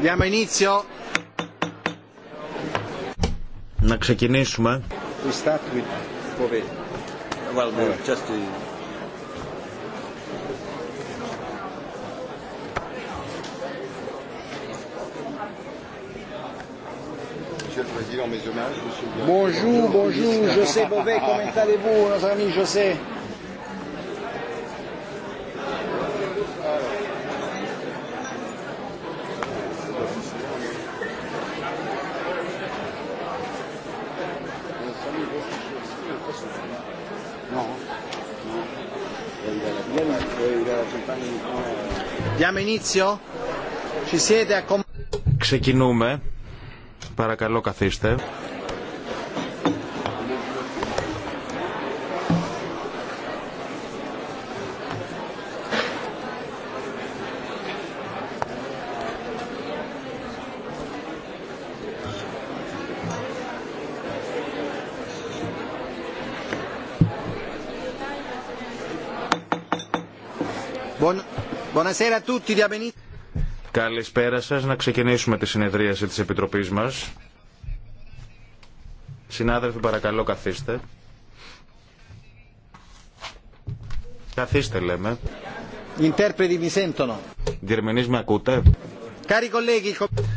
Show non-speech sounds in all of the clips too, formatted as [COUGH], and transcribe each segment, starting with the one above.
Diamo inizio. Να ξεκινήσουμε. We start with COVID. Well, we just to... Bonjour, bonjour, José Bové, comment allez-vous, nos amis José Ξεκινούμε. Παρακαλώ καθίστε. Καλησπέρα σας. Να ξεκινήσουμε τη συνεδρίαση της Επιτροπής μας. Συνάδελφοι, παρακαλώ, καθίστε. Καθίστε, λέμε. Διερμηνείς με ακούτε.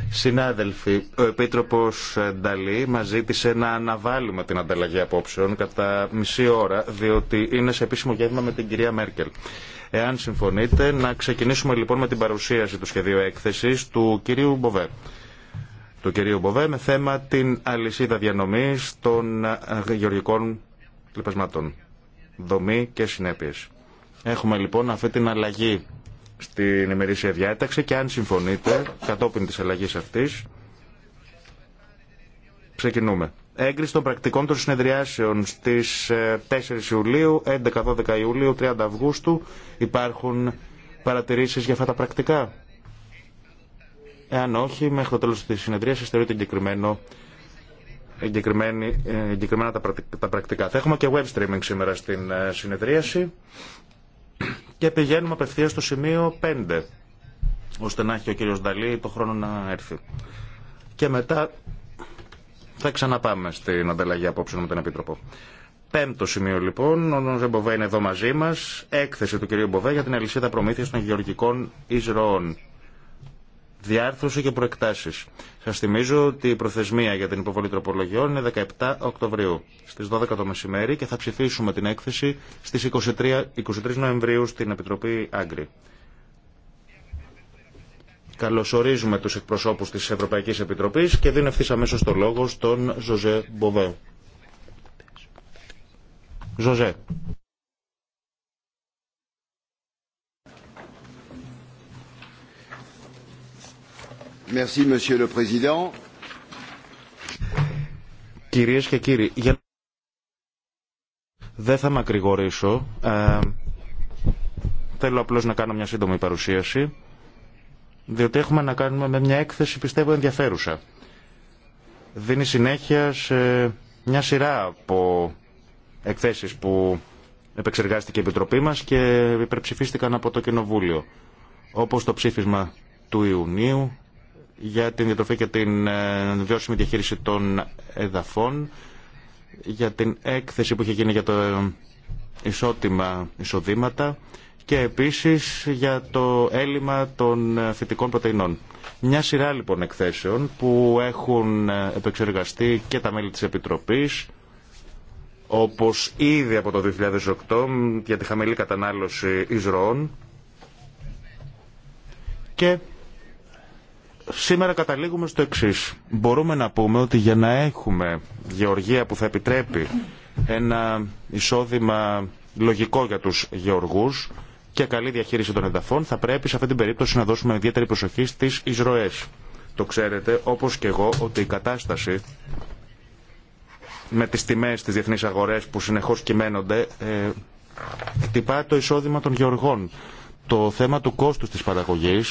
Συνάδελφοι, ο Επίτροπος Νταλή μας ζήτησε να αναβάλουμε την ανταλλαγή απόψεων κατά μισή ώρα, διότι είναι σε επίσημο γεύμα με την κυρία Μέρκελ. Εάν συμφωνείτε, να ξεκινήσουμε λοιπόν με την παρουσίαση του σχεδίου έκθεσης του κυρίου Μποβέ. Του κυρίου Μποβέ με θέμα την αλυσίδα διανομής των ε, γεωργικών λοιπασμάτων. Δομή και συνέπειε. Έχουμε λοιπόν αυτή την αλλαγή στην ημερήσια διάταξη και αν συμφωνείτε, κατόπιν της αλλαγής αυτής, ξεκινούμε. Έγκριση των πρακτικών των συνεδριάσεων στις 4 ε, Ιουλίου, 11-12 Ιουλίου, 30 Αυγούστου. Υπάρχουν παρατηρήσεις για αυτά τα πρακτικά. Εάν όχι, μέχρι το τέλος της συνεδρίασης θεωρείται εγκεκριμένο ε, εγκεκριμένα τα πρακτικά. Θα έχουμε και web streaming σήμερα στην ε, συνεδρίαση και πηγαίνουμε απευθεία στο σημείο 5 ώστε να έχει ο κύριος Νταλή το χρόνο να έρθει. Και μετά θα ξαναπάμε στην ανταλλαγή απόψεων με τον Επίτροπο. Πέμπτο σημείο λοιπόν, ο Νόνο είναι εδώ μαζί μα. Έκθεση του κυρίου Μποβέ για την αλυσίδα προμήθεια των γεωργικών εισρωών. Διάρθρωση και προεκτάσει. Σα θυμίζω ότι η προθεσμία για την υποβολή τροπολογιών είναι 17 Οκτωβρίου στι 12 το μεσημέρι και θα ψηφίσουμε την έκθεση στι 23, 23 Νοεμβρίου στην Επιτροπή Άγκρη. Καλωσορίζουμε τους εκπροσώπους της Ευρωπαϊκής Επιτροπής και δίνω ευθύς αμέσως το λόγο στον Ζωζέ Μποβέ. Ζωζέ. Κυρίες και κύριοι, δεν θα μακρηγορήσω. Ε, θέλω απλώς να κάνω μια σύντομη παρουσίαση διότι έχουμε να κάνουμε με μια έκθεση πιστεύω ενδιαφέρουσα. Δίνει συνέχεια σε μια σειρά από εκθέσεις που επεξεργάστηκε η Επιτροπή μας και υπερψηφίστηκαν από το Κοινοβούλιο, όπως το ψήφισμα του Ιουνίου για την διατροφή και την ε, βιώσιμη διαχείριση των εδαφών, για την έκθεση που είχε γίνει για το ισότιμα εισοδήματα, και επίσης για το έλλειμμα των φυτικών πρωτεϊνών. Μια σειρά λοιπόν εκθέσεων που έχουν επεξεργαστεί και τα μέλη της Επιτροπής όπως ήδη από το 2008 για τη χαμηλή κατανάλωση εισρωών και σήμερα καταλήγουμε στο εξής. Μπορούμε να πούμε ότι για να έχουμε γεωργία που θα επιτρέπει ένα εισόδημα λογικό για τους γεωργούς και καλή διαχείριση των εδαφών, θα πρέπει σε αυτή την περίπτωση να δώσουμε ιδιαίτερη προσοχή στι εισρωέ. Το ξέρετε, όπω και εγώ, ότι η κατάσταση με τι τιμέ στις διεθνεί αγορές που συνεχώ κυμαίνονται ε, χτυπά το εισόδημα των γεωργών. Το θέμα του κόστου τη παραγωγή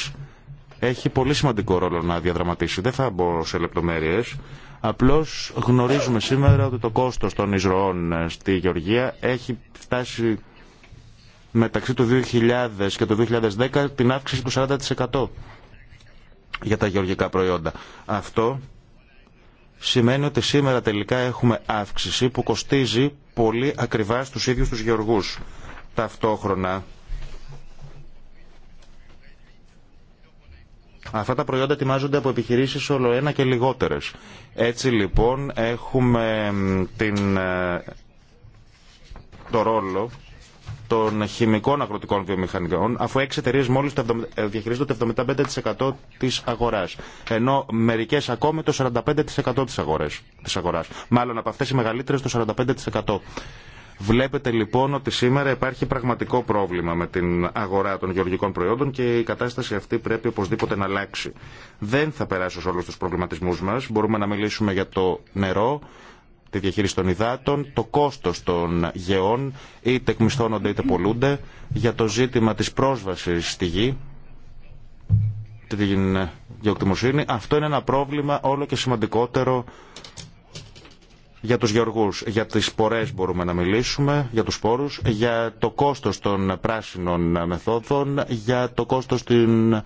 έχει πολύ σημαντικό ρόλο να διαδραματίσει. Δεν θα μπω σε λεπτομέρειε. Απλώ γνωρίζουμε σήμερα ότι το κόστο των εισρωών ε, στη Γεωργία έχει φτάσει μεταξύ του 2000 και του 2010 την αύξηση του 40% για τα γεωργικά προϊόντα. Αυτό σημαίνει ότι σήμερα τελικά έχουμε αύξηση που κοστίζει πολύ ακριβά στους ίδιους τους γεωργούς. Ταυτόχρονα Αυτά τα προϊόντα ετοιμάζονται από επιχειρήσεις όλο ένα και λιγότερες. Έτσι λοιπόν έχουμε την, ε, το ρόλο των χημικών αγροτικών βιομηχανικών, αφού έξι εταιρείε μόλι ε, διαχειρίζονται το 75% τη αγορά. Ενώ μερικέ ακόμη το 45% τη αγορά. Μάλλον από αυτέ οι μεγαλύτερε το 45%. Βλέπετε λοιπόν ότι σήμερα υπάρχει πραγματικό πρόβλημα με την αγορά των γεωργικών προϊόντων και η κατάσταση αυτή πρέπει οπωσδήποτε να αλλάξει. Δεν θα περάσω σε όλου του προβληματισμού μα. Μπορούμε να μιλήσουμε για το νερό, τη διαχείριση των υδάτων, το κόστος των γεών, είτε εκμισθώνονται είτε πολλούνται, για το ζήτημα της πρόσβασης στη γη, την γεωκτημοσύνη. Αυτό είναι ένα πρόβλημα όλο και σημαντικότερο για τους γεωργούς. Για τις πορές μπορούμε να μιλήσουμε, για τους πόρους, για το κόστος των πράσινων μεθόδων, για το κόστος των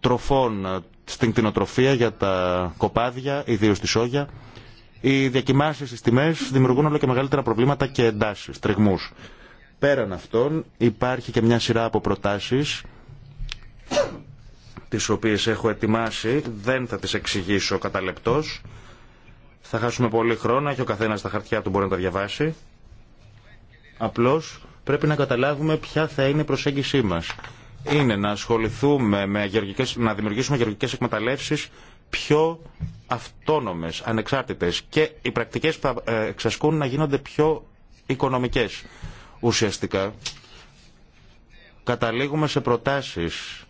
τροφών στην κτηνοτροφία, για τα κοπάδια, ιδίως τη σόγια. Οι διακοιμάσει στι τιμέ δημιουργούν όλο και μεγαλύτερα προβλήματα και εντάσει, τριγμού. Πέραν αυτών υπάρχει και μια σειρά από προτάσει τις οποίες έχω ετοιμάσει, δεν θα τις εξηγήσω κατά Θα χάσουμε πολύ χρόνο και ο καθένας τα χαρτιά του μπορεί να τα διαβάσει. Απλώς πρέπει να καταλάβουμε ποια θα είναι η προσέγγισή μας. Είναι να ασχοληθούμε, με να δημιουργήσουμε γεωργικές εκμεταλλεύσεις πιο αυτόνομες, ανεξάρτητες και οι πρακτικές που θα ε, εξασκούν να γίνονται πιο οικονομικές. Ουσιαστικά καταλήγουμε σε προτάσεις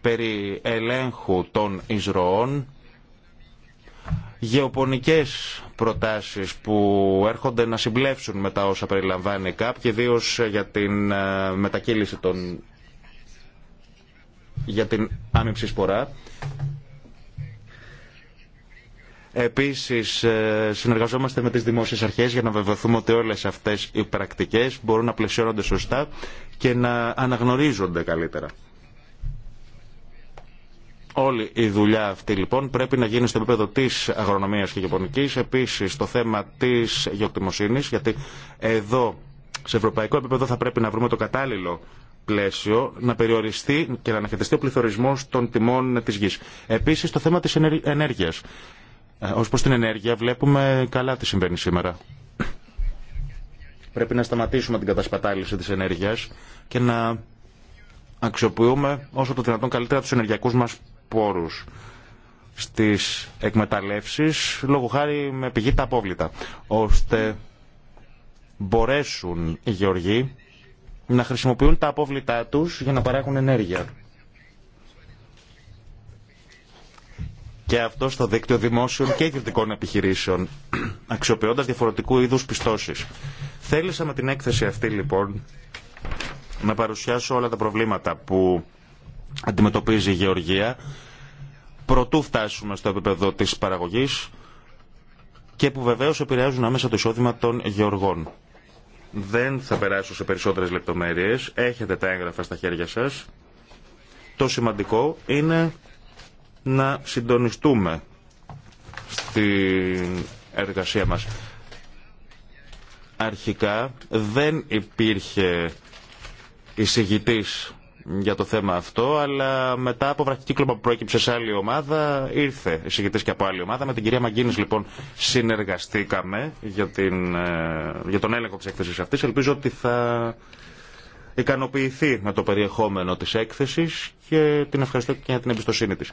περί ελέγχου των εισρωών, γεωπονικές προτάσεις που έρχονται να συμπλέψουν με τα όσα περιλαμβάνει ΚΑΠ και ιδίω για την ε, μετακύληση των για την άμυψη σπορά Επίσης, ε, συνεργαζόμαστε με τις δημόσιες αρχές για να βεβαιωθούμε ότι όλες αυτές οι πρακτικές μπορούν να πλαισιώνονται σωστά και να αναγνωρίζονται καλύτερα. Όλη η δουλειά αυτή λοιπόν πρέπει να γίνει στο επίπεδο τη αγρονομία και γεωπονική. Επίση το θέμα τη γεωκτημοσύνη, γιατί εδώ σε ευρωπαϊκό επίπεδο θα πρέπει να βρούμε το κατάλληλο πλαίσιο να περιοριστεί και να αναχαιριστεί ο πληθωρισμό των τιμών τη γη. Επίση το θέμα τη ενέργεια. Ε, Ω προ την ενέργεια βλέπουμε καλά τι συμβαίνει σήμερα. Πρέπει να σταματήσουμε την κατασπατάληση της ενέργειας και να αξιοποιούμε όσο το δυνατόν καλύτερα τους ενεργειακούς μας πόρους στις εκμεταλλεύσεις, λόγω χάρη με πηγή τα απόβλητα, ώστε μπορέσουν οι γεωργοί να χρησιμοποιούν τα απόβλητά τους για να παράγουν ενέργεια. και αυτό στο δίκτυο δημόσιων και ιδιωτικών επιχειρήσεων, [CLEARS THROAT] αξιοποιώντα διαφορετικού είδου πιστώσει. Θέλησα με την έκθεση αυτή λοιπόν να παρουσιάσω όλα τα προβλήματα που αντιμετωπίζει η γεωργία προτού φτάσουμε στο επίπεδο της παραγωγής και που βεβαίως επηρεάζουν άμεσα το εισόδημα των γεωργών. Δεν θα περάσω σε περισσότερες λεπτομέρειες. Έχετε τα έγγραφα στα χέρια σας. Το σημαντικό είναι να συντονιστούμε στην εργασία μας. Αρχικά δεν υπήρχε εισηγητής για το θέμα αυτό, αλλά μετά από βραχικύκλωμα που προέκυψε σε άλλη ομάδα, ήρθε εισηγητής και από άλλη ομάδα. Με την κυρία Μαγκίνης, λοιπόν, συνεργαστήκαμε για, την, ε, για τον έλεγχο της έκθεση αυτής. Ελπίζω ότι θα ικανοποιηθεί με το περιεχόμενο της έκθεσης και την ευχαριστώ και για την εμπιστοσύνη της.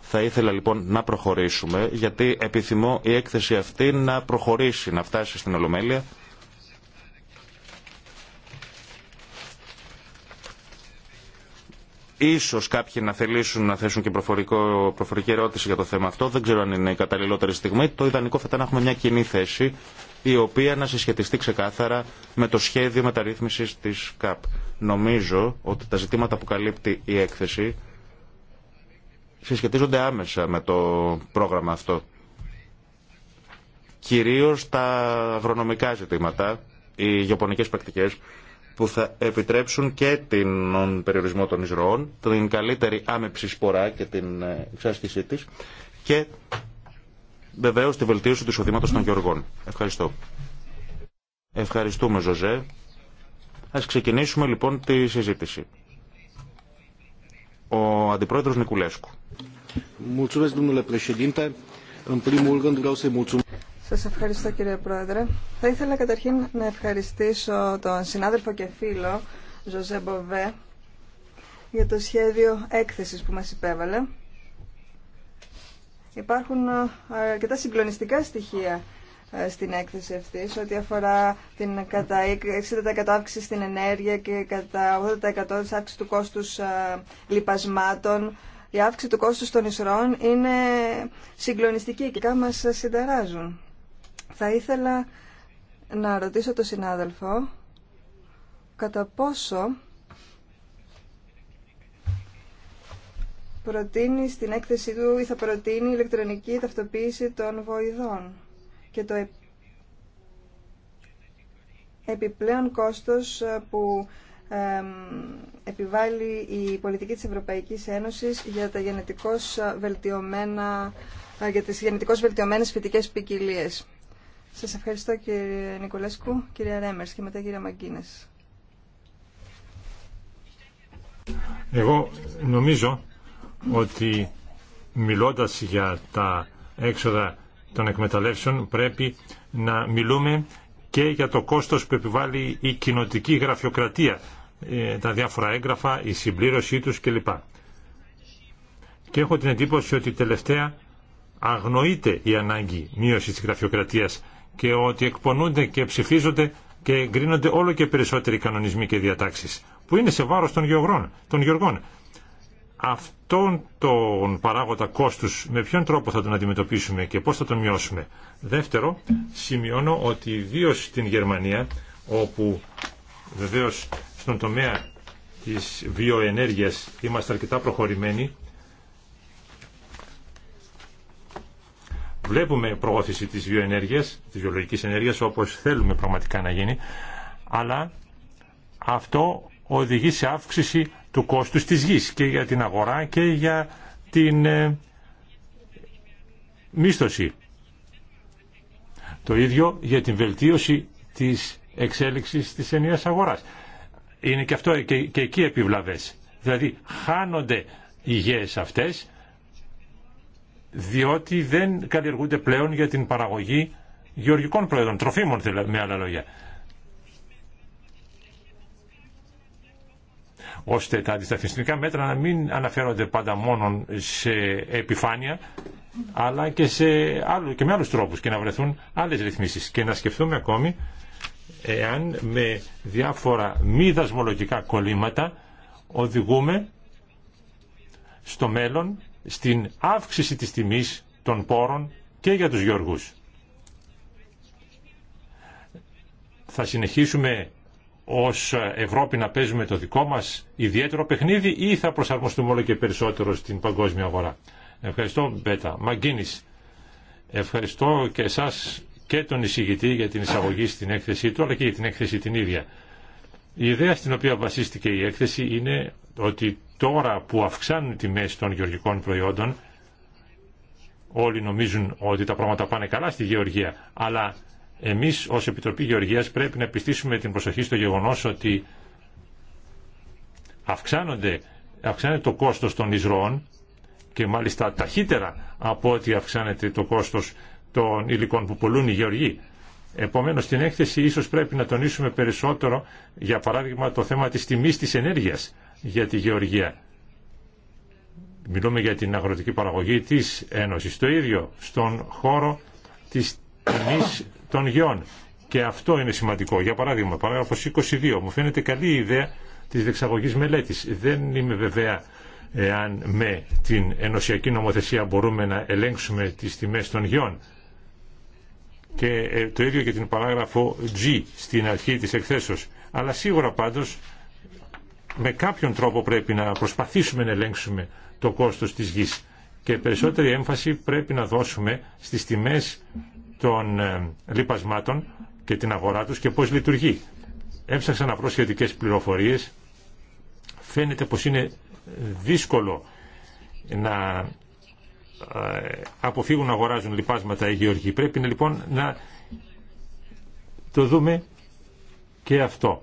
Θα ήθελα λοιπόν να προχωρήσουμε, γιατί επιθυμώ η έκθεση αυτή να προχωρήσει, να φτάσει στην Ολομέλεια. Ίσως κάποιοι να θελήσουν να θέσουν και προφορικό, προφορική ερώτηση για το θέμα αυτό. Δεν ξέρω αν είναι η καταλληλότερη στιγμή. Το ιδανικό θα ήταν να έχουμε μια κοινή θέση η οποία να συσχετιστεί ξεκάθαρα με το σχέδιο μεταρρύθμισης της ΚΑΠ. Νομίζω ότι τα ζητήματα που καλύπτει η έκθεση συσχετίζονται άμεσα με το πρόγραμμα αυτό. Κυρίως τα αγρονομικά ζητήματα, οι γεωπονικές πρακτικές, που θα επιτρέψουν και τον περιορισμό των εισρωών, την καλύτερη άμεψη σπορά και την ε, εξάσκησή της και βεβαίως τη βελτίωση του εισοδήματος των γεωργών. Ευχαριστώ. Ευχαριστούμε Ζωζέ. Ας ξεκινήσουμε λοιπόν τη συζήτηση ο Αντιπρόεδρος Νικουλέσκου. Σας ευχαριστώ κύριε Πρόεδρε. Θα ήθελα καταρχήν να ευχαριστήσω τον συνάδελφο και φίλο Ζωζέ Μποβέ για το σχέδιο έκθεσης που μας υπέβαλε. Υπάρχουν αρκετά συγκλονιστικά στοιχεία ε, στην έκθεση αυτή, ό,τι αφορά την κατά 60% αύξηση στην ενέργεια και κατά 80% τη αύξηση του κόστους ε, λιπασμάτων. Η αύξηση του κόστους των ισρών είναι συγκλονιστική και μας συνταράζουν. Θα ήθελα να ρωτήσω τον συνάδελφο κατά πόσο προτείνει στην έκθεσή του ή θα προτείνει ηλεκτρονική ταυτοποίηση των βοηδών και το επιπλέον κόστος ε, που επιβάλλει η πολιτική της Ευρωπαϊκής Ένωσης για τα γενετικώς ε, βελτιωμένα ε, για τις γενετικώς βελτιωμένες φυτικές ποικιλίε. Σας ευχαριστώ κύριε Νικολέσκου, κύριε Ρέμερς και μετά κύριε Μαγκίνες. Εγώ νομίζω ότι μιλώντας για τα έξοδα των εκμεταλλεύσεων πρέπει να μιλούμε και για το κόστος που επιβάλλει η κοινοτική γραφειοκρατία, ε, τα διάφορα έγγραφα, η συμπλήρωσή τους κλπ. Και έχω την εντύπωση ότι τελευταία αγνοείται η ανάγκη μείωσης της γραφειοκρατίας και ότι εκπονούνται και ψηφίζονται και εγκρίνονται όλο και περισσότεροι κανονισμοί και διατάξεις που είναι σε βάρος των των γεωργών αυτόν τον παράγοντα κόστους με ποιον τρόπο θα τον αντιμετωπίσουμε και πώς θα τον μειώσουμε. Δεύτερο, σημειώνω ότι ιδίω στην Γερμανία, όπου βεβαίως στον τομέα της βιοενέργειας είμαστε αρκετά προχωρημένοι, βλέπουμε προώθηση της βιοενέργειας, της βιολογικής ενέργειας, όπως θέλουμε πραγματικά να γίνει, αλλά αυτό οδηγεί σε αύξηση του κόστους της γης και για την αγορά και για την ε, μίσθωση. Το ίδιο για την βελτίωση της εξέλιξης της ενιαίας αγοράς. Είναι και αυτό και, και εκεί επιβλαβές. Δηλαδή χάνονται οι γέες αυτές διότι δεν καλλιεργούνται πλέον για την παραγωγή γεωργικών προϊόντων, τροφίμων με άλλα λόγια. ώστε τα αντισταθμιστικά μέτρα να μην αναφέρονται πάντα μόνο σε επιφάνεια αλλά και, σε άλλο, και με άλλους τρόπους και να βρεθούν άλλες ρυθμίσεις και να σκεφτούμε ακόμη εάν με διάφορα μη δασμολογικά κολλήματα οδηγούμε στο μέλλον στην αύξηση της τιμής των πόρων και για τους γεωργούς. Θα συνεχίσουμε ως Ευρώπη να παίζουμε το δικό μας ιδιαίτερο παιχνίδι ή θα προσαρμοστούμε όλο και περισσότερο στην παγκόσμια αγορά. Ευχαριστώ Μπέτα. Μαγκίνης, ευχαριστώ και εσάς και τον εισηγητή για την εισαγωγή στην έκθεσή του αλλά και για την έκθεση την ίδια. Η ιδέα στην οποία βασίστηκε η έκθεση είναι ότι τώρα που αυξάνουν οι τιμές των γεωργικών προϊόντων όλοι νομίζουν ότι τα πράγματα πάνε καλά στη γεωργία αλλά εμείς ως Επιτροπή Γεωργίας πρέπει να πιστήσουμε την προσοχή στο γεγονός ότι αυξάνονται, αυξάνεται το κόστος των εισρώων και μάλιστα ταχύτερα από ότι αυξάνεται το κόστος των υλικών που πολλούν οι γεωργοί. Επομένως, στην έκθεση ίσως πρέπει να τονίσουμε περισσότερο, για παράδειγμα, το θέμα της τιμής της ενέργειας για τη γεωργία. Μιλούμε για την αγροτική παραγωγή της Ένωσης. Το ίδιο στον χώρο της τιμής των γεών. Και αυτό είναι σημαντικό. Για παράδειγμα, παράγραφος 22. Μου φαίνεται καλή η ιδέα της δεξαγωγή μελέτης. Δεν είμαι βεβαία εάν με την ενωσιακή νομοθεσία μπορούμε να ελέγξουμε τις τιμέ των γεών. Και ε, το ίδιο και την παράγραφο G στην αρχή της εκθέσεως. Αλλά σίγουρα πάντως με κάποιον τρόπο πρέπει να προσπαθήσουμε να ελέγξουμε το κόστος της γης και περισσότερη έμφαση πρέπει να δώσουμε στις τιμές των ε, λοιπασμάτων και την αγορά τους και πώς λειτουργεί. Έψαξα να βρω σχετικέ πληροφορίες. Φαίνεται πως είναι δύσκολο να ε, αποφύγουν να αγοράζουν λοιπάσματα οι γεωργοί. Πρέπει λοιπόν να το δούμε και αυτό.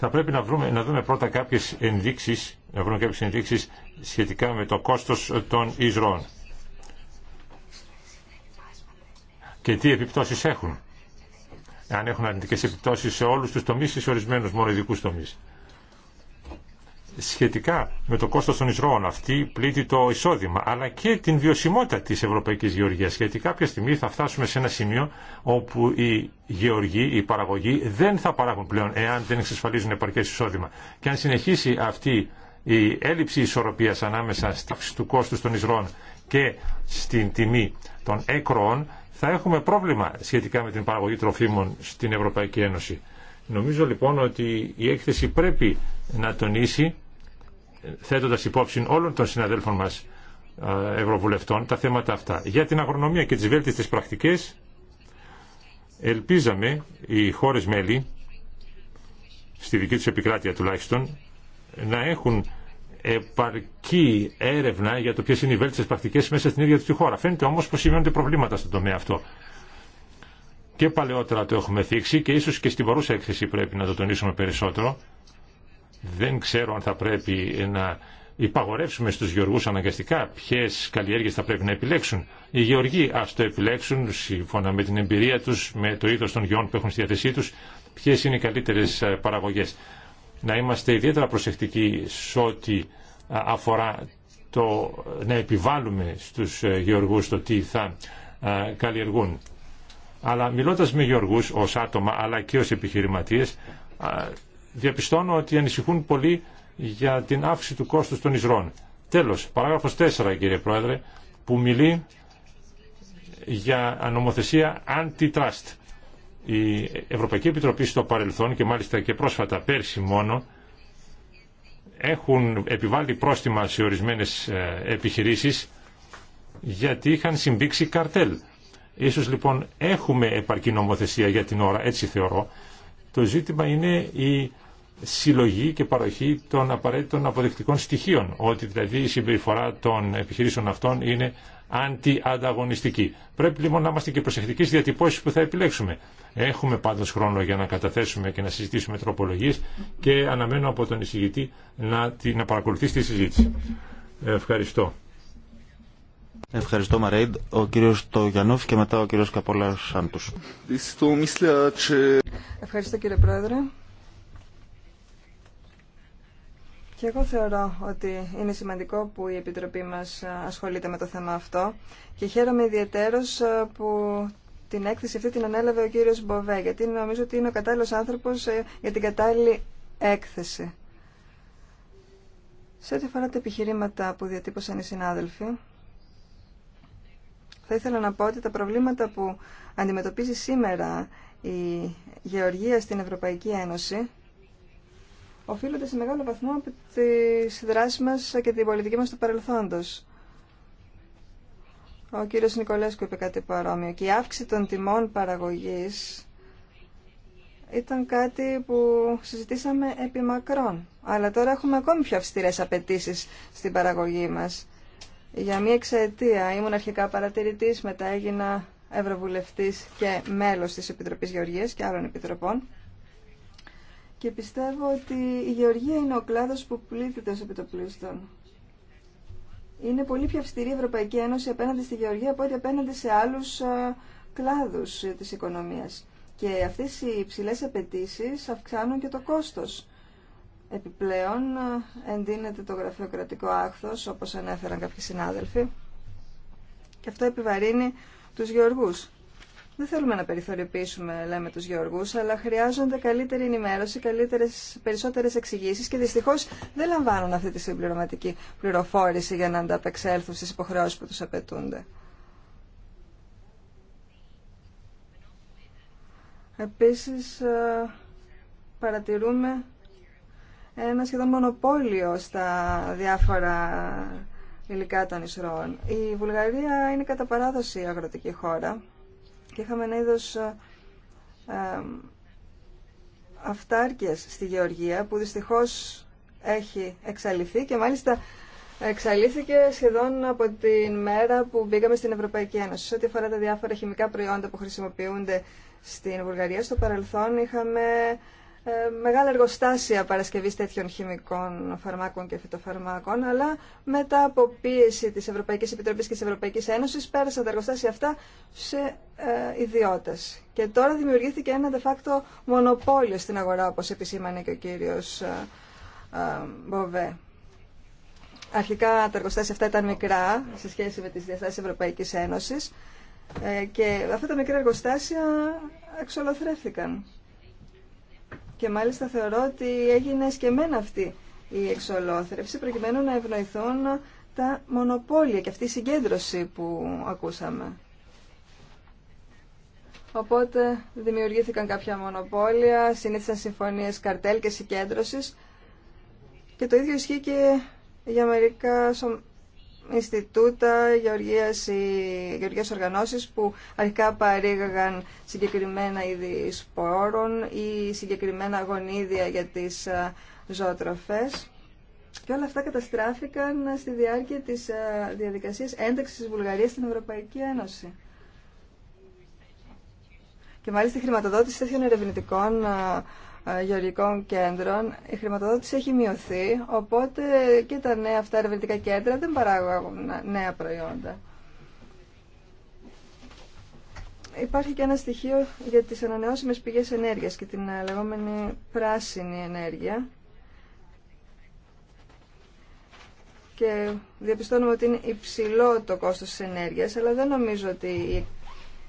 Θα πρέπει να, βρούμε, να δούμε πρώτα κάποιες ενδείξεις, να βρούμε κάποιες ενδείξεις σχετικά με το κόστος των ίσρων. και τι επιπτώσει έχουν. Αν έχουν αρνητικέ επιπτώσει σε όλου του τομείς ή σε ορισμένου μόνο ειδικού τομείς. Σχετικά με το κόστο των εισρώων αυτή πλήττει το εισόδημα αλλά και την βιωσιμότητα τη Ευρωπαϊκή Γεωργίας γιατί κάποια στιγμή θα φτάσουμε σε ένα σημείο όπου οι γεωργοί, οι παραγωγοί δεν θα παράγουν πλέον εάν δεν εξασφαλίζουν επαρκέ εισόδημα. Και αν συνεχίσει αυτή η έλλειψη ισορροπία ανάμεσα στη του κόστου των εισρώων και στην τιμή των έκροων θα έχουμε πρόβλημα σχετικά με την παραγωγή τροφίμων στην Ευρωπαϊκή Ένωση. Νομίζω λοιπόν ότι η έκθεση πρέπει να τονίσει, θέτοντας υπόψη όλων των συναδέλφων μας Ευρωβουλευτών, τα θέματα αυτά. Για την αγρονομία και τις βέλτιστες πρακτικές, ελπίζαμε οι χώρες μέλη, στη δική τους επικράτεια τουλάχιστον, να έχουν επαρκή έρευνα για το ποιε είναι οι βέλτιστε πρακτικέ μέσα στην ίδια τη χώρα. Φαίνεται όμω πω σημαίνονται προβλήματα στον τομέα αυτό. Και παλαιότερα το έχουμε θίξει και ίσω και στην παρούσα έκθεση πρέπει να το τονίσουμε περισσότερο. Δεν ξέρω αν θα πρέπει να υπαγορεύσουμε στους γεωργούς αναγκαστικά ποιες καλλιέργειες θα πρέπει να επιλέξουν. Οι γεωργοί ας το επιλέξουν σύμφωνα με την εμπειρία τους, με το είδος των γεών που έχουν στη διάθεσή τους, ποιε είναι οι καλύτερες ε, παραγωγές να είμαστε ιδιαίτερα προσεκτικοί σε ό,τι αφορά το να επιβάλλουμε στους ε, γεωργούς το τι θα καλλιεργούν. Αλλά μιλώντας με γεωργούς ως άτομα αλλά και ως επιχειρηματίες διαπιστώνω ότι ανησυχούν πολύ για την αύξηση του κόστους των ισρών. Τέλος, παράγραφος 4 κύριε Πρόεδρε που μιλεί για νομοθεσία antitrust. Η Ευρωπαϊκή Επιτροπή στο παρελθόν και μάλιστα και πρόσφατα πέρσι μόνο έχουν επιβάλει πρόστιμα σε ορισμένες ε, επιχειρήσεις γιατί είχαν συμπήξει καρτέλ. Ίσως λοιπόν έχουμε επαρκή νομοθεσία για την ώρα, έτσι θεωρώ. Το ζήτημα είναι η συλλογή και παροχή των απαραίτητων αποδεικτικών στοιχείων, ότι δηλαδή η συμπεριφορά των επιχειρήσεων αυτών είναι αντιανταγωνιστική. Πρέπει λοιπόν να είμαστε και προσεκτικοί στι διατυπώσει που θα επιλέξουμε. Έχουμε πάντω χρόνο για να καταθέσουμε και να συζητήσουμε τροπολογίε και αναμένω από τον εισηγητή να, να παρακολουθήσει τη συζήτηση. Ευχαριστώ. Ευχαριστώ Μαρέιντ. Ο κύριος Τογιανόφ και μετά ο κύριος Καπολάς Σάντους. Ευχαριστώ κύριε Πρόεδρε. Και εγώ θεωρώ ότι είναι σημαντικό που η Επιτροπή μας ασχολείται με το θέμα αυτό και χαίρομαι ιδιαίτερος ε, που την έκθεση αυτή την ανέλαβε ο κύριος Μποβέ γιατί νομίζω ότι είναι ο κατάλληλος άνθρωπος ε, για την κατάλληλη έκθεση. Σε ό,τι αφορά τα επιχειρήματα που διατύπωσαν οι συνάδελφοι, θα ήθελα να πω ότι τα προβλήματα που αντιμετωπίζει σήμερα η Γεωργία στην Ευρωπαϊκή Ένωση οφείλονται σε μεγάλο βαθμό από τι δράσει μα και την πολιτική μα του παρελθόντο. Ο κύριος Νικολέσκου είπε κάτι παρόμοιο και η αύξηση των τιμών παραγωγής ήταν κάτι που συζητήσαμε επί μακρόν. Αλλά τώρα έχουμε ακόμη πιο αυστηρές απαιτήσει στην παραγωγή μας. Για μία εξαετία ήμουν αρχικά παρατηρητής, μετά έγινα ευρωβουλευτής και μέλος της Επιτροπής Γεωργίας και άλλων επιτροπών. Και πιστεύω ότι η γεωργία είναι ο κλάδος που πλήττεται το επιτοπλίστων. Είναι πολύ πιο αυστηρή η Ευρωπαϊκή Ένωση απέναντι στη γεωργία από ό,τι απέναντι σε άλλους ε, κλάδους της οικονομίας. Και αυτές οι υψηλές απαιτήσει αυξάνουν και το κόστος. Επιπλέον ε, εντείνεται το γραφειοκρατικό άχθος, όπως ανέφεραν κάποιοι συνάδελφοι, και αυτό επιβαρύνει τους γεωργούς. Δεν θέλουμε να περιθωριοποιήσουμε, λέμε, τους γεωργούς, αλλά χρειάζονται καλύτερη ενημέρωση, καλύτερες, περισσότερες εξηγήσει και δυστυχώ δεν λαμβάνουν αυτή τη συμπληρωματική πληροφόρηση για να ανταπεξέλθουν στι υποχρεώσεις που του απαιτούνται. Επίση, ε, παρατηρούμε ένα σχεδόν μονοπόλιο στα διάφορα υλικά των ισρώων. Η Βουλγαρία είναι κατά παράδοση αγροτική χώρα και είχαμε ένα είδο ε, ε, αυτάρκειας στη Γεωργία που δυστυχώς έχει εξαλειφθεί και μάλιστα εξαλείφθηκε σχεδόν από την μέρα που μπήκαμε στην Ευρωπαϊκή Ένωση. Σε ό,τι αφορά τα διάφορα χημικά προϊόντα που χρησιμοποιούνται στην Βουλγαρία, στο παρελθόν είχαμε ε, μεγάλα εργοστάσια παρασκευής τέτοιων χημικών φαρμάκων και φυτοφαρμάκων, αλλά μετά από πίεση της Ευρωπαϊκής Επιτροπής και της Ευρωπαϊκής Ένωσης πέρασαν τα εργοστάσια αυτά σε ε, ιδιώτες. Και τώρα δημιουργήθηκε ένα de facto μονοπόλιο στην αγορά, όπως επισήμανε και ο κύριος ε, ε, Μποβέ. Αρχικά τα εργοστάσια αυτά ήταν μικρά σε σχέση με τις διαστάσεις Ευρωπαϊκής Ένωσης και αυτά τα μικρά εργοστάσια εξολοθρεύθηκαν και μάλιστα θεωρώ ότι έγινε σκεμμένα αυτή η εξολόθρευση προκειμένου να ευνοηθούν τα μονοπόλια και αυτή η συγκέντρωση που ακούσαμε. Οπότε δημιουργήθηκαν κάποια μονοπόλια, συνήθισαν συμφωνίες καρτέλ και συγκέντρωσης και το ίδιο ισχύει και για μερικά Ινστιτούτα, γεωργίας, οι οργανώσεις που αρχικά παρήγαγαν συγκεκριμένα είδη σπόρων ή συγκεκριμένα γονίδια για τις ζωοτροφές. Και όλα αυτά καταστράφηκαν στη διάρκεια της διαδικασίας ένταξης της Βουλγαρίας στην Ευρωπαϊκή Ένωση. Και μάλιστα η χρηματοδότηση τέτοιων ερευνητικών ε, γεωργικών κέντρων, η χρηματοδότηση έχει μειωθεί, οπότε και τα νέα αυτά ερευνητικά κέντρα δεν παράγουν νέα προϊόντα. Υπάρχει και ένα στοιχείο για τις ανανεώσιμες πηγές ενέργειας και την ε, λεγόμενη πράσινη ενέργεια. Και διαπιστώνουμε ότι είναι υψηλό το κόστος της ενέργειας, αλλά δεν νομίζω ότι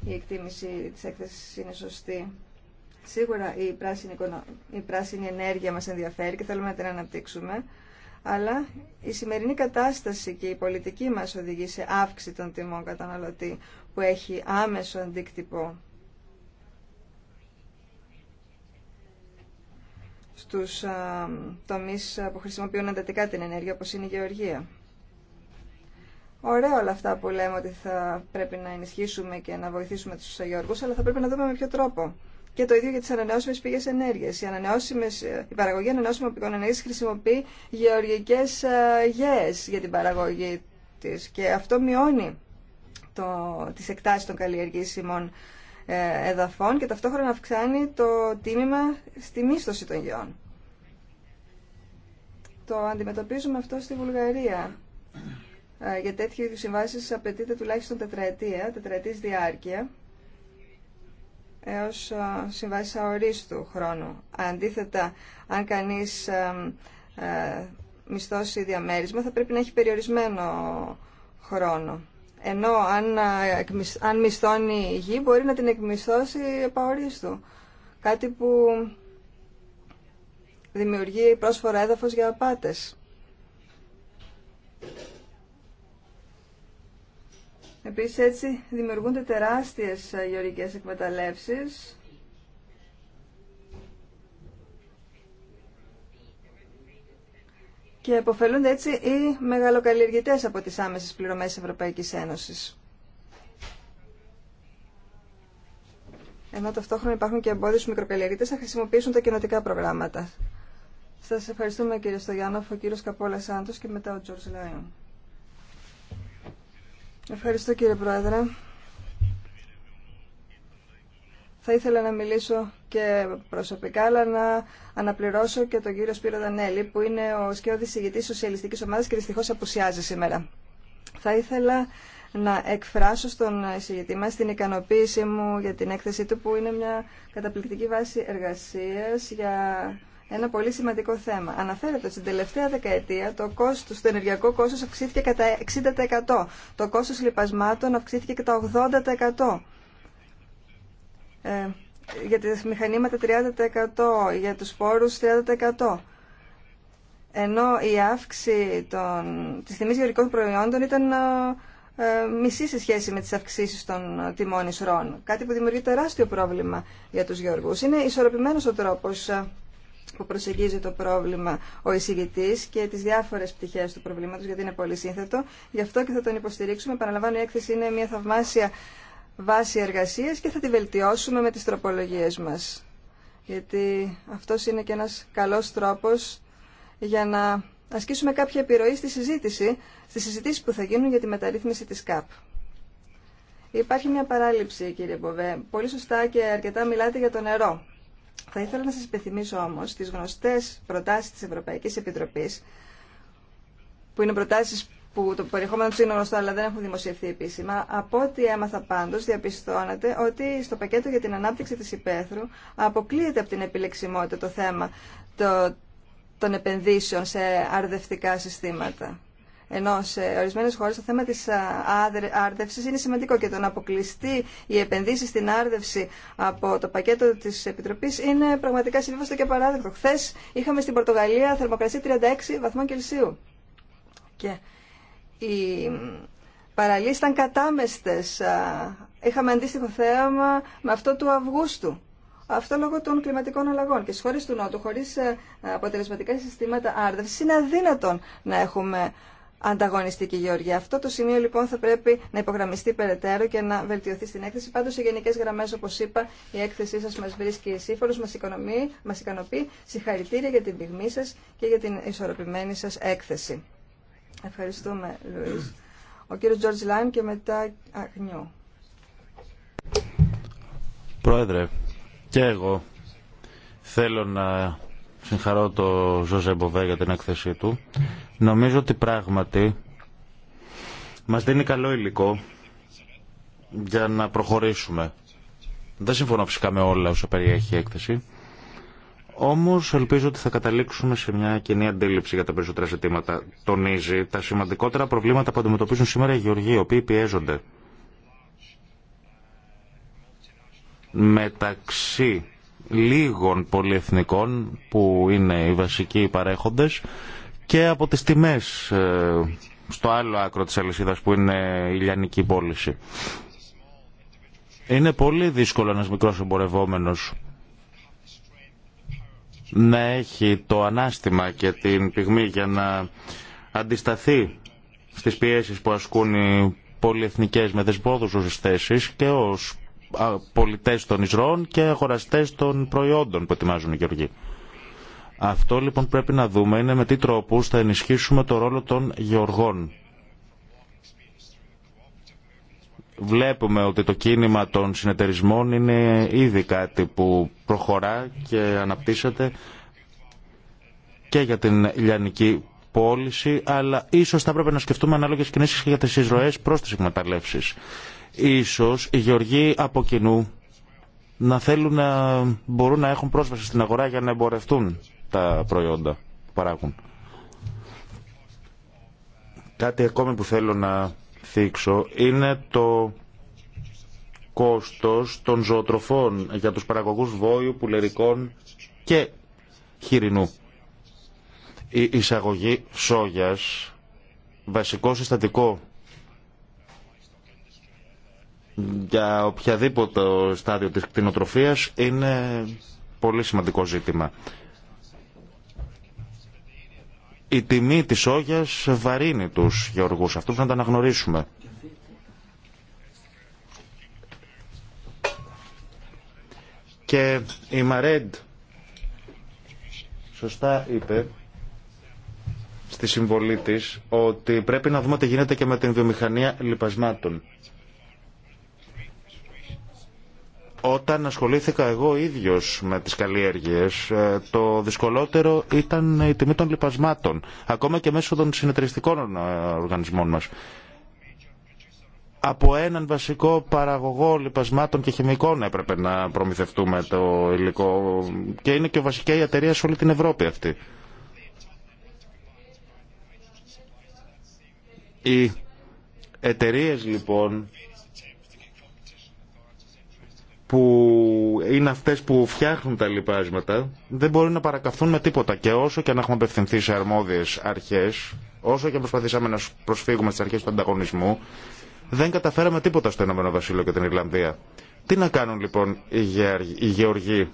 η εκτίμηση της έκθεσης είναι σωστή. Σίγουρα η πράσινη, η πράσινη ενέργεια μας ενδιαφέρει και θέλουμε να την αναπτύξουμε, αλλά η σημερινή κατάσταση και η πολιτική μας οδηγεί σε αύξηση των τιμών καταναλωτή που έχει άμεσο αντίκτυπο στους τομείς που χρησιμοποιούν εντατικά την ενέργεια, όπως είναι η γεωργία. Ωραία όλα αυτά που λέμε ότι θα πρέπει να ενισχύσουμε και να βοηθήσουμε τους Αγιοργούς, αλλά θα πρέπει να δούμε με ποιο τρόπο. Και το ίδιο για τι ανανεώσιμε πηγέ ενέργεια. Η παραγωγή ανανεώσιμων πηγών ενέργεια χρησιμοποιεί γεωργικέ ε, γέε για την παραγωγή τη. Και αυτό μειώνει τι εκτάσει εκτάσεις των καλλιεργήσιμων ε, εδαφών και ταυτόχρονα αυξάνει το τίμημα στη μίσθωση των γεών. Το αντιμετωπίζουμε αυτό στη Βουλγαρία. Ε, για τέτοιου συμβάσει απαιτείται τουλάχιστον τετραετία, τετραετή διάρκεια έως συμβάσεις αορίστου χρόνου. Αντίθετα, αν κανείς μισθώσει διαμέρισμα θα πρέπει να έχει περιορισμένο χρόνο. Ενώ αν, αν μισθώνει η γη μπορεί να την εκμισθώσει επαορίστου. Κάτι που δημιουργεί πρόσφορα έδαφος για απάτες. Επίσης έτσι δημιουργούνται τεράστιες ε, γεωρικές εκμεταλλεύσεις και αποφελούνται έτσι οι μεγαλοκαλλιεργητές από τις άμεσες πληρωμές Ευρωπαϊκής Ένωσης. Ενώ ταυτόχρονα υπάρχουν και εμπόδια στους μικροκαλλιεργητές να χρησιμοποιήσουν τα κοινοτικά προγράμματα. Σας ευχαριστούμε κύριε Στογιάννοφ, ο κύριος Καπόλα Σάντος και μετά ο Τζορτζ Λάιον. Ευχαριστώ κύριε Πρόεδρε. Θα ήθελα να μιλήσω και προσωπικά, αλλά να αναπληρώσω και τον κύριο Σπύρο Δανέλη, που είναι ο σκιώδης ηγητής Σοσιαλιστικής Ομάδας και δυστυχώς απουσιάζει σήμερα. Θα ήθελα να εκφράσω στον εισηγητή μας την ικανοποίησή μου για την έκθεσή του που είναι μια καταπληκτική βάση εργασίας για ένα πολύ σημαντικό θέμα. Αναφέρεται ότι στην τελευταία δεκαετία το, κόστος, το ενεργειακό κόστο αυξήθηκε κατά 60%. Το κόστος λιπασμάτων αυξήθηκε κατά 80%. Ε, για τις μηχανήματα 30%, για τους σπόρους 30%. Ενώ η αύξηση των, της τιμής γεωργικών προϊόντων ήταν ε, μισή σε σχέση με τις αυξήσεις των τιμών ισρών. Κάτι που δημιουργεί τεράστιο πρόβλημα για τους γεωργούς. Είναι ισορροπημένος ο τρόπος ε, που προσεγγίζει το πρόβλημα ο εισηγητή και τι διάφορε πτυχέ του προβλήματο, γιατί είναι πολύ σύνθετο. Γι' αυτό και θα τον υποστηρίξουμε. Παραλαμβάνω, η έκθεση είναι μια θαυμάσια βάση εργασία και θα τη βελτιώσουμε με τι τροπολογίε μα. Γιατί αυτό είναι και ένα καλό τρόπο για να ασκήσουμε κάποια επιρροή στη συζήτηση, στις συζητήσεις που θα γίνουν για τη μεταρρύθμιση τη ΚΑΠ. Υπάρχει μια παράληψη, κύριε Μποβέ. Πολύ σωστά και αρκετά μιλάτε για το νερό. Θα ήθελα να σας υπενθυμίσω όμως τις γνωστές προτάσεις της Ευρωπαϊκής Επιτροπής, που είναι προτάσεις που το περιεχόμενο του είναι γνωστό αλλά δεν έχουν δημοσιευθεί επίσημα. Από ό,τι έμαθα πάντω, διαπιστώνεται ότι στο πακέτο για την ανάπτυξη τη υπαίθρου αποκλείεται από την επιλεξιμότητα το θέμα των επενδύσεων σε αρδευτικά συστήματα ενώ σε ορισμένες χώρες το θέμα της άρδευσης είναι σημαντικό και το να αποκλειστεί η επενδύση στην άρδευση από το πακέτο της Επιτροπής είναι πραγματικά συμβίβαστο και παράδειγμα. Χθε είχαμε στην Πορτογαλία θερμοκρασία 36 βαθμών Κελσίου και οι παραλίες ήταν κατάμεστες. Είχαμε αντίστοιχο θέαμα με αυτό του Αυγούστου. Αυτό λόγω των κλιματικών αλλαγών. Και στι χώρε του Νότου, χωρί ε, αποτελεσματικά συστήματα άρδευση, είναι αδύνατον να έχουμε ανταγωνιστική γεωργία. Αυτό το σημείο λοιπόν θα πρέπει να υπογραμμιστεί περαιτέρω και να βελτιωθεί στην έκθεση. Πάντως σε γενικέ γραμμέ, όπω είπα η έκθεσή σα μα βρίσκει σύμφωνος, μα ικανοποιεί μας ικανοποιεί. Συγχαρητήρια για την πυγμή σα και για την ισορροπημένη σα έκθεση. Ευχαριστούμε Λουίς. Ο κύριο Τζορτζ Λάιν και μετά Αγνιού. Πρόεδρε, και εγώ θέλω να συγχαρώ τον Ζωζέ Μποβέ για την έκθεσή του. Νομίζω ότι πράγματι μας δίνει καλό υλικό για να προχωρήσουμε. Δεν συμφωνώ φυσικά με όλα όσα περιέχει η έκθεση. Όμως ελπίζω ότι θα καταλήξουμε σε μια κοινή αντίληψη για τα περισσότερα ζητήματα. Τονίζει τα σημαντικότερα προβλήματα που αντιμετωπίζουν σήμερα οι γεωργοί, οι οποίοι πιέζονται. Μεταξύ λίγων πολυεθνικών που είναι οι βασικοί παρέχοντες και από τις τιμές ε, στο άλλο άκρο της αλυσίδα που είναι η λιανική πώληση. Είναι πολύ δύσκολο ένας μικρός εμπορευόμενος να έχει το ανάστημα και την πυγμή για να αντισταθεί στις πιέσεις που ασκούν οι πολυεθνικές με δεσπόδουσες θέσεις και ως πολιτές των εισρώων και αγοραστές των προϊόντων που ετοιμάζουν οι γεωργοί. Αυτό λοιπόν πρέπει να δούμε είναι με τι τρόπους θα ενισχύσουμε το ρόλο των γεωργών. Βλέπουμε ότι το κίνημα των συνεταιρισμών είναι ήδη κάτι που προχωρά και αναπτύσσεται και για την λιανική πώληση, αλλά ίσως θα έπρεπε να σκεφτούμε ανάλογες κινήσεις και για τις εισρωές προς τις εκμεταλλεύσεις. Ίσως οι γεωργοί από κοινού να θέλουν να μπορούν να έχουν πρόσβαση στην αγορά για να εμπορευτούν τα προϊόντα που παράγουν. Κάτι ακόμη που θέλω να θίξω είναι το κόστος των ζωοτροφών για τους παραγωγούς βόλου, πουλερικών και χοιρινού. Η εισαγωγή σόγιας, βασικό συστατικό για οποιαδήποτε στάδιο της κτηνοτροφίας, είναι πολύ σημαντικό ζήτημα η τιμή της όγια βαρύνει τους γεωργούς αυτούς, να τα αναγνωρίσουμε. Και η Μαρέντ σωστά είπε στη συμβολή της ότι πρέπει να δούμε τι γίνεται και με την βιομηχανία λιπασμάτων. Όταν ασχολήθηκα εγώ ίδιος με τις καλλιέργειες, ε, το δυσκολότερο ήταν η τιμή των λιπασμάτων, ακόμα και μέσω των συνεταιριστικών ε, οργανισμών μας. Από έναν βασικό παραγωγό λιπασμάτων και χημικών έπρεπε να προμηθευτούμε το υλικό και είναι και βασική η εταιρεία σε όλη την Ευρώπη αυτή. Οι εταιρείε λοιπόν που είναι αυτέ που φτιάχνουν τα λοιπάσματα δεν μπορεί να παρακαθούν με τίποτα. Και όσο και αν έχουμε απευθυνθεί σε αρμόδιε αρχέ, όσο και αν προσπαθήσαμε να προσφύγουμε στι αρχέ του ανταγωνισμού, δεν καταφέραμε τίποτα στο Ηνωμένο Βασίλειο και την Ιρλανδία. Τι να κάνουν λοιπόν οι γεωργοί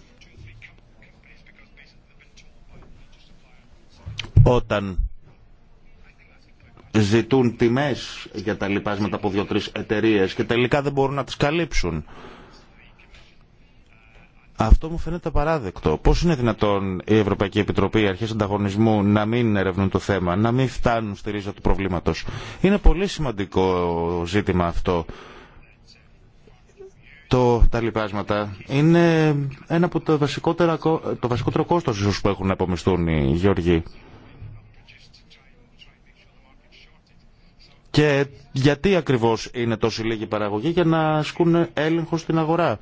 όταν ζητούν τιμές για τα λοιπάσματα από δύο-τρεις εταιρείες και τελικά δεν μπορούν να τις καλύψουν. Αυτό μου φαίνεται παράδεκτο. Πώ είναι δυνατόν η Ευρωπαϊκή Επιτροπή, οι αρχέ ανταγωνισμού να μην ερευνούν το θέμα, να μην φτάνουν στη ρίζα του προβλήματο. Είναι πολύ σημαντικό ζήτημα αυτό. Το, τα λοιπάσματα είναι ένα από τα βασικότερα, το βασικότερο κόστος που έχουν να απομισθούν οι γεωργοί. Και γιατί ακριβώς είναι τόσο λίγη παραγωγή για να ασκούν έλεγχο στην αγορά.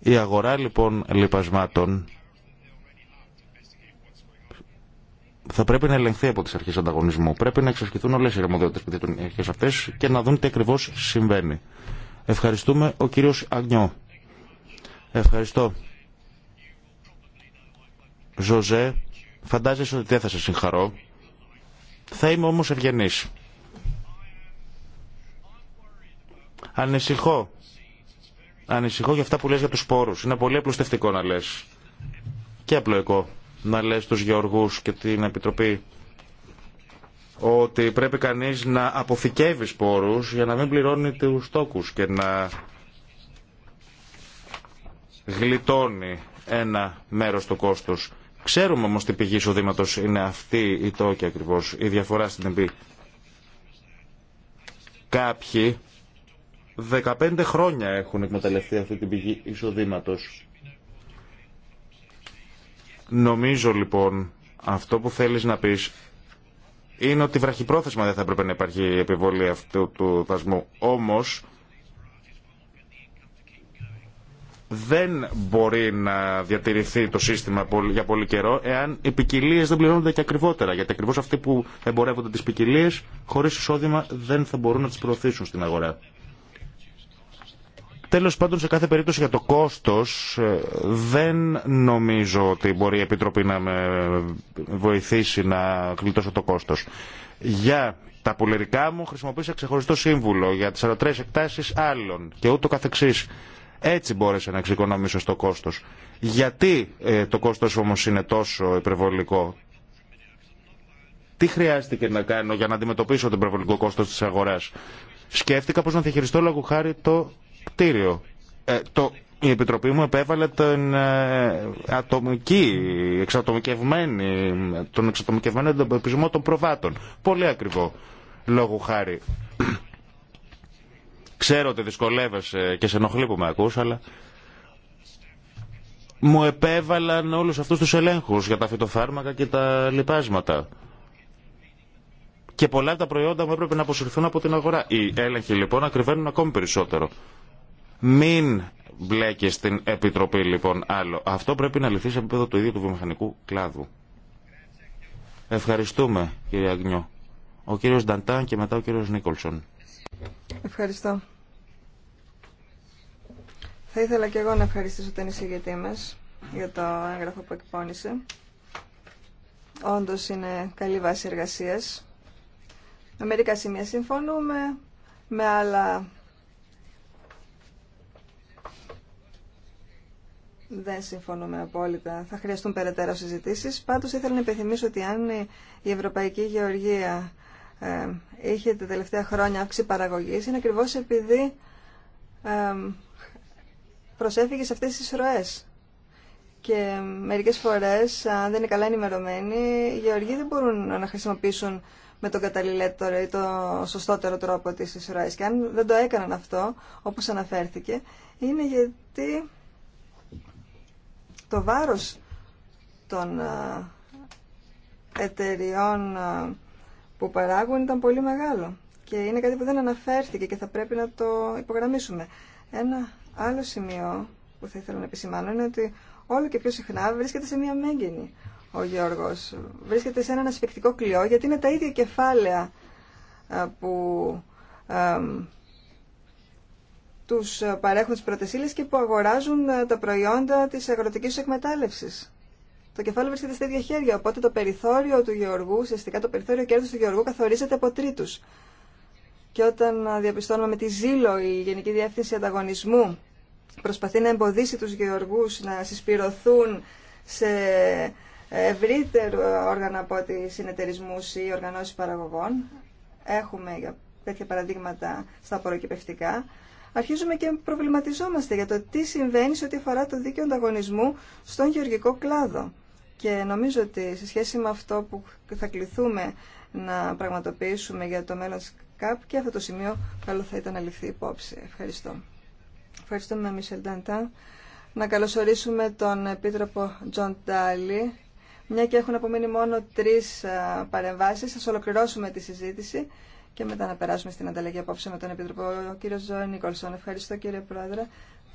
Η αγορά λοιπόν λιπασμάτων θα πρέπει να ελεγχθεί από τις αρχές ανταγωνισμού. Πρέπει να εξασκηθούν όλες οι αρμοδιότητε που οι αυτέ και να δουν τι ακριβώς συμβαίνει. Ευχαριστούμε ο κύριος Αγνιό. Ευχαριστώ. Ζωζέ, φαντάζεσαι ότι δεν θα σε συγχαρώ. Θα είμαι όμως ευγενής. Ανησυχώ Ανησυχώ για αυτά που λες για τους σπόρους. Είναι πολύ απλουστευτικό να λες. Και απλοϊκό να λες τους γεωργούς και την Επιτροπή ότι πρέπει κανείς να αποθηκεύει σπόρους για να μην πληρώνει τους τόκους και να γλιτώνει ένα μέρος του κόστους. Ξέρουμε όμως τι πηγή εισοδήματος είναι αυτή η τόκη ακριβώς, η διαφορά στην εμπή. Κάποιοι 15 χρόνια έχουν εκμεταλλευτεί αυτή την πηγή εισοδήματο. Νομίζω λοιπόν αυτό που θέλεις να πεις είναι ότι βραχυπρόθεσμα δεν θα έπρεπε να υπάρχει η επιβολή αυτού του δασμού. Όμως δεν μπορεί να διατηρηθεί το σύστημα για πολύ καιρό εάν οι ποικιλίε δεν πληρώνονται και ακριβότερα. Γιατί ακριβώς αυτοί που εμπορεύονται τις ποικιλίε χωρίς εισόδημα δεν θα μπορούν να τις προωθήσουν στην αγορά. Τέλος πάντων, σε κάθε περίπτωση για το κόστος ε, δεν νομίζω ότι μπορεί η Επιτροπή να με βοηθήσει να κλειτώσω το κόστος. Για τα πουλερικά μου χρησιμοποίησα ξεχωριστό σύμβουλο, για τις 43 εκτάσεις άλλων και ούτω καθεξής. Έτσι μπόρεσε να εξοικονομήσω στο κόστος. Γιατί ε, το κόστος όμως είναι τόσο υπερβολικό. Τι χρειάστηκε να κάνω για να αντιμετωπίσω τον υπερβολικό κόστος της αγοράς. Σκέφτηκα πώς να διαχειριστώ λόγω χάρη το κτίριο. Ε, το, η Επιτροπή μου επέβαλε τον ε, ατομική, εξατομικευμένη, τον εξατομικευμένο εντοπισμό των προβάτων. Πολύ ακριβό, λόγου χάρη. Ξέρω ότι δυσκολεύεσαι και σε ενοχλεί που με ακούς, αλλά μου επέβαλαν όλους αυτούς τους ελέγχους για τα φυτοφάρμακα και τα λοιπάσματα. Και πολλά από τα προϊόντα μου έπρεπε να αποσυρθούν από την αγορά. Οι έλεγχοι λοιπόν ακριβένουν ακόμη περισσότερο. Μην μπλέκει στην Επιτροπή λοιπόν άλλο. Αυτό πρέπει να λυθεί σε επίπεδο του ίδιου του βιομηχανικού κλάδου. Ευχαριστούμε κύριε Αγνιό. Ο κύριος Νταντάν και μετά ο κύριος Νίκολσον. Ευχαριστώ. Θα ήθελα και εγώ να ευχαριστήσω τον εισηγητή μας για το έγγραφο που εκπώνησε. Όντως είναι καλή βάση εργασίας. Με μερικά σημεία συμφωνούμε, με άλλα Δεν συμφωνούμε απόλυτα. Θα χρειαστούν περαιτέρω συζητήσεις. Πάντως ήθελα να υπενθυμίσω ότι αν η Ευρωπαϊκή Γεωργία ε, είχε τα τελευταία χρόνια αύξηση παραγωγής είναι ακριβώς επειδή ε, προσέφηκε σε αυτές τις ροές. Και μερικές φορές, αν δεν είναι καλά ενημερωμένοι, οι γεωργοί δεν μπορούν να χρησιμοποιήσουν με τον καταλληλέτερο ή το σωστότερο τρόπο της ροές. Και αν δεν το έκαναν αυτό, όπως αναφέρθηκε, είναι γιατί το βάρος των ε, εταιριών ε, που παράγουν ήταν πολύ μεγάλο και είναι κάτι που δεν αναφέρθηκε και θα πρέπει να το υπογραμμίσουμε. Ένα άλλο σημείο που θα ήθελα να επισημάνω είναι ότι όλο και πιο συχνά βρίσκεται σε μία μέγενη ο Γιώργος. Βρίσκεται σε έναν ασφυκτικό κλειό γιατί είναι τα ίδια κεφάλαια ε, που τους ε, παρέχουν τις πρωτεσίλες και που αγοράζουν ε, τα προϊόντα της αγροτικής εκμετάλλευσης. Το κεφάλαιο βρίσκεται στα ίδια χέρια, οπότε το περιθώριο του γεωργού, ουσιαστικά το περιθώριο κέρδους του γεωργού καθορίζεται από τρίτους. Και όταν ε, διαπιστώνουμε με τη ζήλο η Γενική Διεύθυνση Ανταγωνισμού προσπαθεί να εμποδίσει τους γεωργούς να συσπηρωθούν σε ευρύτερο όργανα από ότι συνεταιρισμούς ή οργανώσεις παραγωγών. Έχουμε τέτοια παραδείγματα στα απορροκυπευτικά αρχίζουμε και προβληματιζόμαστε για το τι συμβαίνει σε ό,τι αφορά το δίκαιο ανταγωνισμού στον γεωργικό κλάδο. Και νομίζω ότι σε σχέση με αυτό που θα κληθούμε να πραγματοποιήσουμε για το μέλλον της ΚΑΠ και αυτό το σημείο καλό θα ήταν να ληφθεί υπόψη. Ευχαριστώ. Ευχαριστούμε, Μισελ Νταντά. Να καλωσορίσουμε τον Επίτροπο Τζον Τάλι. Μια και έχουν απομείνει μόνο τρεις ε, παρεμβάσεις, θα ολοκληρώσουμε τη συζήτηση και μετά να περάσουμε στην ανταλλαγή απόψε με τον Επίτροπο. Ο κύριος Ζωή Νίκολσον, ευχαριστώ κύριε Πρόεδρε.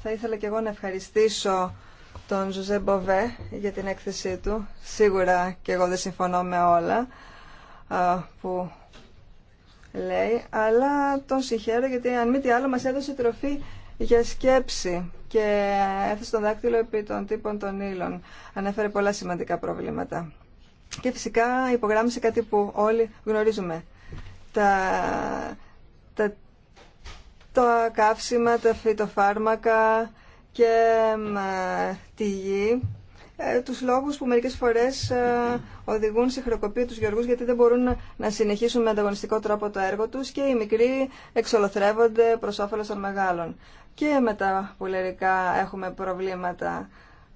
Θα ήθελα και εγώ να ευχαριστήσω τον Ζωζέ Μποβέ για την έκθεσή του. Σίγουρα και εγώ δεν συμφωνώ με όλα που λέει, αλλά τον συγχαίρω γιατί αν μη τι άλλο μας έδωσε τροφή για σκέψη και έθεσε τον δάκτυλο επί των τύπων των ύλων. Ανέφερε πολλά σημαντικά προβλήματα. Και φυσικά υπογράμμισε κάτι που όλοι γνωρίζουμε τα, τα, τα καύσιμα, τα φυτοφάρμακα και τη γη ε, τους λόγους που μερικές φορές οδηγούν σε χρεοκοπία τους γεωργούς γιατί δεν μπορούν να συνεχίσουν με ανταγωνιστικό τρόπο το έργο τους και οι μικροί εξολοθρεύονται προς όφελος των μεγάλων. Και με τα πουλερικά έχουμε προβλήματα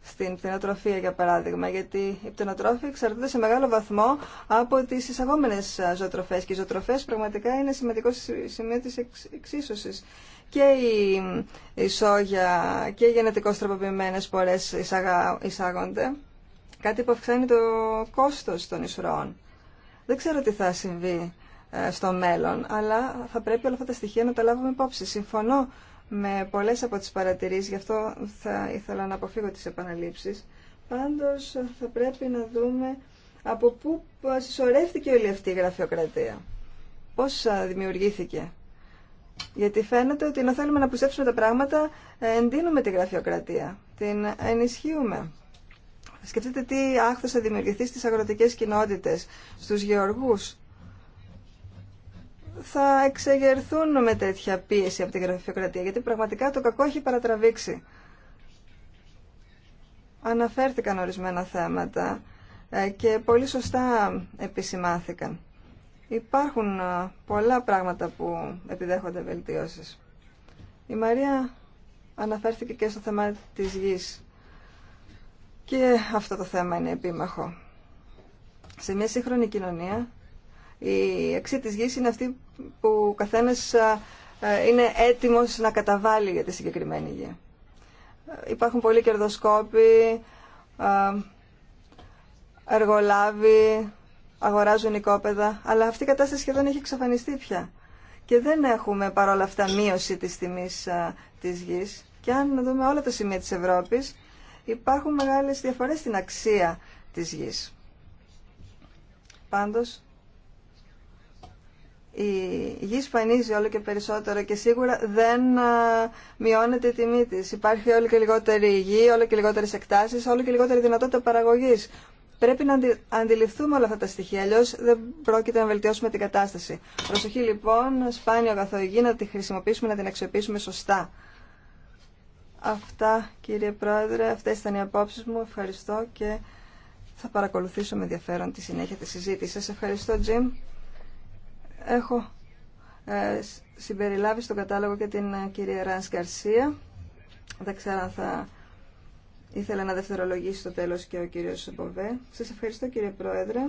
στην πτυνοτροφία, για παράδειγμα, γιατί η πτυνοτρόφη εξαρτούνται σε μεγάλο βαθμό από τι εισαγόμενε ζωοτροφέ και οι ζωοτροφέ πραγματικά είναι σημαντικό σημείο τη εξίσωση. Και η, η και οι γενετικώ τροποποιημένε πορέ εισάγονται, κάτι που αυξάνει το κόστο των ισρώων. Δεν ξέρω τι θα συμβεί ε, στο μέλλον, αλλά θα πρέπει όλα αυτά τα στοιχεία να τα λάβουμε υπόψη. Συμφωνώ με πολλές από τις παρατηρήσεις, γι' αυτό θα ήθελα να αποφύγω τις επαναλήψεις. Πάντως θα πρέπει να δούμε από πού συσσωρεύτηκε όλη αυτή η γραφειοκρατία. Πώς δημιουργήθηκε. Γιατί φαίνεται ότι να θέλουμε να προσέψουμε τα πράγματα, ε, εντείνουμε τη γραφειοκρατία, την ενισχύουμε. Σκεφτείτε τι άχθος θα δημιουργηθεί στις αγροτικές κοινότητες, στους γεωργούς θα εξεγερθούν με τέτοια πίεση από την γραφειοκρατία, γιατί πραγματικά το κακό έχει παρατραβήξει. Αναφέρθηκαν ορισμένα θέματα ε, και πολύ σωστά επισημάθηκαν. Υπάρχουν ε, πολλά πράγματα που επιδέχονται βελτιώσεις. Η Μαρία αναφέρθηκε και στο θέμα της γης. Και αυτό το θέμα είναι επίμαχο. Σε μια σύγχρονη κοινωνία η αξία της γης είναι αυτή που ο καθένας είναι έτοιμος να καταβάλει για τη συγκεκριμένη γη. Υπάρχουν πολλοί κερδοσκόποι, εργολάβοι, αγοράζουν οικόπεδα, αλλά αυτή η κατάσταση σχεδόν έχει εξαφανιστεί πια. Και δεν έχουμε παρόλα αυτά μείωση της τιμής της γης. Και αν δούμε όλα τα σημεία της Ευρώπης, υπάρχουν μεγάλες διαφορές στην αξία της γης. Πάντως, η γη σπανίζει όλο και περισσότερο και σίγουρα δεν μειώνεται η τιμή τη. Υπάρχει όλο και λιγότερη γη, όλο και λιγότερε εκτάσει, όλο και λιγότερη δυνατότητα παραγωγή. Πρέπει να αντιληφθούμε όλα αυτά τα στοιχεία, αλλιώ δεν πρόκειται να βελτιώσουμε την κατάσταση. Προσοχή λοιπόν, σπάνιο αγαθό γη, να τη χρησιμοποιήσουμε, να την αξιοποιήσουμε σωστά. Αυτά κύριε Πρόεδρε, αυτέ ήταν οι απόψει μου. Ευχαριστώ και θα παρακολουθήσω με ενδιαφέρον τη συνέχεια τη συζήτηση. Σα ευχαριστώ, Τζιμ. Έχω ε, συμπεριλάβει στον κατάλογο και την ε, κυρία Ράνς Καρσία. Δεν ξέρω αν θα ήθελα να δευτερολογήσει στο τέλος και ο κύριος Μποβέ. Σας ευχαριστώ κύριε Πρόεδρε.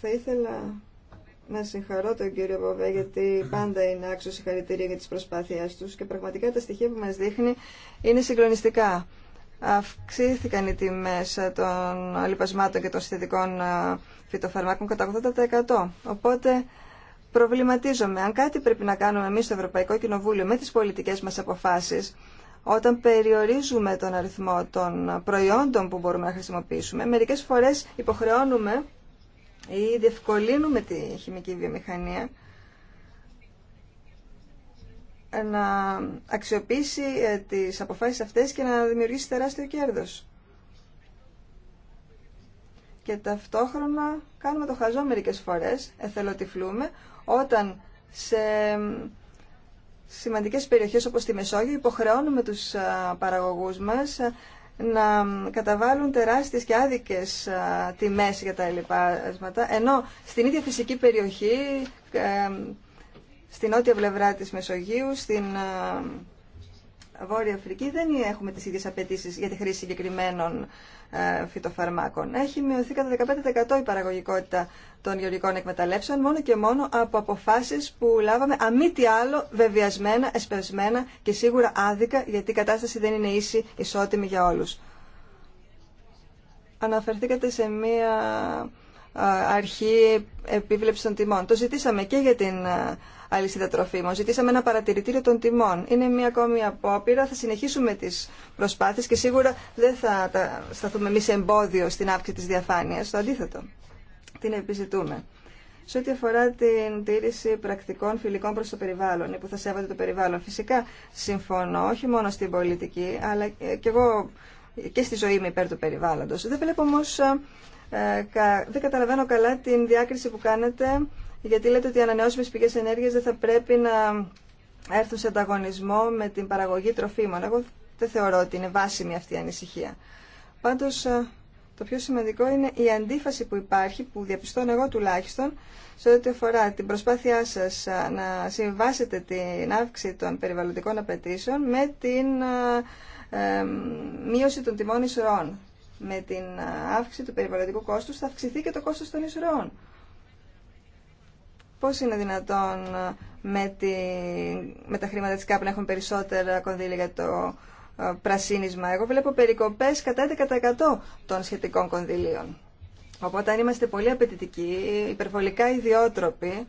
Θα ήθελα να συγχαρώ τον κύριο Μποβέ γιατί πάντα είναι άξιο συγχαρητήρια για τις προσπάθειές τους και πραγματικά τα στοιχεία που μας δείχνει είναι συγκλονιστικά. Αυξήθηκαν οι τιμές των λοιπασμάτων και των συνθετικών ε, φυτοφαρμάκων κατά 80%. Οπότε προβληματίζομαι. Αν κάτι πρέπει να κάνουμε εμείς στο Ευρωπαϊκό Κοινοβούλιο με τις πολιτικές μας αποφάσεις, όταν περιορίζουμε τον αριθμό των προϊόντων που μπορούμε να χρησιμοποιήσουμε, μερικές φορές υποχρεώνουμε ή διευκολύνουμε τη χημική βιομηχανία να αξιοποιήσει ε, τις αποφάσεις αυτές και να δημιουργήσει τεράστιο κέρδος και ταυτόχρονα κάνουμε το χαζό μερικές φορές, εθελοτυφλούμε, όταν σε σημαντικές περιοχές όπως τη Μεσόγειο υποχρεώνουμε τους παραγωγούς μας να καταβάλουν τεράστιες και άδικες τιμές για τα ελληπάσματα, ενώ στην ίδια φυσική περιοχή, ε, στην νότια πλευρά της Μεσογείου, στην Βόρεια Αφρική, δεν έχουμε τις ίδιες απαιτήσει για τη χρήση συγκεκριμένων ε, φυτοφαρμάκων. Έχει μειωθεί κατά 15% η παραγωγικότητα των γεωργικών εκμεταλλεύσεων μόνο και μόνο από αποφάσει που λάβαμε αμή τι άλλο βεβαιασμένα, εσπευσμένα και σίγουρα άδικα γιατί η κατάσταση δεν είναι ίση, ισότιμη για όλους. Αναφερθήκατε σε μία ε, αρχή επίβλεψη των τιμών. Το ζητήσαμε και για την ε, αλυσίδα τροφίμων. Ζητήσαμε ένα παρατηρητήριο των τιμών. Είναι μια ακόμη απόπειρα. Θα συνεχίσουμε τι προσπάθειε και σίγουρα δεν θα σταθούμε εμεί εμπόδιο στην αύξηση τη διαφάνεια. Το αντίθετο. Την επιζητούμε. Σε ό,τι αφορά την τήρηση πρακτικών φιλικών προ το περιβάλλον ή που θα σέβονται το περιβάλλον, φυσικά συμφωνώ όχι μόνο στην πολιτική, αλλά και εγώ και στη ζωή είμαι υπέρ του περιβάλλοντος. Δεν βλέπω ε, κα, δεν καταλαβαίνω καλά την διάκριση που κάνετε γιατί λέτε ότι οι ανανεώσιμες πηγές ενέργειας δεν θα πρέπει να έρθουν σε ανταγωνισμό με την παραγωγή τροφίμων. Εγώ δεν θεωρώ ότι είναι βάσιμη αυτή η ανησυχία. Πάντως, το πιο σημαντικό είναι η αντίφαση που υπάρχει, που διαπιστώνω εγώ τουλάχιστον, σε ό,τι αφορά την προσπάθειά σας να συμβάσετε την αύξηση των περιβαλλοντικών απαιτήσεων με την μείωση των τιμών ισορών. Με την αύξηση του περιβαλλοντικού κόστου θα αυξηθεί και το κόστος των ισορών. Πώς είναι δυνατόν ε, με, τη, με τα χρήματα της ΚΑΠ να έχουν περισσότερα κονδύλια για το ε, πρασίνισμα. Εγώ βλέπω περικοπές κατά 10% των σχετικών κονδυλίων. Οπότε αν είμαστε πολύ απαιτητικοί, υπερβολικά ιδιότροποι,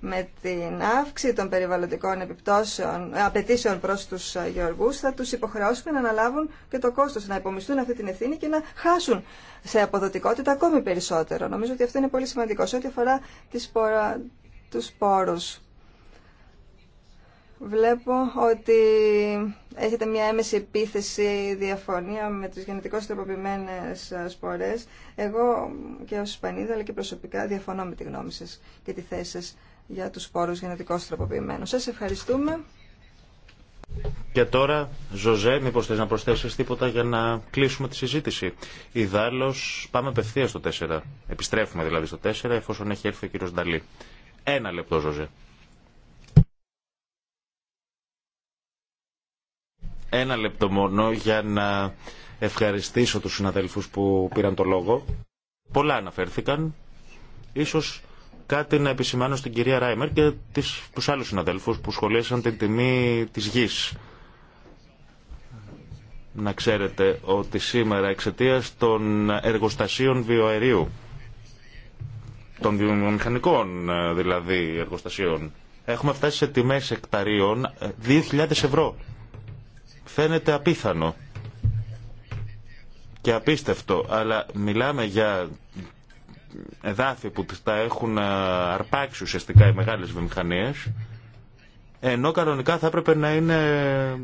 με την αύξηση των περιβαλλοντικών επιπτώσεων, ε, απαιτήσεων προς τους γεωργούς θα τους υποχρεώσουμε να αναλάβουν και το κόστος, να υπομισθούν αυτή την ευθύνη και να χάσουν σε αποδοτικότητα ακόμη περισσότερο. Νομίζω ότι αυτό είναι πολύ σημαντικό. Σε ό,τι αφορά τις, τους πόρους. Βλέπω ότι έχετε μια έμεση επίθεση, διαφωνία με τις γενετικώς τροποποιημένες ε, σπορές. Εγώ και ως Ισπανίδα, αλλά και προσωπικά, διαφωνώ με τη γνώμη σας και τη θέση σας για τους σπόρους γενετικώς τροποποιημένους. Σας ευχαριστούμε. Και τώρα, Ζωζέ, μήπω θε να προσθέσει τίποτα για να κλείσουμε τη συζήτηση. Ιδάλω, πάμε απευθεία στο 4. Επιστρέφουμε δηλαδή στο 4, εφόσον έχει έρθει ο κύριο Νταλή. Ένα λεπτό, Ζωζέ. Ένα λεπτό μόνο για να ευχαριστήσω τους συναδέλφους που πήραν το λόγο. Πολλά αναφέρθηκαν. Ίσως κάτι να επισημάνω στην κυρία Ράιμερ και τις, τους άλλους συναδέλφους που σχολίασαν την τιμή της γης. Να ξέρετε ότι σήμερα εξαιτία των εργοστασίων βιοαερίου των βιομηχανικών ε, δηλαδή εργοστασίων. Έχουμε φτάσει σε τιμές εκταρίων 2.000 ε, ευρώ. Φαίνεται απίθανο και απίστευτο, αλλά μιλάμε για εδάφη που τα έχουν ε, αρπάξει ουσιαστικά οι μεγάλες βιομηχανίες, ενώ κανονικά θα έπρεπε να είναι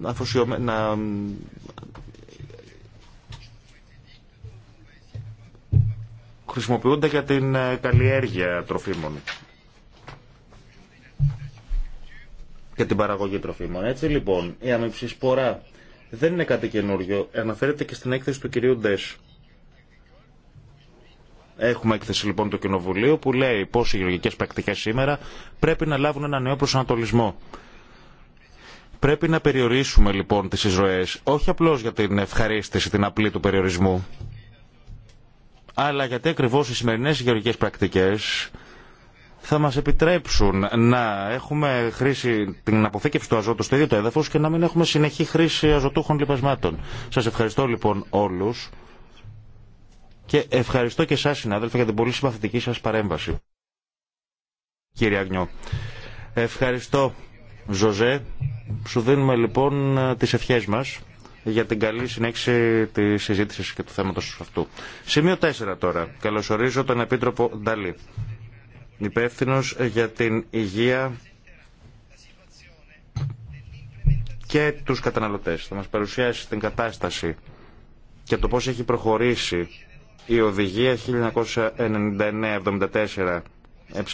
αφοσιωμένα, να χρησιμοποιούνται για την ε, καλλιέργεια τροφίμων και την παραγωγή τροφίμων. Έτσι λοιπόν, η σπορά δεν είναι κάτι καινούριο. Αναφέρεται και στην έκθεση του κυρίου Ντες. Έχουμε έκθεση λοιπόν του Κοινοβουλίου που λέει πώς οι γεωργικές πρακτικές σήμερα πρέπει να λάβουν ένα νέο προσανατολισμό. Πρέπει να περιορίσουμε λοιπόν τις εισρωές, όχι απλώς για την ευχαρίστηση, την απλή του περιορισμού, αλλά γιατί ακριβώς οι σημερινές γεωργικές πρακτικές θα μας επιτρέψουν να έχουμε χρήση, την αποθήκευση του αζώτου στο ίδιο το έδαφος και να μην έχουμε συνεχή χρήση αζωτούχων λοιπασμάτων. Σας ευχαριστώ λοιπόν όλους και ευχαριστώ και εσάς συνάδελφοι για την πολύ συμπαθητική σας παρέμβαση. Κύριε Αγνιό, ευχαριστώ Ζωζέ. Σου δίνουμε λοιπόν τις ευχές μας για την καλή συνέχιση τη συζήτηση και του θέματο αυτού. Σημείο 4 τώρα. Καλωσορίζω τον Επίτροπο Νταλή, υπεύθυνο για την υγεία και τους καταναλωτές. Θα μας παρουσιάσει την κατάσταση και το πώς έχει προχωρήσει η οδηγία 1999-74 ΕΚ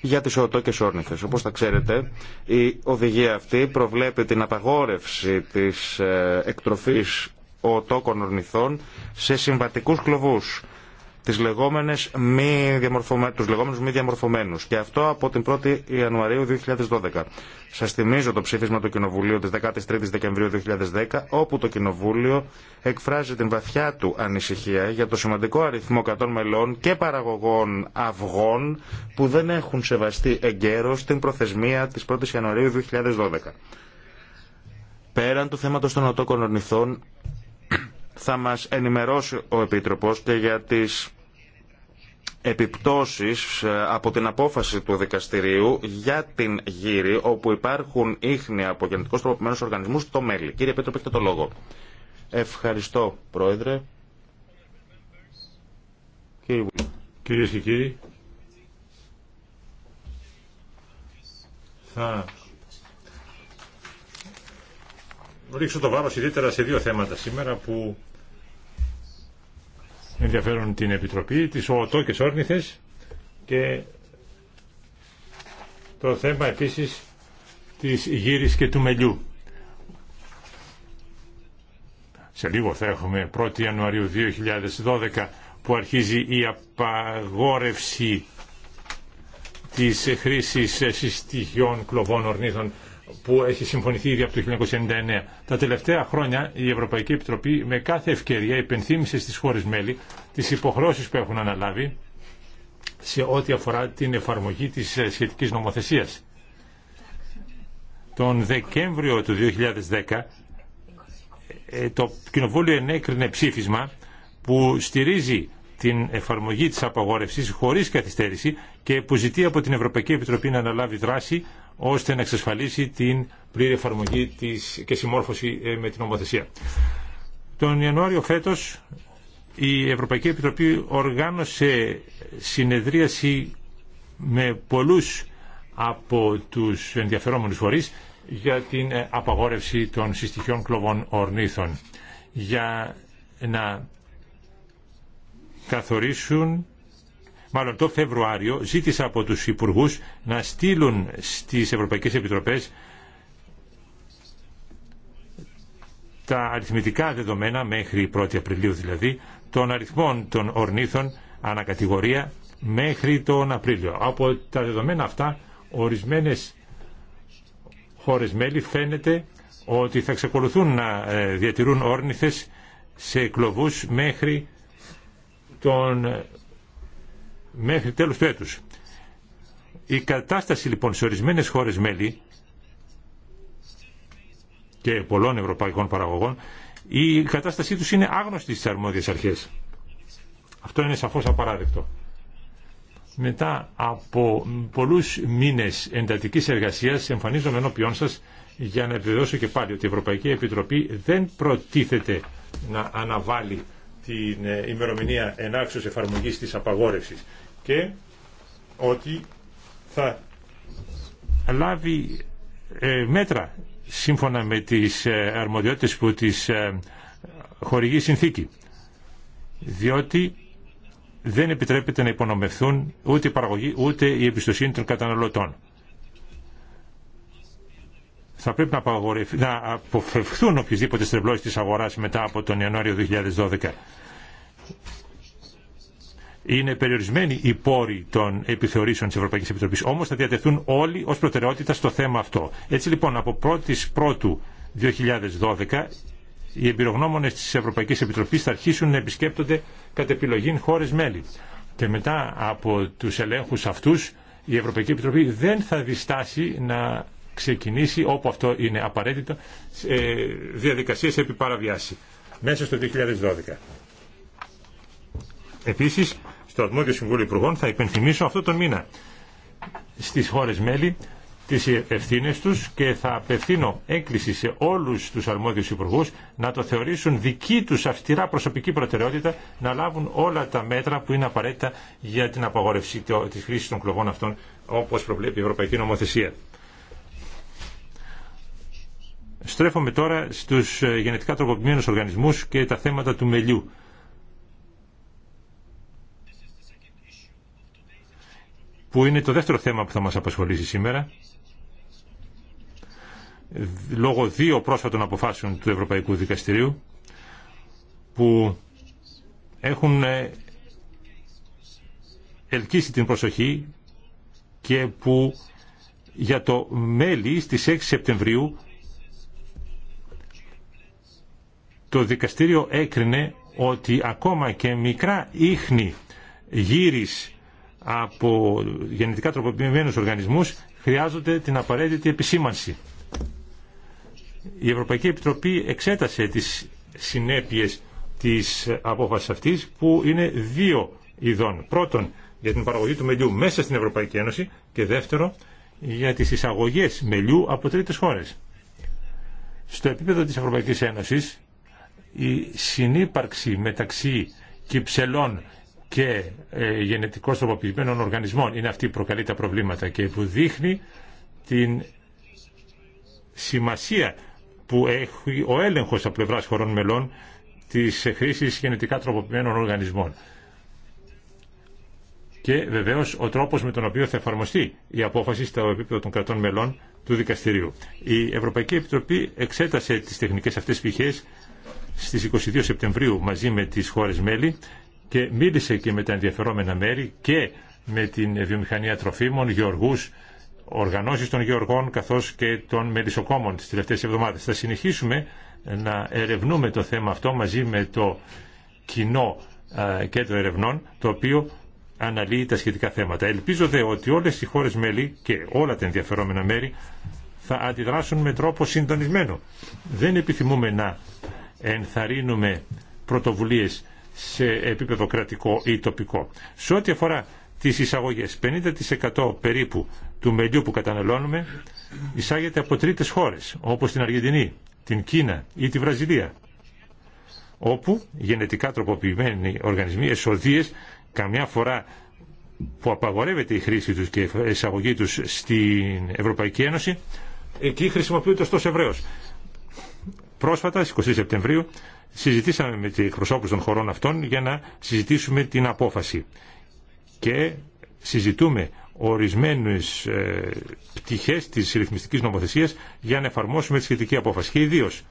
για τις και όρνηθες. Όπως τα ξέρετε, η οδηγία αυτή προβλέπει την απαγόρευση της ε, εκτροφής οτόκων ορνηθών σε συμβατικούς κλοβούς τις λεγόμενες μη διαμορφωμένου τους λεγόμενους μη διαμορφωμένους και αυτό από την 1η Ιανουαρίου 2012. Σας θυμίζω το ψήφισμα του Κοινοβουλίου της 13ης Δεκεμβρίου 2010 όπου το Κοινοβούλιο εκφράζει την βαθιά του ανησυχία για το σημαντικό αριθμό κατών μελών και παραγωγών αυγών που δεν έχουν σεβαστεί εγκαίρως την προθεσμία της 1ης Ιανουαρίου 2012. Πέραν του θέματος των οτόκων ορνηθών, θα μας ενημερώσει ο Επίτροπος και για τις επιπτώσεις ε, από την απόφαση του δικαστηρίου για την γύρη όπου υπάρχουν ίχνη από γενετικώς τροποποιημένους οργανισμούς στο μέλι. Κύριε Πέτρο, έχετε το λόγο. Ευχαριστώ, Πρόεδρε. Κυρίε και κύριοι, θα ρίξω το βάρος ιδιαίτερα σε δύο θέματα σήμερα που ενδιαφέρον την Επιτροπή, τις ΟΟΤΟ και και το θέμα επίσης της γύρης και του μελιού. Σε λίγο θα έχουμε 1η Ιανουαρίου 2012 που αρχίζει η απαγόρευση της χρήσης συστοιχειών κλοβών ορνήθων που έχει συμφωνηθεί ήδη από το 1999. Τα τελευταία χρόνια η Ευρωπαϊκή Επιτροπή με κάθε ευκαιρία υπενθύμησε στις χώρες μέλη τις υποχρώσεις που έχουν αναλάβει σε ό,τι αφορά την εφαρμογή της ε, σχετικής νομοθεσίας. Τον Δεκέμβριο του 2010 ε, το Κοινοβούλιο ενέκρινε ψήφισμα που στηρίζει την εφαρμογή της απαγόρευσης χωρίς καθυστέρηση και που ζητεί από την Ευρωπαϊκή Επιτροπή να αναλάβει δράση ώστε να εξασφαλίσει την πλήρη εφαρμογή της και συμμόρφωση ε, με την νομοθεσία. Τον Ιανουάριο φέτος η Ευρωπαϊκή Επιτροπή οργάνωσε συνεδρίαση με πολλούς από τους ενδιαφερόμενους φορείς για την ε, απαγόρευση των συστοιχιών κλωβών ορνήθων για να καθορίσουν μάλλον το Φεβρουάριο ζήτησα από τους υπουργούς να στείλουν στις Ευρωπαϊκές Επιτροπές τα αριθμητικά δεδομένα μέχρι 1η Απριλίου δηλαδή των αριθμών των ορνήθων ανακατηγορία μέχρι τον Απρίλιο. Από τα δεδομένα αυτά ορισμένες χώρες μέλη φαίνεται ότι θα εξακολουθούν να ε, διατηρούν όρνηθες σε κλωβούς μέχρι τον μέχρι τέλου του έτους. Η κατάσταση λοιπόν σε ορισμένες χώρες μέλη και πολλών ευρωπαϊκών παραγωγών η κατάστασή τους είναι άγνωστη στις αρμόδιες αρχές. Αυτό είναι σαφώς απαράδεκτο. Μετά από πολλού μήνες εντατική εργασία, εμφανίζομαι ενώπιόν σας για να επιβεβαιώσω και πάλι ότι η Ευρωπαϊκή Επιτροπή δεν προτίθεται να αναβάλει την ε, ημερομηνία ενάξεως εφαρμογής της απαγόρευσης και ότι θα λάβει ε, μέτρα σύμφωνα με τις ε, αρμοδιότητες που της ε, χορηγεί συνθήκη. Διότι δεν επιτρέπεται να υπονομευθούν ούτε η παραγωγή ούτε η εμπιστοσύνη των καταναλωτών. Θα πρέπει να, να αποφευχθούν οποιασδήποτε στρεβλώσεις της αγοράς μετά από τον Ιανουάριο 2012 είναι περιορισμένοι οι πόροι των επιθεωρήσεων τη Ευρωπαϊκή Επιτροπή. Όμω θα διατεθούν όλοι ω προτεραιότητα στο θέμα αυτό. Έτσι λοιπόν, από 1η Πρώτου 2012, οι εμπειρογνώμονε τη Ευρωπαϊκή Επιτροπή θα αρχίσουν να επισκέπτονται κατ' επιλογή χώρε μέλη. Και μετά από του ελέγχου αυτού, η Ευρωπαϊκή Επιτροπή δεν θα διστάσει να ξεκινήσει όπου αυτό είναι απαραίτητο ε, διαδικασίες επί παραβιάση μέσα στο 2012. Επίσης στο Αρμόδιο Συμβούλιο Υπουργών θα υπενθυμίσω αυτό τον μήνα στις χώρες μέλη τις ευθύνε τους και θα απευθύνω έκκληση σε όλους τους αρμόδιους υπουργού να το θεωρήσουν δική τους αυστηρά προσωπική προτεραιότητα να λάβουν όλα τα μέτρα που είναι απαραίτητα για την απαγόρευση της χρήσης των κλοβών αυτών όπως προβλέπει η Ευρωπαϊκή Νομοθεσία. Στρέφομαι τώρα στους ε, γενετικά τροποποιημένους οργανισμούς και τα θέματα του μελιού. που είναι το δεύτερο θέμα που θα μας απασχολήσει σήμερα λόγω δύο πρόσφατων αποφάσεων του Ευρωπαϊκού Δικαστηρίου που έχουν ε, ελκύσει την προσοχή και που για το μέλη στις 6 Σεπτεμβρίου το δικαστήριο έκρινε ότι ακόμα και μικρά ίχνη γύρις από γενετικά τροποποιημένους οργανισμούς χρειάζονται την απαραίτητη επισήμανση. Η Ευρωπαϊκή Επιτροπή εξέτασε τις συνέπειες της απόφασης αυτής που είναι δύο ειδών. Πρώτον, για την παραγωγή του μελιού μέσα στην Ευρωπαϊκή Ένωση και δεύτερο, για τις εισαγωγές μελιού από τρίτες χώρες. Στο επίπεδο της Ευρωπαϊκής Ένωσης, η συνύπαρξη μεταξύ κυψελών και ε, τροποποιημένων οργανισμών είναι αυτή που προκαλεί τα προβλήματα και που δείχνει την σημασία που έχει ο έλεγχο από πλευρά χωρών μελών τη χρήση γενετικά τροποποιημένων οργανισμών. Και βεβαίω ο τρόπο με τον οποίο θα εφαρμοστεί η απόφαση στο επίπεδο των κρατών μελών του δικαστηρίου. Η Ευρωπαϊκή Επιτροπή εξέτασε τι τεχνικέ αυτέ πηχέ στις 22 Σεπτεμβρίου μαζί με τις χώρες μέλη και μίλησε και με τα ενδιαφερόμενα μέρη και με την βιομηχανία τροφίμων, γεωργούς, οργανώσεις των γεωργών καθώς και των μελισσοκόμων τις τελευταίες εβδομάδες. Θα συνεχίσουμε να ερευνούμε το θέμα αυτό μαζί με το κοινό κέντρο ερευνών το οποίο αναλύει τα σχετικά θέματα. Ελπίζω δε ότι όλες οι χώρες μέλη και όλα τα ενδιαφερόμενα μέρη θα αντιδράσουν με τρόπο συντονισμένο. Δεν επιθυμούμε να ενθαρρύνουμε πρωτοβουλίες σε επίπεδο κρατικό ή τοπικό. Σε ό,τι αφορά τις εισαγωγές, 50% περίπου του μελιού που καταναλώνουμε εισάγεται από τρίτες χώρες, όπως την Αργεντινή, την Κίνα ή τη Βραζιλία, όπου γενετικά τροποποιημένοι οργανισμοί, εσοδίες, καμιά φορά που απαγορεύεται η χρήση τους και η εισαγωγή τους στην Ευρωπαϊκή Ένωση, εκεί χρησιμοποιούνται ωστόσο ευρέως. Πρόσφατα, στις 20 Σεπτεμβρίου, συζητήσαμε με τις εκπροσώπους των χωρών αυτών για να συζητήσουμε την απόφαση. Και συζητούμε ορισμένες ε, πτυχές της ρυθμιστικής νομοθεσίας για να εφαρμόσουμε τη σχετική απόφαση. Και ιδίως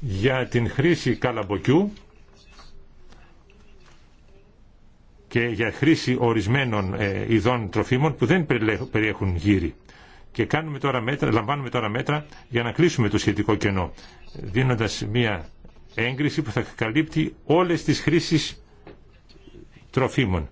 για την χρήση καλαμποκιού και για χρήση ορισμένων ε, ειδών τροφίμων που δεν περιέχουν γύρι. Και κάνουμε τώρα μέτρα, λαμβάνουμε τώρα μέτρα για να κλείσουμε το σχετικό κενό, δίνοντας μια έγκριση που θα καλύπτει όλες τις χρήσεις τροφίμων.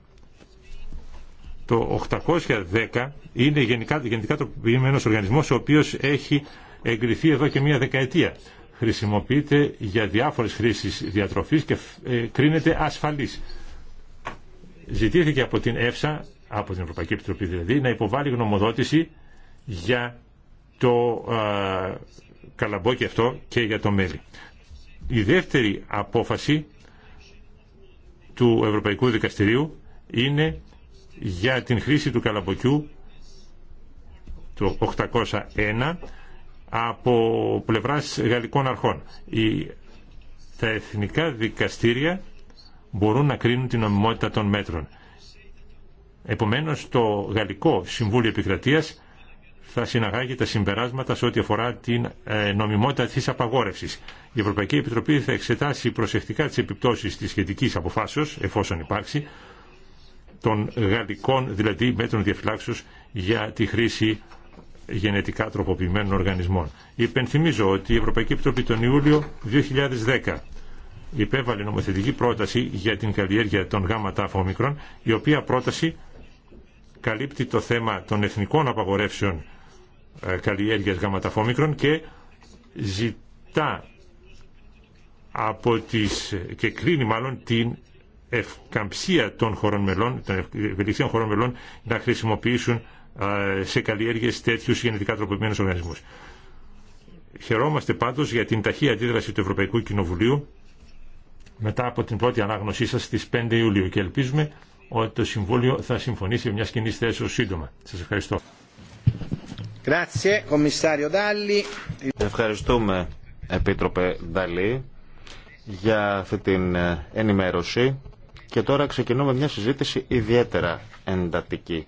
Το 810 είναι γενικά, γενικά τροποποιημένος οργανισμός ο οποίος έχει εγκριθεί εδώ και μία δεκαετία. Χρησιμοποιείται για διάφορες χρήσεις διατροφής και ε, κρίνεται ασφαλής. Ζητήθηκε από την ΕΦΣΑ, από την Ευρωπαϊκή Επιτροπή δηλαδή, να υποβάλει γνωμοδότηση για το καλαμπόκι αυτό και για το μέλι. Η δεύτερη απόφαση του Ευρωπαϊκού Δικαστηρίου είναι για την χρήση του καλαμποκιού το 801 από πλευράς γαλλικών αρχών. Η, τα εθνικά δικαστήρια μπορούν να κρίνουν την νομιμότητα των μέτρων. Επομένως, το Γαλλικό Συμβούλιο Επικρατείας θα συναγάγει τα συμπεράσματα σε ό,τι αφορά την ε, νομιμότητα της απαγόρευσης. Η Ευρωπαϊκή Επιτροπή θα εξετάσει προσεκτικά τις επιπτώσεις της σχετικής αποφάσεως, εφόσον υπάρξει, των γαλλικών δηλαδή μέτρων διαφυλάξεως για τη χρήση γενετικά τροποποιημένων οργανισμών. Υπενθυμίζω ότι η Ευρωπαϊκή Επιτροπή τον Ιούλιο 2010 υπέβαλε νομοθετική πρόταση για την καλλιέργεια των γάμα τάφων η οποία πρόταση καλύπτει το θέμα των εθνικών απαγορεύσεων ε, καλλιέργειας γαματαφόμικρων και ζητά από και κρίνει μάλλον την ευκαμψία των χωρών μελών, των ευελιξίων χωρών μελών να χρησιμοποιήσουν ε, σε καλλιέργειες τέτοιους γενετικά τροποποιημένους οργανισμούς. Χαιρόμαστε πάντως για την ταχεία αντίδραση του Ευρωπαϊκού Κοινοβουλίου μετά από την πρώτη ανάγνωσή σας στις 5 Ιουλίου και ελπίζουμε ότι το Συμβούλιο θα συμφωνήσει μια κοινή θέση σύντομα. Σας ευχαριστώ. Ευχαριστούμε, Επίτροπε Νταλή, για αυτή την ε, ενημέρωση. Και τώρα ξεκινούμε μια συζήτηση ιδιαίτερα εντατική.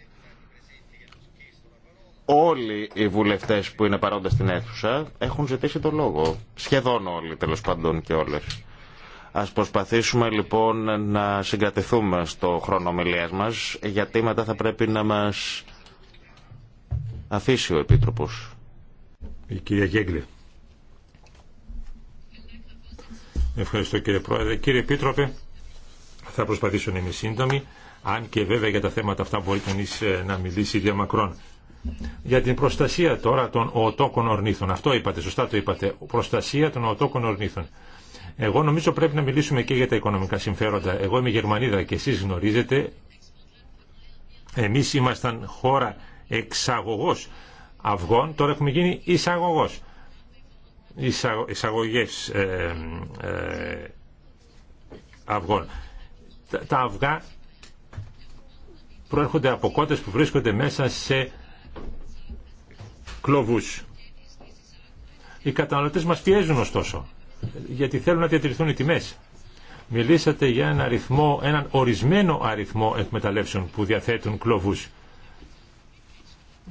Όλοι οι βουλευτές που είναι παρόντες στην αίθουσα έχουν ζητήσει το λόγο. Σχεδόν όλοι, τέλος παντών και όλες. Ας προσπαθήσουμε λοιπόν να συγκρατηθούμε στο χρόνο ομιλίας μας, γιατί μετά θα πρέπει να μας αφήσει ο Επίτροπος. Η κυρία Γέγκλη. Ευχαριστώ κύριε Πρόεδρε. Κύριε Επίτροπε, θα προσπαθήσω να είμαι σύντομη, αν και βέβαια για τα θέματα αυτά μπορεί κανείς ε, να μιλήσει διαμακρών. Για την προστασία τώρα των οτόκων ορνήθων. Αυτό είπατε, σωστά το είπατε. Προστασία των οτόκων ορνήθων. Εγώ νομίζω πρέπει να μιλήσουμε και για τα οικονομικά συμφέροντα. Εγώ είμαι Γερμανίδα και εσείς γνωρίζετε. Εμείς ήμασταν χώρα Εξαγωγό αυγών, τώρα έχουμε γίνει εισαγωγό, εισαγωγέ ε, ε, αυγών. Τα, αυγά προέρχονται από κότες που βρίσκονται μέσα σε κλωβούς. Οι καταναλωτές μας πιέζουν ωστόσο, γιατί θέλουν να διατηρηθούν οι τιμές. Μιλήσατε για έναν αριθμό, έναν ορισμένο αριθμό εκμεταλλεύσεων που διαθέτουν κλωβούς.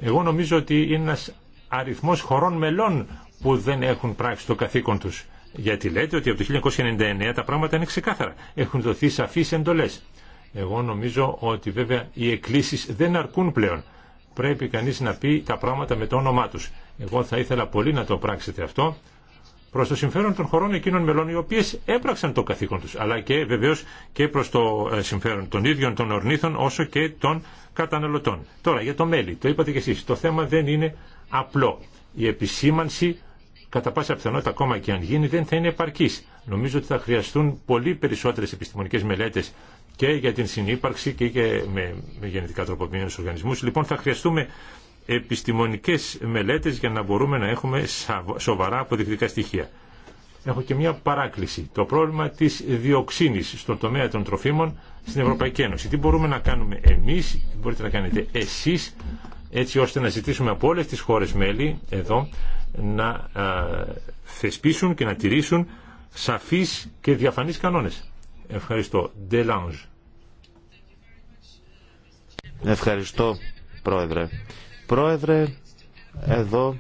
Εγώ νομίζω ότι είναι ένας αριθμός χωρών μελών που δεν έχουν πράξει το καθήκον τους. Γιατί λέτε ότι από το 1999 τα πράγματα είναι ξεκάθαρα. Έχουν δοθεί σαφείς εντολές. Εγώ νομίζω ότι βέβαια οι εκκλήσεις δεν αρκούν πλέον. Πρέπει κανείς να πει τα πράγματα με το όνομά τους. Εγώ θα ήθελα πολύ να το πράξετε αυτό Προ το συμφέρον των χωρών εκείνων μελών οι οποίε έπραξαν το καθήκον του, αλλά και βεβαίω και προ το ε, συμφέρον των ίδιων των ορνήθων όσο και των καταναλωτών. Τώρα για το μέλι, το είπατε και εσεί, το θέμα δεν είναι απλό. Η επισήμανση κατά πάσα πιθανότητα ακόμα και αν γίνει δεν θα είναι επαρκή. Νομίζω ότι θα χρειαστούν πολύ περισσότερε επιστημονικέ μελέτε και για την συνύπαρξη και, και με, με γενετικά τροποποιημένου οργανισμού. Λοιπόν θα χρειαστούμε επιστημονικές μελέτες για να μπορούμε να έχουμε σοβαρά αποδεικτικά στοιχεία. Έχω και μια παράκληση. Το πρόβλημα της διοξίνης στον τομέα των τροφίμων στην Ευρωπαϊκή Ένωση. Τι μπορούμε να κάνουμε εμείς, τι μπορείτε να κάνετε εσείς, έτσι ώστε να ζητήσουμε από όλες τις χώρες μέλη εδώ να θεσπίσουν και να τηρήσουν σαφείς και διαφανείς κανόνες. Ευχαριστώ. Ευχαριστώ, Πρόεδρε. Πρόεδρε, εδώ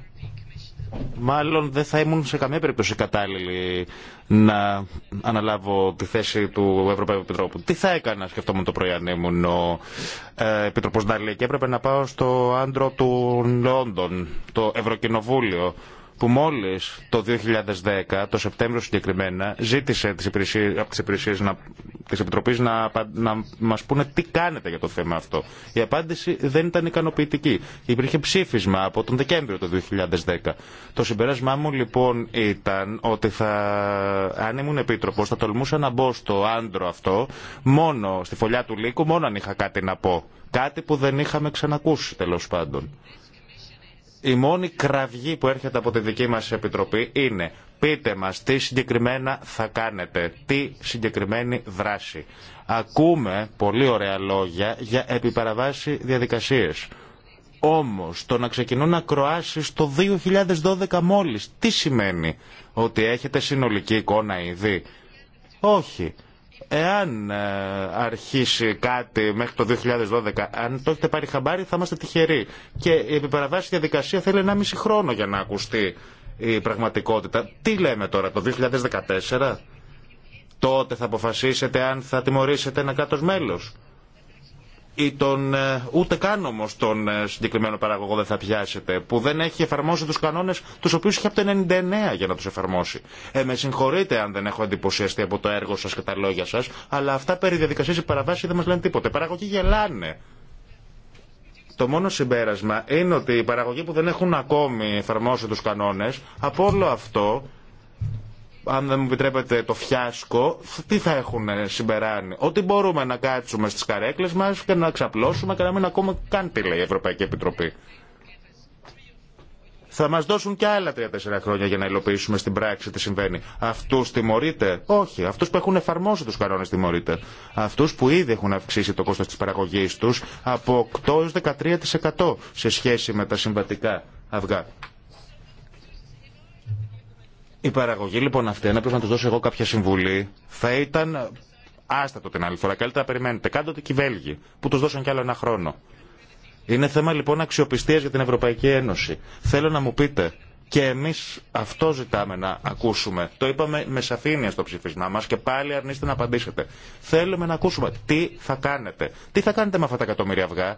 μάλλον δεν θα ήμουν σε καμία περίπτωση κατάλληλη να αναλάβω τη θέση του Ευρωπαϊκού Επιτρόπου. Τι θα έκανα, σκεφτόμουν το πρωί αν ήμουν ο ε, Επιτροπός Νταλή και έπρεπε να πάω στο άντρο του Λόντων, το Ευρωκοινοβούλιο που μόλις το 2010, το Σεπτέμβριο συγκεκριμένα, ζήτησε τις υπηρεσίες, από τι υπηρεσίε να, Επιτροπή να, να μας πούνε τι κάνετε για το θέμα αυτό. Η απάντηση δεν ήταν ικανοποιητική. Υπήρχε ψήφισμα από τον Δεκέμβριο του 2010. Το συμπέρασμά μου λοιπόν ήταν ότι θα, αν ήμουν επίτροπος θα τολμούσα να μπω στο άντρο αυτό μόνο στη φωλιά του λύκου, μόνο αν είχα κάτι να πω. Κάτι που δεν είχαμε ξανακούσει τέλο πάντων. Η μόνη κραυγή που έρχεται από τη δική μας Επιτροπή είναι πείτε μας τι συγκεκριμένα θα κάνετε, τι συγκεκριμένη δράση. Ακούμε πολύ ωραία λόγια για επιπαραβάση διαδικασίες. Όμως το να ξεκινούν να κροάσει το 2012 μόλις, τι σημαίνει, ότι έχετε συνολική εικόνα ήδη. Όχι. Εάν ε, αρχίσει κάτι μέχρι το 2012, αν το έχετε πάρει χαμπάρι, θα είμαστε τυχεροί. Και η επιπαραβάση διαδικασία θέλει 1,5 χρόνο για να ακουστεί η πραγματικότητα. Τι λέμε τώρα, το 2014? Τότε θα αποφασίσετε αν θα τιμωρήσετε ένα κάτω μέλος ή τον, ε, ούτε καν όμω τον ε, συγκεκριμένο παραγωγό δεν θα πιάσετε, που δεν έχει εφαρμόσει του κανόνε του οποίου είχε από το 99 για να του εφαρμόσει. Ε, με συγχωρείτε αν δεν έχω εντυπωσιαστεί από το έργο σα και τα λόγια σα, αλλά αυτά περί διαδικασία δεν μα λένε τίποτα. Οι παραγωγοί γελάνε. Το μόνο συμπέρασμα είναι ότι οι παραγωγοί που δεν έχουν ακόμη εφαρμόσει του κανόνε, από όλο αυτό αν δεν μου επιτρέπετε το φιάσκο, τι θα έχουν συμπεράνει. Ότι μπορούμε να κάτσουμε στις καρέκλες μας και να ξαπλώσουμε και να μην ακούμε καν τι λέει η Ευρωπαϊκή Επιτροπή. Θα μα δώσουν και άλλα τρία-τέσσερα χρόνια για να υλοποιήσουμε στην πράξη τι συμβαίνει. Αυτού τιμωρείτε. Όχι. Αυτού που έχουν εφαρμόσει του κανόνε τιμωρείτε. Αυτού που ήδη έχουν αυξήσει το κόστο τη παραγωγή του από 8 έω 13% σε σχέση με τα συμβατικά αυγά. Η παραγωγή λοιπόν αυτή, αν έπρεπε να του δώσω εγώ κάποια συμβουλή, θα ήταν άστατο την άλλη φορά. Καλύτερα περιμένετε. Κάντε ότι και οι Βέλγοι, που του δώσαν κι άλλο ένα χρόνο. Είναι θέμα λοιπόν αξιοπιστία για την Ευρωπαϊκή Ένωση. Θέλω να μου πείτε, και εμεί αυτό ζητάμε να ακούσουμε. Το είπαμε με σαφήνεια στο ψηφισμά μα και πάλι αρνείστε να απαντήσετε. Θέλουμε να ακούσουμε τι θα κάνετε. Τι θα κάνετε με αυτά τα εκατομμύρια αυγά.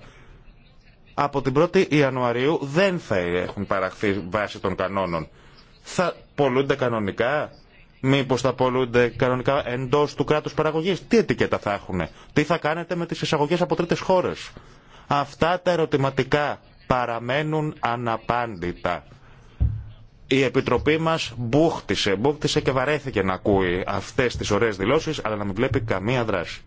Από την 1η Ιανουαρίου δεν θα έχουν παραχθεί βάσει των κανόνων. Θα πολλούνται κανονικά. Μήπω θα πολλούνται κανονικά εντό του κράτου παραγωγή. Τι ετικέτα θα έχουν. Τι θα κάνετε με τι εισαγωγέ από τρίτε χώρε. Αυτά τα ερωτηματικά παραμένουν αναπάντητα. Η Επιτροπή μας μπούχτισε, μπούχτισε και βαρέθηκε να ακούει αυτές τις ωραίε δηλώσεις, αλλά να μην βλέπει καμία δράση.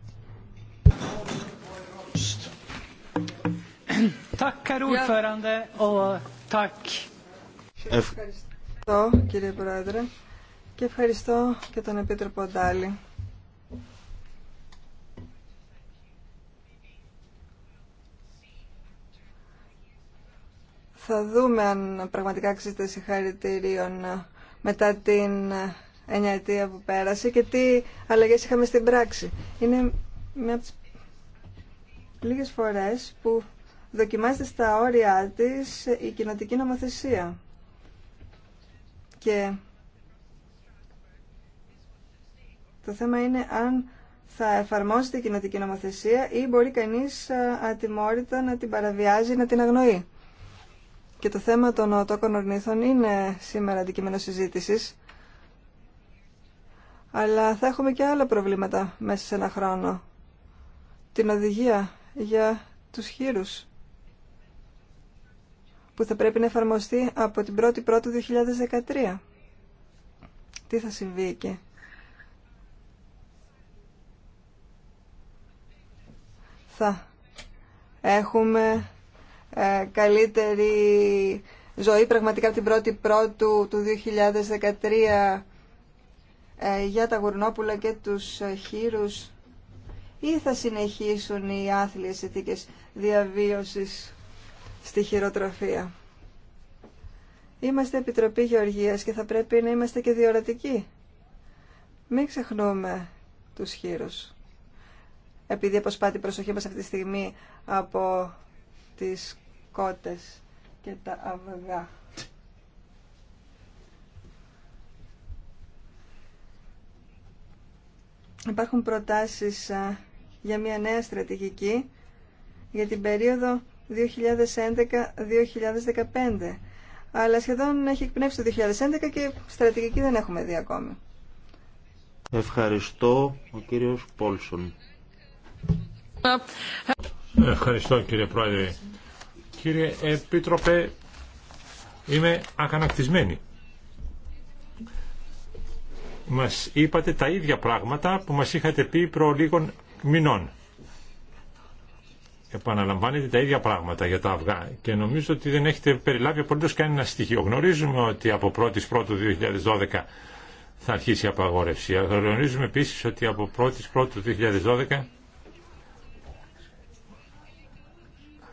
Ευχαριστώ. Ευχαριστώ κύριε Πρόεδρε και ευχαριστώ και τον Επίτροπο Ντάλη. Θα δούμε αν πραγματικά αξίζεται συγχαρητήριων μετά την εννιαετία που πέρασε και τι αλλαγές είχαμε στην πράξη. Είναι μια από τις λίγες φορές που δοκιμάζεται στα όρια της η κοινοτική νομοθεσία. Και το θέμα είναι αν θα εφαρμόσει την κοινωτική νομοθεσία ή μπορεί κανείς ατιμόρυτα να την παραβιάζει, να την αγνοεί. Και το θέμα των οτόκων ορνήθων είναι σήμερα αντικείμενο συζήτηση. Αλλά θα έχουμε και άλλα προβλήματα μέσα σε ένα χρόνο. Την οδηγία για τους χείρους που θα πρέπει να εφαρμοστεί από την 1η Πρώτου 2013. Τι θα συμβεί εκεί. Θα έχουμε ε, καλύτερη ζωή πραγματικά από την 1η Πρώτου του 2013 ε, για τα γουρνόπουλα και τους ε, χείρους ή θα συνεχίσουν οι άθλιες ηθίκες διαβίωσης στη χειροτροφία. Είμαστε Επιτροπή Γεωργίας και θα πρέπει να είμαστε και διορατικοί. Μην ξεχνούμε τους χείρους. Επειδή αποσπά την προσοχή μας αυτή τη στιγμή από τις κότες και τα αυγά. Υπάρχουν προτάσεις ε, για μια νέα στρατηγική για την περίοδο 2011-2015. Αλλά σχεδόν έχει εκπνεύσει το 2011 και στρατηγική δεν έχουμε δει ακόμη. Ευχαριστώ ο κύριος Πόλσον. Ευχαριστώ κύριε Πρόεδρε. Κύριε Επίτροπε, είμαι ακανακτισμένη. Μας είπατε τα ίδια πράγματα που μας είχατε πει προ λίγων μηνών επαναλαμβάνεται τα ίδια πράγματα για τα αυγά και νομίζω ότι δεν έχετε περιλάβει απολύτως κανένα στοιχείο. Γνωρίζουμε ότι από 1η Πρώτου 2012 θα αρχίσει η απαγόρευση. επίση επίσης ότι από 1η Πρώτου 2012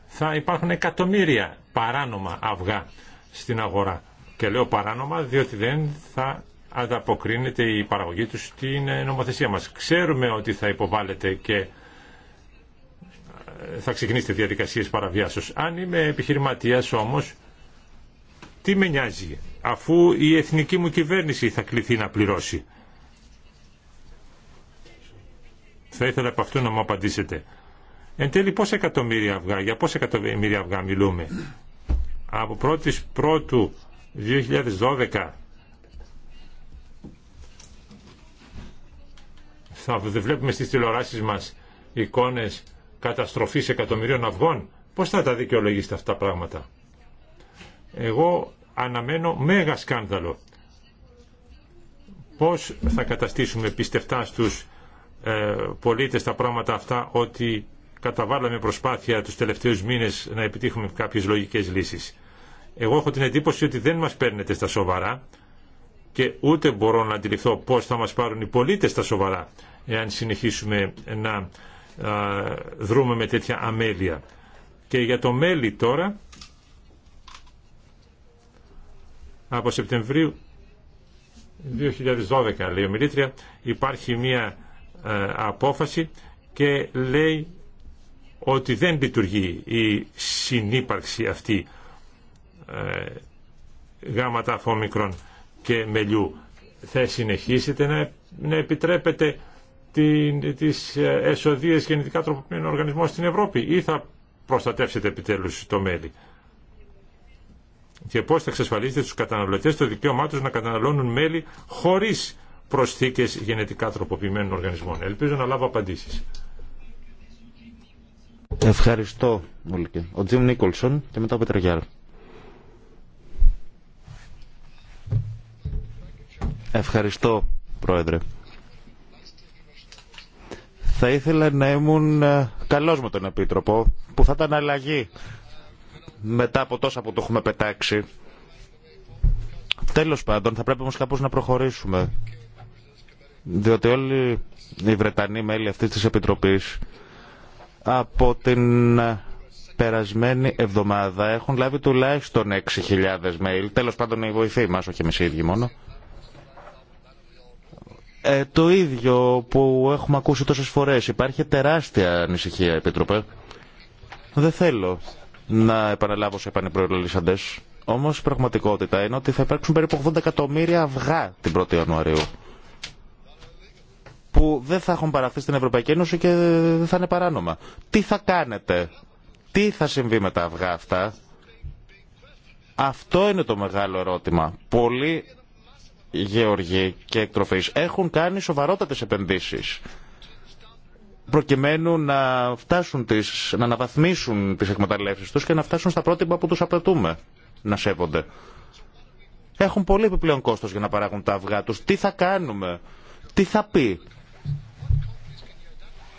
θα υπάρχουν εκατομμύρια παράνομα αυγά στην αγορά. Και λέω παράνομα διότι δεν θα ανταποκρίνεται η παραγωγή τους στην νομοθεσία μας. Ξέρουμε ότι θα υποβάλλεται και θα ξεκινήσετε διαδικασίες παραβιάσεως. Αν είμαι επιχειρηματίας όμως, τι με νοιάζει, αφού η εθνική μου κυβέρνηση θα κληθεί να πληρώσει. Θα ήθελα από αυτού να μου απαντήσετε. Εν τέλει πόσα εκατομμύρια αυγά, για πόσα εκατομμύρια αυγά μιλούμε. Από 1η πρώτου 2012 θα βλέπουμε στις τηλεοράσεις μας εικόνες καταστροφής εκατομμυρίων αυγών. Πώς θα τα δικαιολογήσετε αυτά τα πράγματα. Εγώ αναμένω μέγα σκάνδαλο. Πώς θα καταστήσουμε πιστευτά στους ε, πολίτες τα πράγματα αυτά ότι καταβάλαμε προσπάθεια τους τελευταίους μήνες να επιτύχουμε κάποιες λογικές λύσεις. Εγώ έχω την εντύπωση ότι δεν μας παίρνετε στα σοβαρά και ούτε μπορώ να αντιληφθώ πώς θα μας πάρουν οι πολίτες στα σοβαρά εάν συνεχίσουμε να δρούμε με τέτοια αμέλεια. Και για το μέλι τώρα, από Σεπτεμβρίου 2012, λέει ο Μιλήτρια, υπάρχει μία απόφαση και λέει ότι δεν λειτουργεί η συνύπαρξη αυτή γάματα φόμικρων και μελιού. Θα συνεχίσετε να, να επιτρέπετε την, τις ε, εσοδίες γενετικά τροποποιημένων οργανισμών στην Ευρώπη ή θα προστατεύσετε επιτέλους το μέλι. Και πώς θα εξασφαλίσετε στους καταναλωτές το δικαίωμά τους να καταναλώνουν μέλι χωρίς προσθήκες γενετικά τροποποιημένων οργανισμών. Ελπίζω να λάβω απαντήσεις. Ευχαριστώ, Μολυκέ. Ο Τζιμ Νίκολσον και μετά ο Πετραγιάρ. Ευχαριστώ, Πρόεδρε. Θα ήθελα να ήμουν ε, καλός με τον Επίτροπο, που θα ήταν αλλαγή μετά από τόσα που το έχουμε πετάξει. Τέλος πάντων, θα πρέπει όμως κάπως να προχωρήσουμε. Διότι όλοι οι Βρετανοί μέλη αυτής της Επιτροπής από την ε, περασμένη εβδομάδα έχουν λάβει τουλάχιστον 6.000 mail. Τέλος πάντων οι βοηθοί μας, όχι εμείς οι ίδιοι μόνο. Ε, το ίδιο που έχουμε ακούσει τόσες φορές. Υπάρχει τεράστια ανησυχία, Επίτροπε. Δεν θέλω να επαναλάβω σε επανεπροελίσσαντες. Όμως η πραγματικότητα είναι ότι θα υπάρξουν περίπου 80 εκατομμύρια αυγά την 1η Ιανουαρίου που δεν θα έχουν παραχθεί στην Ευρωπαϊκή Ένωση και δεν θα είναι παράνομα. Τι θα κάνετε, τι θα συμβεί με τα αυγά αυτά, αυτό είναι το μεγάλο ερώτημα. Πολύ γεωργοί και εκτροφείς έχουν κάνει σοβαρότατες επενδύσεις προκειμένου να, φτάσουν τις, να αναβαθμίσουν τις εκμεταλλεύσεις τους και να φτάσουν στα πρότυπα που τους απαιτούμε να σέβονται. Έχουν πολύ επιπλέον κόστος για να παράγουν τα αυγά τους. Τι θα κάνουμε, τι θα πει.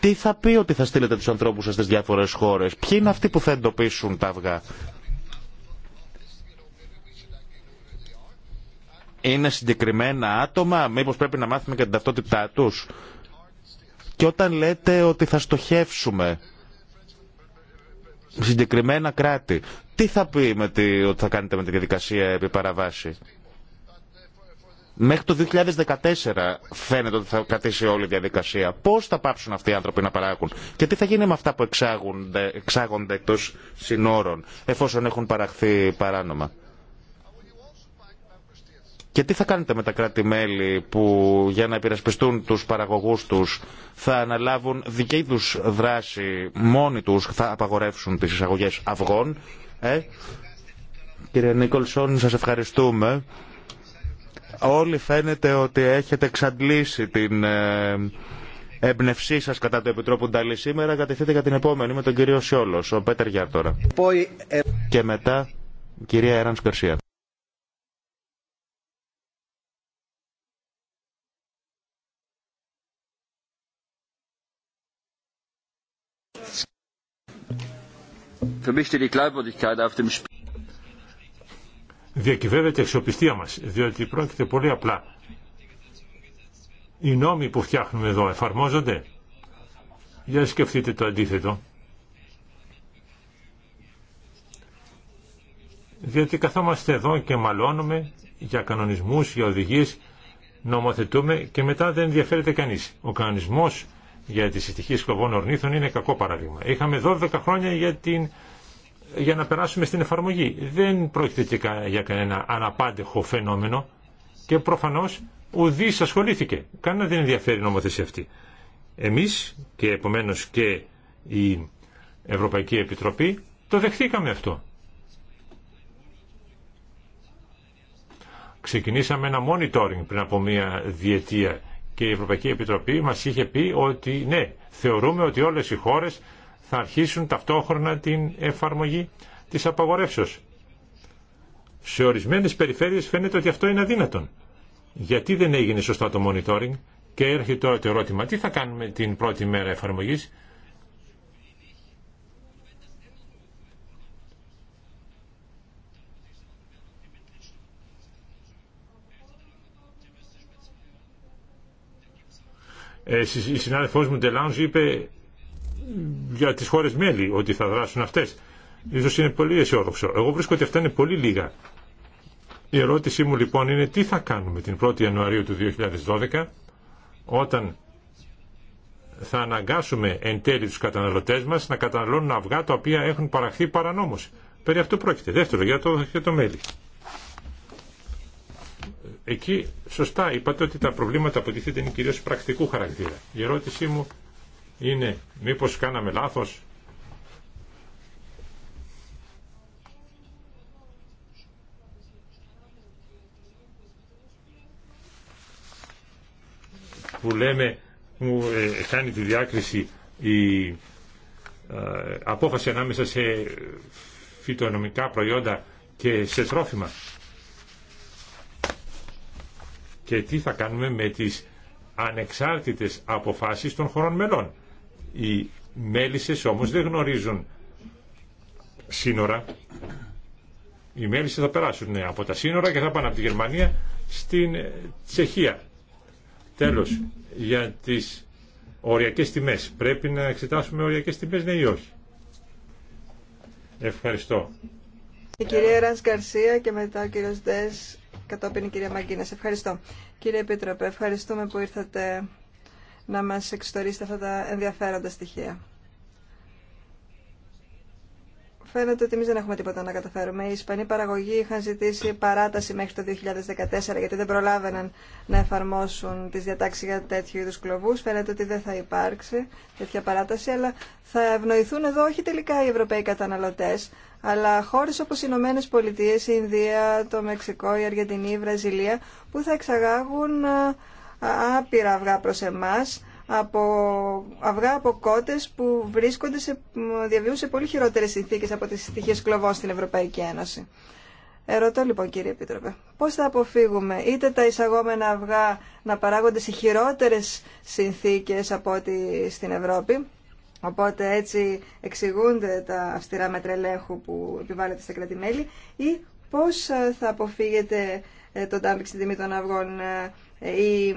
Τι θα πει ότι θα στείλετε τους ανθρώπους σας στις διάφορες χώρες. Ποιοι είναι αυτοί που θα εντοπίσουν τα αυγά. είναι συγκεκριμένα άτομα, μήπως πρέπει να μάθουμε και την ταυτότητά τους. Και όταν λέτε ότι θα στοχεύσουμε συγκεκριμένα κράτη, τι θα πει με τη, ότι θα κάνετε με τη διαδικασία επί παραβάση. Μέχρι το 2014 φαίνεται ότι θα κρατήσει όλη η διαδικασία. Πώς θα πάψουν αυτοί οι άνθρωποι να παράγουν και τι θα γίνει με αυτά που εξάγονται, εξάγονται εκτό συνόρων εφόσον έχουν παραχθεί παράνομα. Και τι θα κάνετε με τα κράτη-μέλη που για να υπερασπιστούν τους παραγωγούς τους θα αναλάβουν δική τους δράση μόνοι τους, θα απαγορεύσουν τις εισαγωγές αυγών. Ε? Κύριε Νίκολσον, σας ευχαριστούμε. Όλοι φαίνεται ότι έχετε εξαντλήσει την εμπνευσή σας κατά το Επιτρόπου Νταλή σήμερα. κατευθείτε για την επόμενη με τον κύριο Σιόλο, ο Πέτερ Γιάρτορα. Ε, ε- Και μετά, κυρία Έραν Διακυβεύεται η αξιοπιστία μας, διότι πρόκειται πολύ απλά. Οι νόμοι που φτιάχνουμε εδώ εφαρμόζονται. Για σκεφτείτε το αντίθετο. Διότι καθόμαστε εδώ και μαλώνουμε για κανονισμούς, για οδηγίες, νομοθετούμε και μετά δεν ενδιαφέρεται κανείς. Ο κανονισμός για τις συστοιχίες κοβών ορνήθων είναι κακό παράδειγμα. Είχαμε 12 χρόνια για την για να περάσουμε στην εφαρμογή. Δεν πρόκειται για κανένα αναπάντεχο φαινόμενο και προφανώς ουδής ασχολήθηκε. Κανένα δεν ενδιαφέρει η νομοθεσία αυτή. Εμείς και επομένως και η Ευρωπαϊκή Επιτροπή το δεχθήκαμε αυτό. Ξεκινήσαμε ένα monitoring πριν από μία διετία και η Ευρωπαϊκή Επιτροπή μας είχε πει ότι ναι, θεωρούμε ότι όλες οι χώρες θα αρχίσουν ταυτόχρονα την εφαρμογή της απαγορεύσεως. Σε ορισμένες περιφέρειες φαίνεται ότι αυτό είναι αδύνατον. Γιατί δεν έγινε σωστά το monitoring και έρχεται τώρα το ερώτημα τι θα κάνουμε την πρώτη μέρα εφαρμογής ε, η συνάδελφός μου Ντελάνζ είπε για τις χώρες μέλη ότι θα δράσουν αυτές. Ίσως είναι πολύ αισιόδοξο. Εγώ βρίσκω ότι αυτά είναι πολύ λίγα. Η ερώτησή μου λοιπόν είναι τι θα κάνουμε την 1η Ιανουαρίου του 2012 όταν θα αναγκάσουμε εν τέλει τους καταναλωτές μας να καταναλώνουν αυγά τα οποία έχουν παραχθεί παρανόμως. Περί αυτού πρόκειται. Δεύτερο, για το, για το μέλι. Εκεί σωστά είπατε ότι τα προβλήματα αποτιθείται είναι κυρίως πρακτικού χαρακτήρα. Η ερώτησή μου είναι μήπως κάναμε λάθος. Που λέμε, μου κάνει ε, τη διάκριση η ε, απόφαση ανάμεσα σε φυτονομικά προϊόντα και σε τρόφιμα. Και τι θα κάνουμε με τις ανεξάρτητες αποφάσεις των χωρών μελών. Οι μέλισσες όμως δεν γνωρίζουν σύνορα. Οι μέλισσες θα περάσουν από τα σύνορα και θα πάνε από τη Γερμανία στην Τσεχία. Τέλος, για τις οριακές τιμές. Πρέπει να εξετάσουμε οριακές τιμές, ναι ή όχι. Ευχαριστώ. Η κυρία Ρας Γκαρσία και μετά ο κύριος Ντές, κατόπιν η κυρια ρας Μαγκίνας. κυριος δες Κύριε Επίτροπε, ευχαριστούμε που ήρθατε να μας εξιστορίσετε αυτά τα ενδιαφέροντα στοιχεία. Φαίνεται ότι εμεί δεν έχουμε τίποτα να καταφέρουμε. Οι Ισπανοί παραγωγοί είχαν ζητήσει παράταση μέχρι το 2014 γιατί δεν προλάβαιναν να εφαρμόσουν τι διατάξει για τέτοιου είδου κλοβού. Φαίνεται ότι δεν θα υπάρξει τέτοια παράταση, αλλά θα ευνοηθούν εδώ όχι τελικά οι Ευρωπαίοι καταναλωτέ, αλλά χώρε όπω οι Ηνωμένε Πολιτείε, η Ινδία, το Μεξικό, η Αργεντινή, η Βραζιλία, που θα εξαγάγουν ε, άπειρα αυγά προς εμάς, από αυγά από κότες που βρίσκονται σε, διαβιούν σε πολύ χειρότερες συνθήκες από τις στοιχείες κλωβών στην Ευρωπαϊκή Ένωση. Ερωτώ λοιπόν κύριε Επίτροπε, πώς θα αποφύγουμε είτε τα εισαγόμενα αυγά να παράγονται σε χειρότερες συνθήκες από ό,τι στην Ευρώπη, οπότε έτσι εξηγούνται τα αυστηρά μετρελέχου που επιβάλλεται στα κρατημέλη, ή πώς θα αποφύγετε ε, τον τάμπιξ τιμή των αυγών ε, ή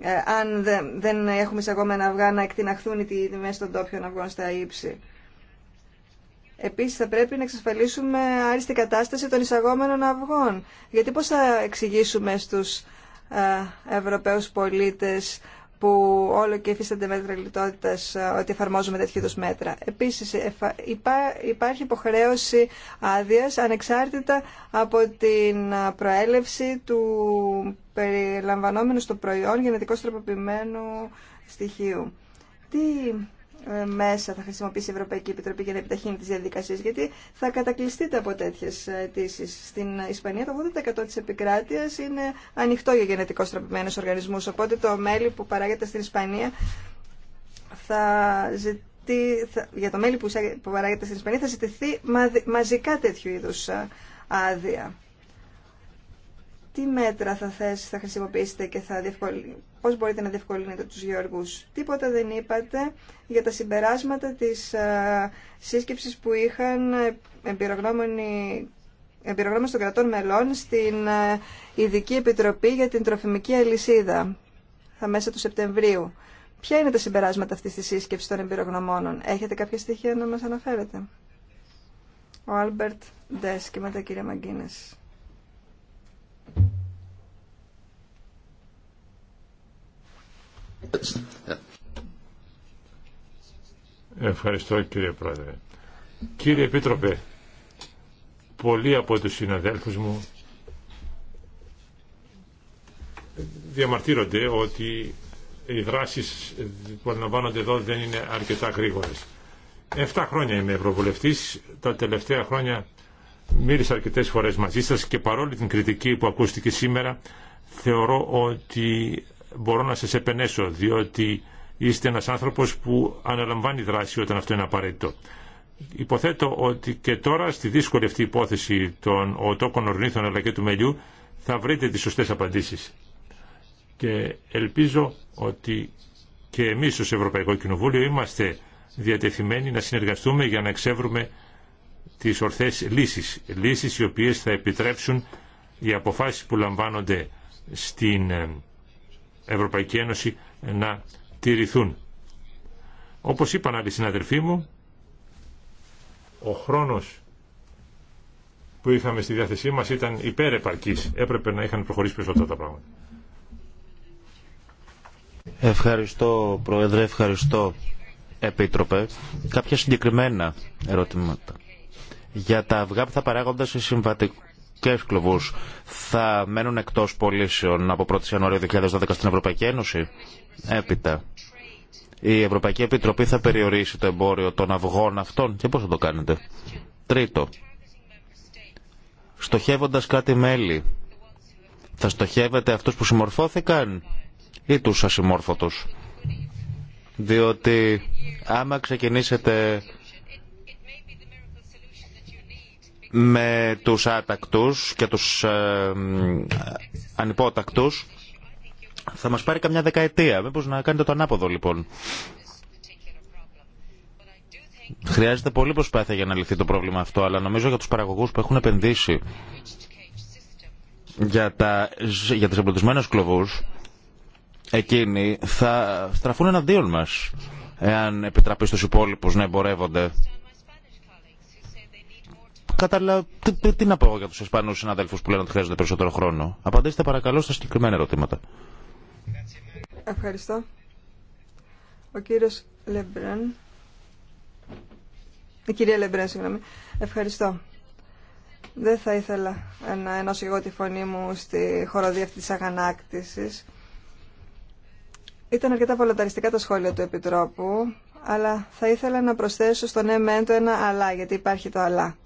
ε, αν δεν έχουμε εισαγόμενα αυγά να εκτιναχθούν οι τιμές των τόπιων αυγών στα ύψη. Επίσης θα πρέπει να εξασφαλίσουμε άριστη κατάσταση των εισαγόμενων αυγών. Γιατί πώς θα εξηγήσουμε στους ε, Ευρωπαίους πολίτες που όλο και υφίστανται μέτρα λιτότητα ε, ότι εφαρμόζουμε τέτοιου είδου μέτρα. Επίση, υπάρχει υποχρέωση άδεια ανεξάρτητα από την ε, προέλευση του περιλαμβανόμενου στο προϊόν γενετικώ τροποποιημένου στοιχείου. Τι ε, μέσα θα χρησιμοποιήσει η Ευρωπαϊκή Επιτροπή για να επιταχύνει τις διαδικασίες, γιατί θα κατακλειστείτε από τέτοιε αιτήσει. Στην Ισπανία το 80% της επικράτειας είναι ανοιχτό για γενετικό τροπημένους οργανισμούς, οπότε το μέλι που παράγεται στην Ισπανία θα για το μέλι που, παράγεται στην Ισπανία θα ζητηθεί μαζικά τέτοιου είδους ε, άδεια τι μέτρα θα θες, θα χρησιμοποιήσετε και θα πώς μπορείτε να διευκολύνετε τους γεωργούς. Τίποτα δεν είπατε για τα συμπεράσματα της α, ε, σύσκεψης που είχαν εμπειρογνώμονες των κρατών μελών στην ε, Ειδική Επιτροπή για την Τροφιμική Αλυσίδα, θα μέσα του Σεπτεμβρίου. Ποια είναι τα συμπεράσματα αυτής της σύσκεψης των εμπειρογνωμόνων. Έχετε κάποια στοιχεία να μας αναφέρετε. Ο Άλμπερτ Ντες και μετά κύριε Μαγκίνες. Ευχαριστώ κύριε Πρόεδρε. Κύριε Επίτροπε, πολλοί από τους συναδέλφους μου διαμαρτύρονται ότι οι δράσεις που αναλαμβάνονται εδώ δεν είναι αρκετά γρήγορες. Εφτά χρόνια είμαι ευρωβουλευτής, τα τελευταία χρόνια μίλησα αρκετές φορές μαζί σας και παρόλη την κριτική που ακούστηκε σήμερα θεωρώ ότι μπορώ να σας επενέσω, διότι είστε ένας άνθρωπος που αναλαμβάνει δράση όταν αυτό είναι απαραίτητο. Υποθέτω ότι και τώρα στη δύσκολη αυτή υπόθεση των οτόκων ορνήθων αλλά και του μελιού θα βρείτε τις σωστές απαντήσεις. Και ελπίζω ότι και εμείς ως Ευρωπαϊκό Κοινοβούλιο είμαστε διατεθειμένοι να συνεργαστούμε για να εξεύρουμε τις ορθές λύσεις. Λύσεις οι οποίες θα επιτρέψουν οι αποφάσεις που λαμβάνονται στην ε, Ευρωπαϊκή Ένωση να τηρηθούν. Όπως είπαν άλλοι συναδελφοί μου, ο χρόνος που είχαμε στη διάθεσή μας ήταν υπέρεπαρκής. Έπρεπε να είχαν προχωρήσει περισσότερα τα πράγματα. Ευχαριστώ Πρόεδρε, ευχαριστώ Επίτροπε. Κάποια συγκεκριμένα ερώτηματα. Για τα αυγά που θα παράγονται σε συμβατικό και θα μένουν εκτός πωλήσεων από 1η Ιανουαρίου 2012 στην Ευρωπαϊκή Ένωση. Έπειτα. Η Ευρωπαϊκή Επιτροπή θα περιορίσει το εμπόριο των αυγών αυτών και πώ θα το κάνετε. Τρίτο. στοχεύοντα κάτι μέλη, θα στοχεύετε αυτούς που συμμορφώθηκαν ή τους ασυμμόρφωτους. Διότι άμα ξεκινήσετε με τους άτακτους και τους ε, ανυπότακτους θα μας πάρει καμιά δεκαετία. Μήπως να κάνετε το ανάποδο λοιπόν. Χρειάζεται πολύ προσπάθεια για να λυθεί το πρόβλημα αυτό, αλλά νομίζω για τους παραγωγούς που έχουν επενδύσει για, τα, για τις εμπλουτισμένες κλωβούς, εκείνοι θα στραφούν εναντίον μας, εάν επιτραπεί στους υπόλοιπους να εμπορεύονται Κατάλαβα Τι, τι, να πω για του Ισπανού συνάδελφου που λένε ότι χρειάζονται περισσότερο χρόνο. Απαντήστε παρακαλώ στα συγκεκριμένα ερωτήματα. Ευχαριστώ. Ο κύριο Λεμπρεν. Η κυρία Λεμπρεν, συγγνώμη. Ευχαριστώ. Δεν θα ήθελα να ενώσω εγώ τη φωνή μου στη χοροδία αυτή της αγανάκτηση. Ήταν αρκετά βολονταριστικά τα σχόλια του Επιτρόπου, αλλά θα ήθελα να προσθέσω στον ναι μεν το ένα αλλά, γιατί υπάρχει το αλλά.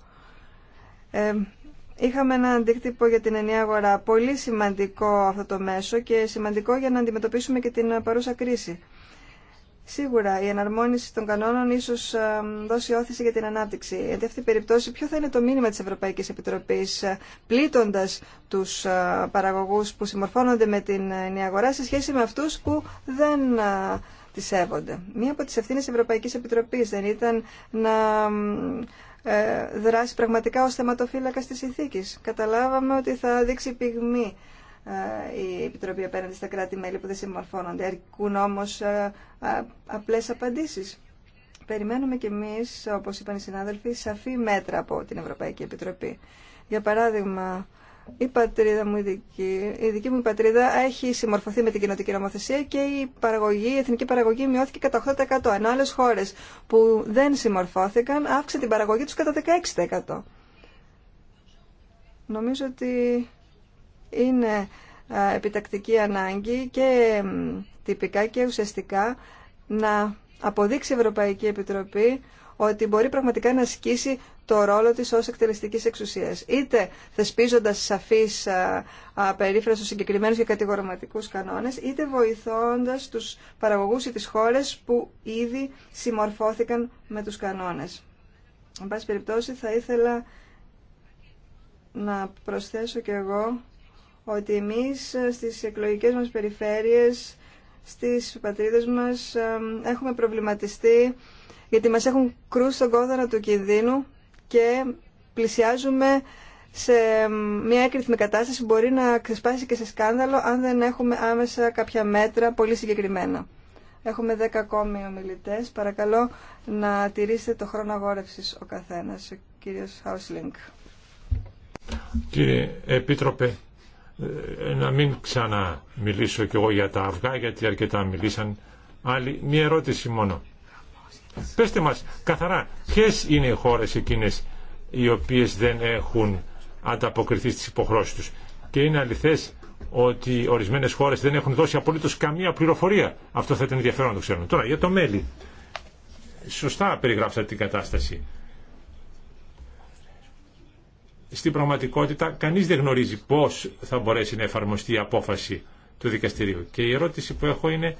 Ε, είχαμε ένα αντίκτυπο για την ενιαία αγορά. Πολύ σημαντικό αυτό το μέσο και σημαντικό για να αντιμετωπίσουμε και την παρούσα κρίση. Σίγουρα η εναρμόνιση των κανόνων ίσω ε, δώσει όθηση για την ανάπτυξη. Εν αυτή την ποιο θα είναι το μήνυμα τη Ευρωπαϊκή Επιτροπή, ε, πλήττοντα του παραγωγού που συμμορφώνονται με την ενιαία αγορά σε σχέση με αυτού που δεν τη σέβονται. Μία από τι ευθύνε τη Ευρωπαϊκή Επιτροπή δεν ήταν να ε, δράσει πραγματικά ως θεματοφύλακας της ηθίκης. Καταλάβαμε ότι θα δείξει πυγμή ε, η Επιτροπή απέναντι στα κράτη-μέλη που δεν συμμορφώνονται. Αρκούν όμως ε, απλές απαντήσεις. Περιμένουμε κι εμείς, όπως είπαν οι συνάδελφοι, σαφή μέτρα από την Ευρωπαϊκή Επιτροπή. Για παράδειγμα, η πατρίδα μου, η δική, η δική μου πατρίδα έχει συμμορφωθεί με την κοινοτική νομοθεσία και η, παραγωγή, εθνική παραγωγή μειώθηκε κατά 8%. Ενώ άλλε χώρες που δεν συμμορφώθηκαν αύξησε την παραγωγή τους κατά 16%. Νομίζω ότι είναι επιτακτική ανάγκη και τυπικά και ουσιαστικά να αποδείξει η Ευρωπαϊκή Επιτροπή ότι μπορεί πραγματικά να ασκήσει το ρόλο της ως εκτελεστικής εξουσίας. Είτε θεσπίζοντας σαφείς στους συγκεκριμένους και κατηγορηματικούς κανόνες, είτε βοηθώντας τους παραγωγούς ή τις χώρες που ήδη συμμορφώθηκαν με τους κανόνες. Εν πάση περιπτώσει θα ήθελα να προσθέσω κι εγώ ότι εμείς ε, στις εκλογικές μας περιφέρειες, στις πατρίδες μας ε, έχουμε προβληματιστεί γιατί μας έχουν κρούσει τον κόδωνα του κινδύνου και πλησιάζουμε σε μια έκριθμη κατάσταση που μπορεί να ξεσπάσει και σε σκάνδαλο αν δεν έχουμε άμεσα κάποια μέτρα πολύ συγκεκριμένα. Έχουμε δέκα ακόμη ομιλητέ. Παρακαλώ να τηρήσετε το χρόνο αγόρευση ο καθένα. Ο κύριο Χάουσλινγκ. Κύριε Επίτροπε, ε, να μην ξαναμιλήσω κι εγώ για τα αυγά, γιατί αρκετά μιλήσαν άλλοι. Μία ερώτηση μόνο. Πεςτε μας καθαρά ποιες είναι οι χώρες εκείνες οι οποίες δεν έχουν ανταποκριθεί στις υποχρώσεις τους. Και είναι αληθές ότι ορισμένες χώρες δεν έχουν δώσει απολύτως καμία πληροφορία. Αυτό θα ήταν ενδιαφέρον να το ξέρουμε. Τώρα για το μέλι. Σωστά περιγράψατε την κατάσταση. Στην πραγματικότητα κανείς δεν γνωρίζει πώς θα μπορέσει να εφαρμοστεί η απόφαση του δικαστηρίου. Και η ερώτηση που έχω είναι,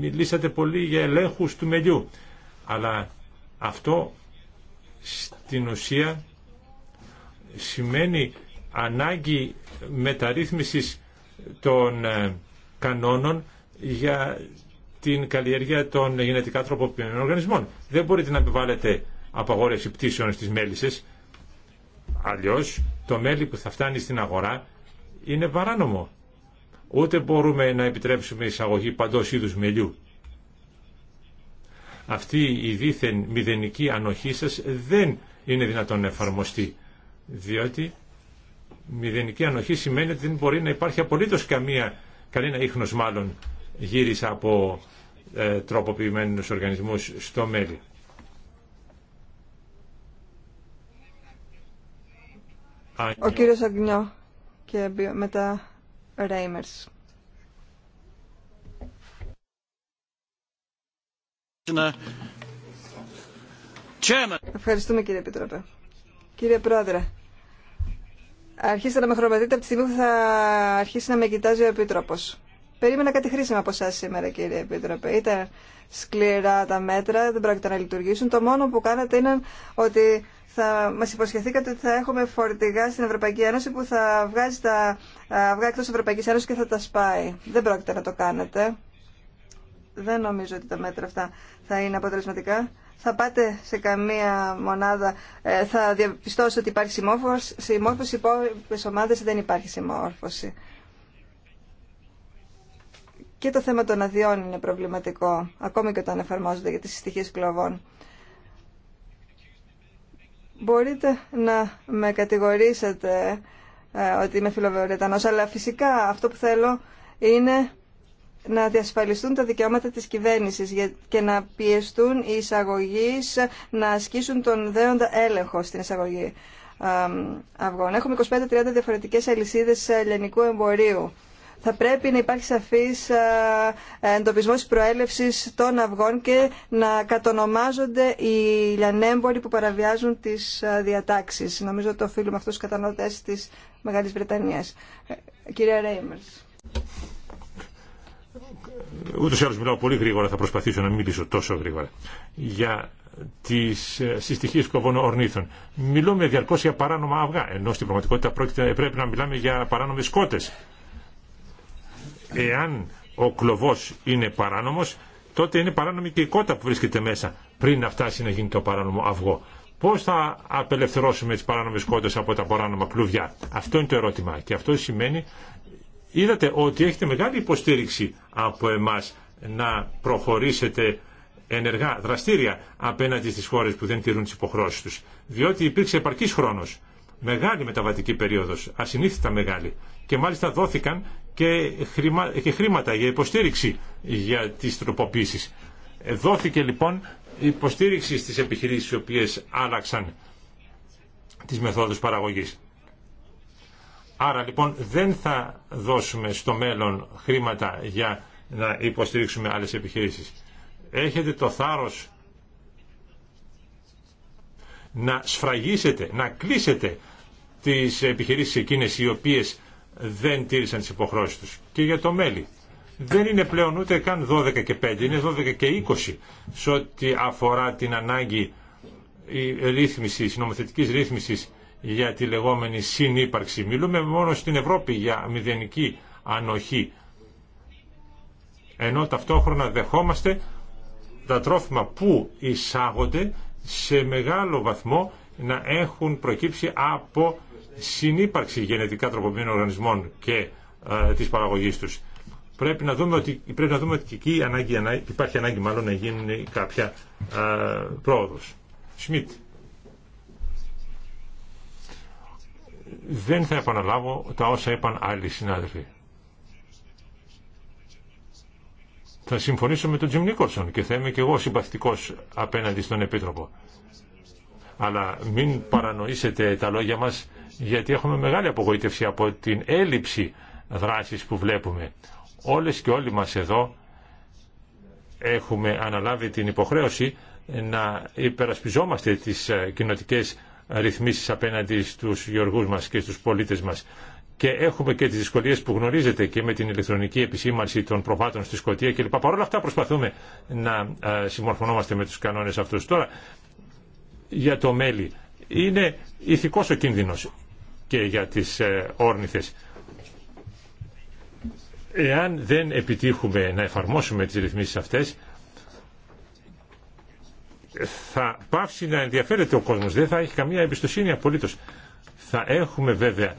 μιλήσατε πολύ για ελέγχους του μελιού αλλά αυτό στην ουσία σημαίνει ανάγκη μεταρρύθμισης των ε, κανόνων για την καλλιέργεια των γενετικά τροποποιημένων οργανισμών. Δεν μπορείτε να επιβάλλετε απαγόρευση πτήσεων στις μέλισσες, αλλιώς το μέλι που θα φτάνει στην αγορά είναι παράνομο. Ούτε μπορούμε να επιτρέψουμε εισαγωγή παντός είδους μελιού αυτή η δίθεν μηδενική ανοχή σας δεν είναι δυνατόν να εφαρμοστεί. Διότι μηδενική ανοχή σημαίνει ότι δεν μπορεί να υπάρχει απολύτως καμία, κανένα ίχνος μάλλον γύρισα από ε, τροποποιημένους οργανισμούς στο μέλι. Ο κύριος Αγνιό και μετά Ευχαριστούμε κύριε Επιτροπέ. Κύριε Πρόεδρε, αρχίστε να με χρωματείτε από τη στιγμή που θα αρχίσει να με κοιτάζει ο Επίτροπος. Περίμενα κάτι χρήσιμο από εσά σήμερα, κύριε Επίτροπε. Ήταν σκληρά τα μέτρα, δεν πρόκειται να λειτουργήσουν. Το μόνο που κάνατε είναι ότι θα μα υποσχεθήκατε ότι θα έχουμε φορτηγά στην Ευρωπαϊκή Ένωση που θα βγάζει τα αυγά εκτό Ευρωπαϊκή Ένωση και θα τα σπάει. Δεν πρόκειται να το κάνετε δεν νομίζω ότι τα μέτρα αυτά θα είναι αποτελεσματικά. Θα πάτε σε καμία μονάδα, ε, θα διαπιστώσετε ότι υπάρχει συμμόρφωση, υμόρφωση υπόλοιπες ομάδες δεν υπάρχει συμμόρφωση. Και το θέμα των αδειών είναι προβληματικό, ακόμη και όταν εφαρμόζονται για τις στοιχείες κλωβών. Μπορείτε να με κατηγορήσετε ε, ότι είμαι φιλοβεωρετανός, αλλά φυσικά αυτό που θέλω είναι να διασφαλιστούν τα δικαιώματα της κυβέρνησης και να πιεστούν οι εισαγωγείς να ασκήσουν τον δέοντα έλεγχο στην εισαγωγή αυγών. Έχουμε 25-30 διαφορετικές αλυσίδες ε, ελληνικού εμπορίου. Θα πρέπει να υπάρχει σαφής ε, εντοπισμός προέλευσης των αυγών και να κατονομάζονται οι λιανέμποροι που παραβιάζουν τις ε, διατάξεις. Νομίζω το οφείλουμε αυτούς τους κατανοτές της Μεγάλης Βρετανίας. Κυρία Ρέιμερς ούτω ή άλλω μιλάω πολύ γρήγορα, θα προσπαθήσω να μιλήσω τόσο γρήγορα, για τι ε, συστοιχίε κοβών ορνήθων. Μιλούμε διαρκώ για παράνομα αυγά, ενώ στην πραγματικότητα πρόκειται, πρέπει να μιλάμε για παράνομε κότε. Εάν ο κλοβός είναι παράνομο, τότε είναι παράνομη και η κότα που βρίσκεται μέσα πριν να φτάσει να γίνει το παράνομο αυγό. Πώ θα απελευθερώσουμε τι παράνομε κότε από τα παράνομα κλουβιά, Αυτό είναι το ερώτημα. Και αυτό σημαίνει είδατε ότι έχετε μεγάλη υποστήριξη από εμάς να προχωρήσετε ενεργά, δραστήρια απέναντι στις χώρες που δεν τηρούν τις υποχρώσεις τους. Διότι υπήρξε επαρκής χρόνος, μεγάλη μεταβατική περίοδος, ασυνήθιστα μεγάλη. Και μάλιστα δόθηκαν και, και χρήματα για υποστήριξη για τις τροποποίησεις. Δόθηκε λοιπόν υποστήριξη στις επιχειρήσεις οι οποίες άλλαξαν τις μεθόδους παραγωγής. Άρα λοιπόν δεν θα δώσουμε στο μέλλον χρήματα για να υποστηρίξουμε άλλες επιχειρήσεις. Έχετε το θάρρος να σφραγίσετε, να κλείσετε τις επιχειρήσεις εκείνες οι οποίες δεν τήρησαν τις υποχρώσεις τους. Και για το μέλλον, Δεν είναι πλέον ούτε καν 12 και 5, είναι 12 και 20 σε ό,τι αφορά την ανάγκη ρύθμισης, νομοθετικής ρύθμισης για τη λεγόμενη συνύπαρξη. Μιλούμε μόνο στην Ευρώπη για μηδενική ανοχή. Ενώ ταυτόχρονα δεχόμαστε τα τρόφιμα που εισάγονται σε μεγάλο βαθμό να έχουν προκύψει από συνύπαρξη γενετικά τροποποιημένων οργανισμών και ε, της παραγωγής τους. Πρέπει να δούμε ότι, πρέπει να δούμε ότι εκεί υπάρχει ανάγκη μάλλον να γίνει κάποια ε, πρόοδος. Σμιτ. Δεν θα επαναλάβω τα όσα είπαν άλλοι συνάδελφοι. Θα συμφωνήσω με τον Τζιμ Νίκολσον και θα είμαι και εγώ συμπαθητικός απέναντι στον Επίτροπο. Αλλά μην παρανοήσετε τα λόγια μας γιατί έχουμε μεγάλη απογοήτευση από την έλλειψη δράσης που βλέπουμε. Όλες και όλοι μας εδώ έχουμε αναλάβει την υποχρέωση να υπερασπιζόμαστε τις ε, κοινοτικές ρυθμίσεις απέναντι στους γεωργούς μας και στους πολίτες μας. Και έχουμε και τις δυσκολίες που γνωρίζετε και με την ηλεκτρονική επισήμανση των προβάτων στη Σκοτία κλπ. Παρ' όλα αυτά προσπαθούμε να συμμορφωνόμαστε με τους κανόνες αυτούς. Τώρα, για το μέλι. Είναι ηθικός ο κίνδυνος και για τις ε, όρνηθες. Εάν δεν επιτύχουμε να εφαρμόσουμε τις ρυθμίσεις αυτές, θα πάψει να ενδιαφέρεται ο κόσμος, δεν θα έχει καμία εμπιστοσύνη απολύτως. Θα έχουμε βέβαια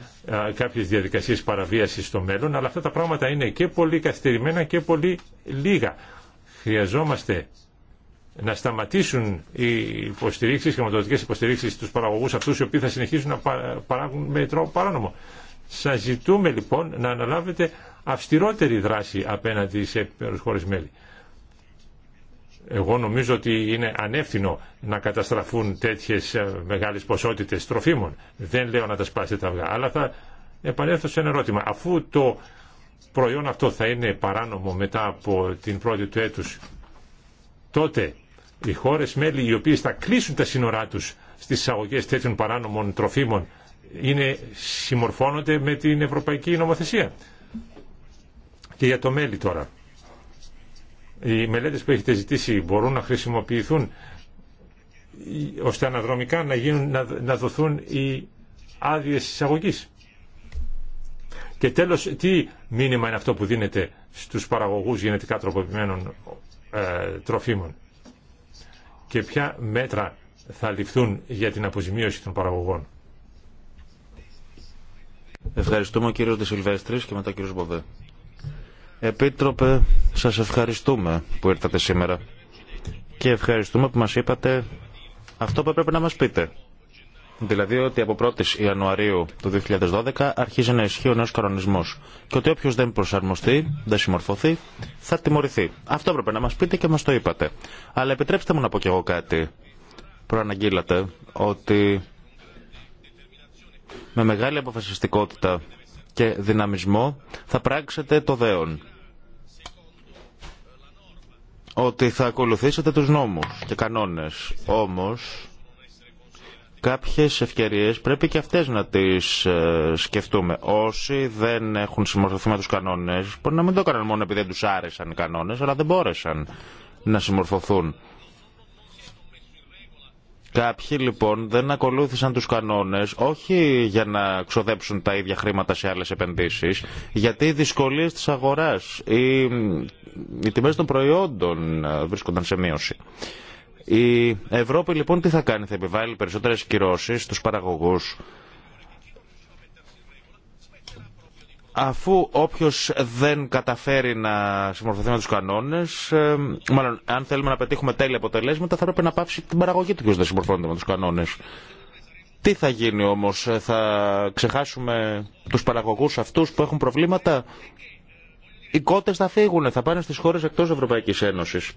κάποιες διαδικασίες παραβίασης στο μέλλον, αλλά αυτά τα πράγματα είναι και πολύ καθυστερημένα και πολύ λίγα. Χρειαζόμαστε να σταματήσουν οι υποστηρίξεις, χρηματοδοτικές υποστηρίξεις στους παραγωγούς αυτούς οι οποίοι θα συνεχίσουν να παράγουν με τρόπο παράνομο. Σας ζητούμε λοιπόν να αναλάβετε αυστηρότερη δράση απέναντι σε χώρες μέλη. Εγώ νομίζω ότι είναι ανεύθυνο να καταστραφούν τέτοιες ε, μεγάλες ποσότητες τροφίμων. Δεν λέω να τα σπάσετε τα αυγά, αλλά θα επανέλθω σε ένα ερώτημα. Αφού το προϊόν αυτό θα είναι παράνομο μετά από την πρώτη του έτους, τότε οι χώρες μέλη οι οποίες θα κλείσουν τα σύνορά τους στις εισαγωγές τέτοιων παράνομων τροφίμων είναι, συμμορφώνονται με την Ευρωπαϊκή Νομοθεσία. Και για το μέλη τώρα οι μελέτες που έχετε ζητήσει μπορούν να χρησιμοποιηθούν ώστε αναδρομικά να, γίνουν, να, να δοθούν οι άδειε εισαγωγή. Και τέλος, τι μήνυμα είναι αυτό που δίνεται στους παραγωγούς γενετικά τροποποιημένων ε, τροφίμων και ποια μέτρα θα ληφθούν για την αποζημίωση των παραγωγών. Ευχαριστούμε κύριο κύριος και μετά κύριο κύριος Μποβέ. Επίτροπε, σας ευχαριστούμε που ήρθατε σήμερα και ευχαριστούμε που μας είπατε αυτό που έπρεπε να μας πείτε. Δηλαδή ότι από 1η Ιανουαρίου του 2012 αρχίζει να ισχύει ο νέος κανονισμός και ότι όποιος δεν προσαρμοστεί, δεν συμμορφωθεί, θα τιμωρηθεί. Αυτό έπρεπε να μας πείτε και μας το είπατε. Αλλά επιτρέψτε μου να πω κι εγώ κάτι. Προαναγγείλατε ότι με μεγάλη αποφασιστικότητα και δυναμισμό θα πράξετε το δέον ότι θα ακολουθήσετε τους νόμους και κανόνες. Όμως, κάποιες ευκαιρίες πρέπει και αυτές να τις ε, σκεφτούμε. Όσοι δεν έχουν συμμορφωθεί με τους κανόνες, μπορεί να μην το έκαναν μόνο επειδή δεν τους άρεσαν οι κανόνες, αλλά δεν μπόρεσαν να συμμορφωθούν. Κάποιοι λοιπόν δεν ακολούθησαν τους κανόνες όχι για να ξοδέψουν τα ίδια χρήματα σε άλλες επενδύσεις, γιατί οι δυσκολίες της αγοράς ή οι τιμές των προϊόντων ε, βρίσκονταν σε μείωση. Η Ευρώπη λοιπόν τι θα κάνει, θα επιβάλλει περισσότερες κυρώσεις στους παραγωγούς αφού όποιος δεν καταφέρει να συμμορφωθεί με τους κανόνες, ε, μάλλον αν θέλουμε να πετύχουμε τέλεια αποτελέσματα θα πρέπει να πάψει την παραγωγή του ποιος δεν συμμορφώνεται με τους κανόνες. Τι θα γίνει όμως, ε, θα ξεχάσουμε τους παραγωγούς αυτούς που έχουν προβλήματα οι κότε θα φύγουν, θα πάνε στις χώρες εκτό Ευρωπαϊκή Ένωσης.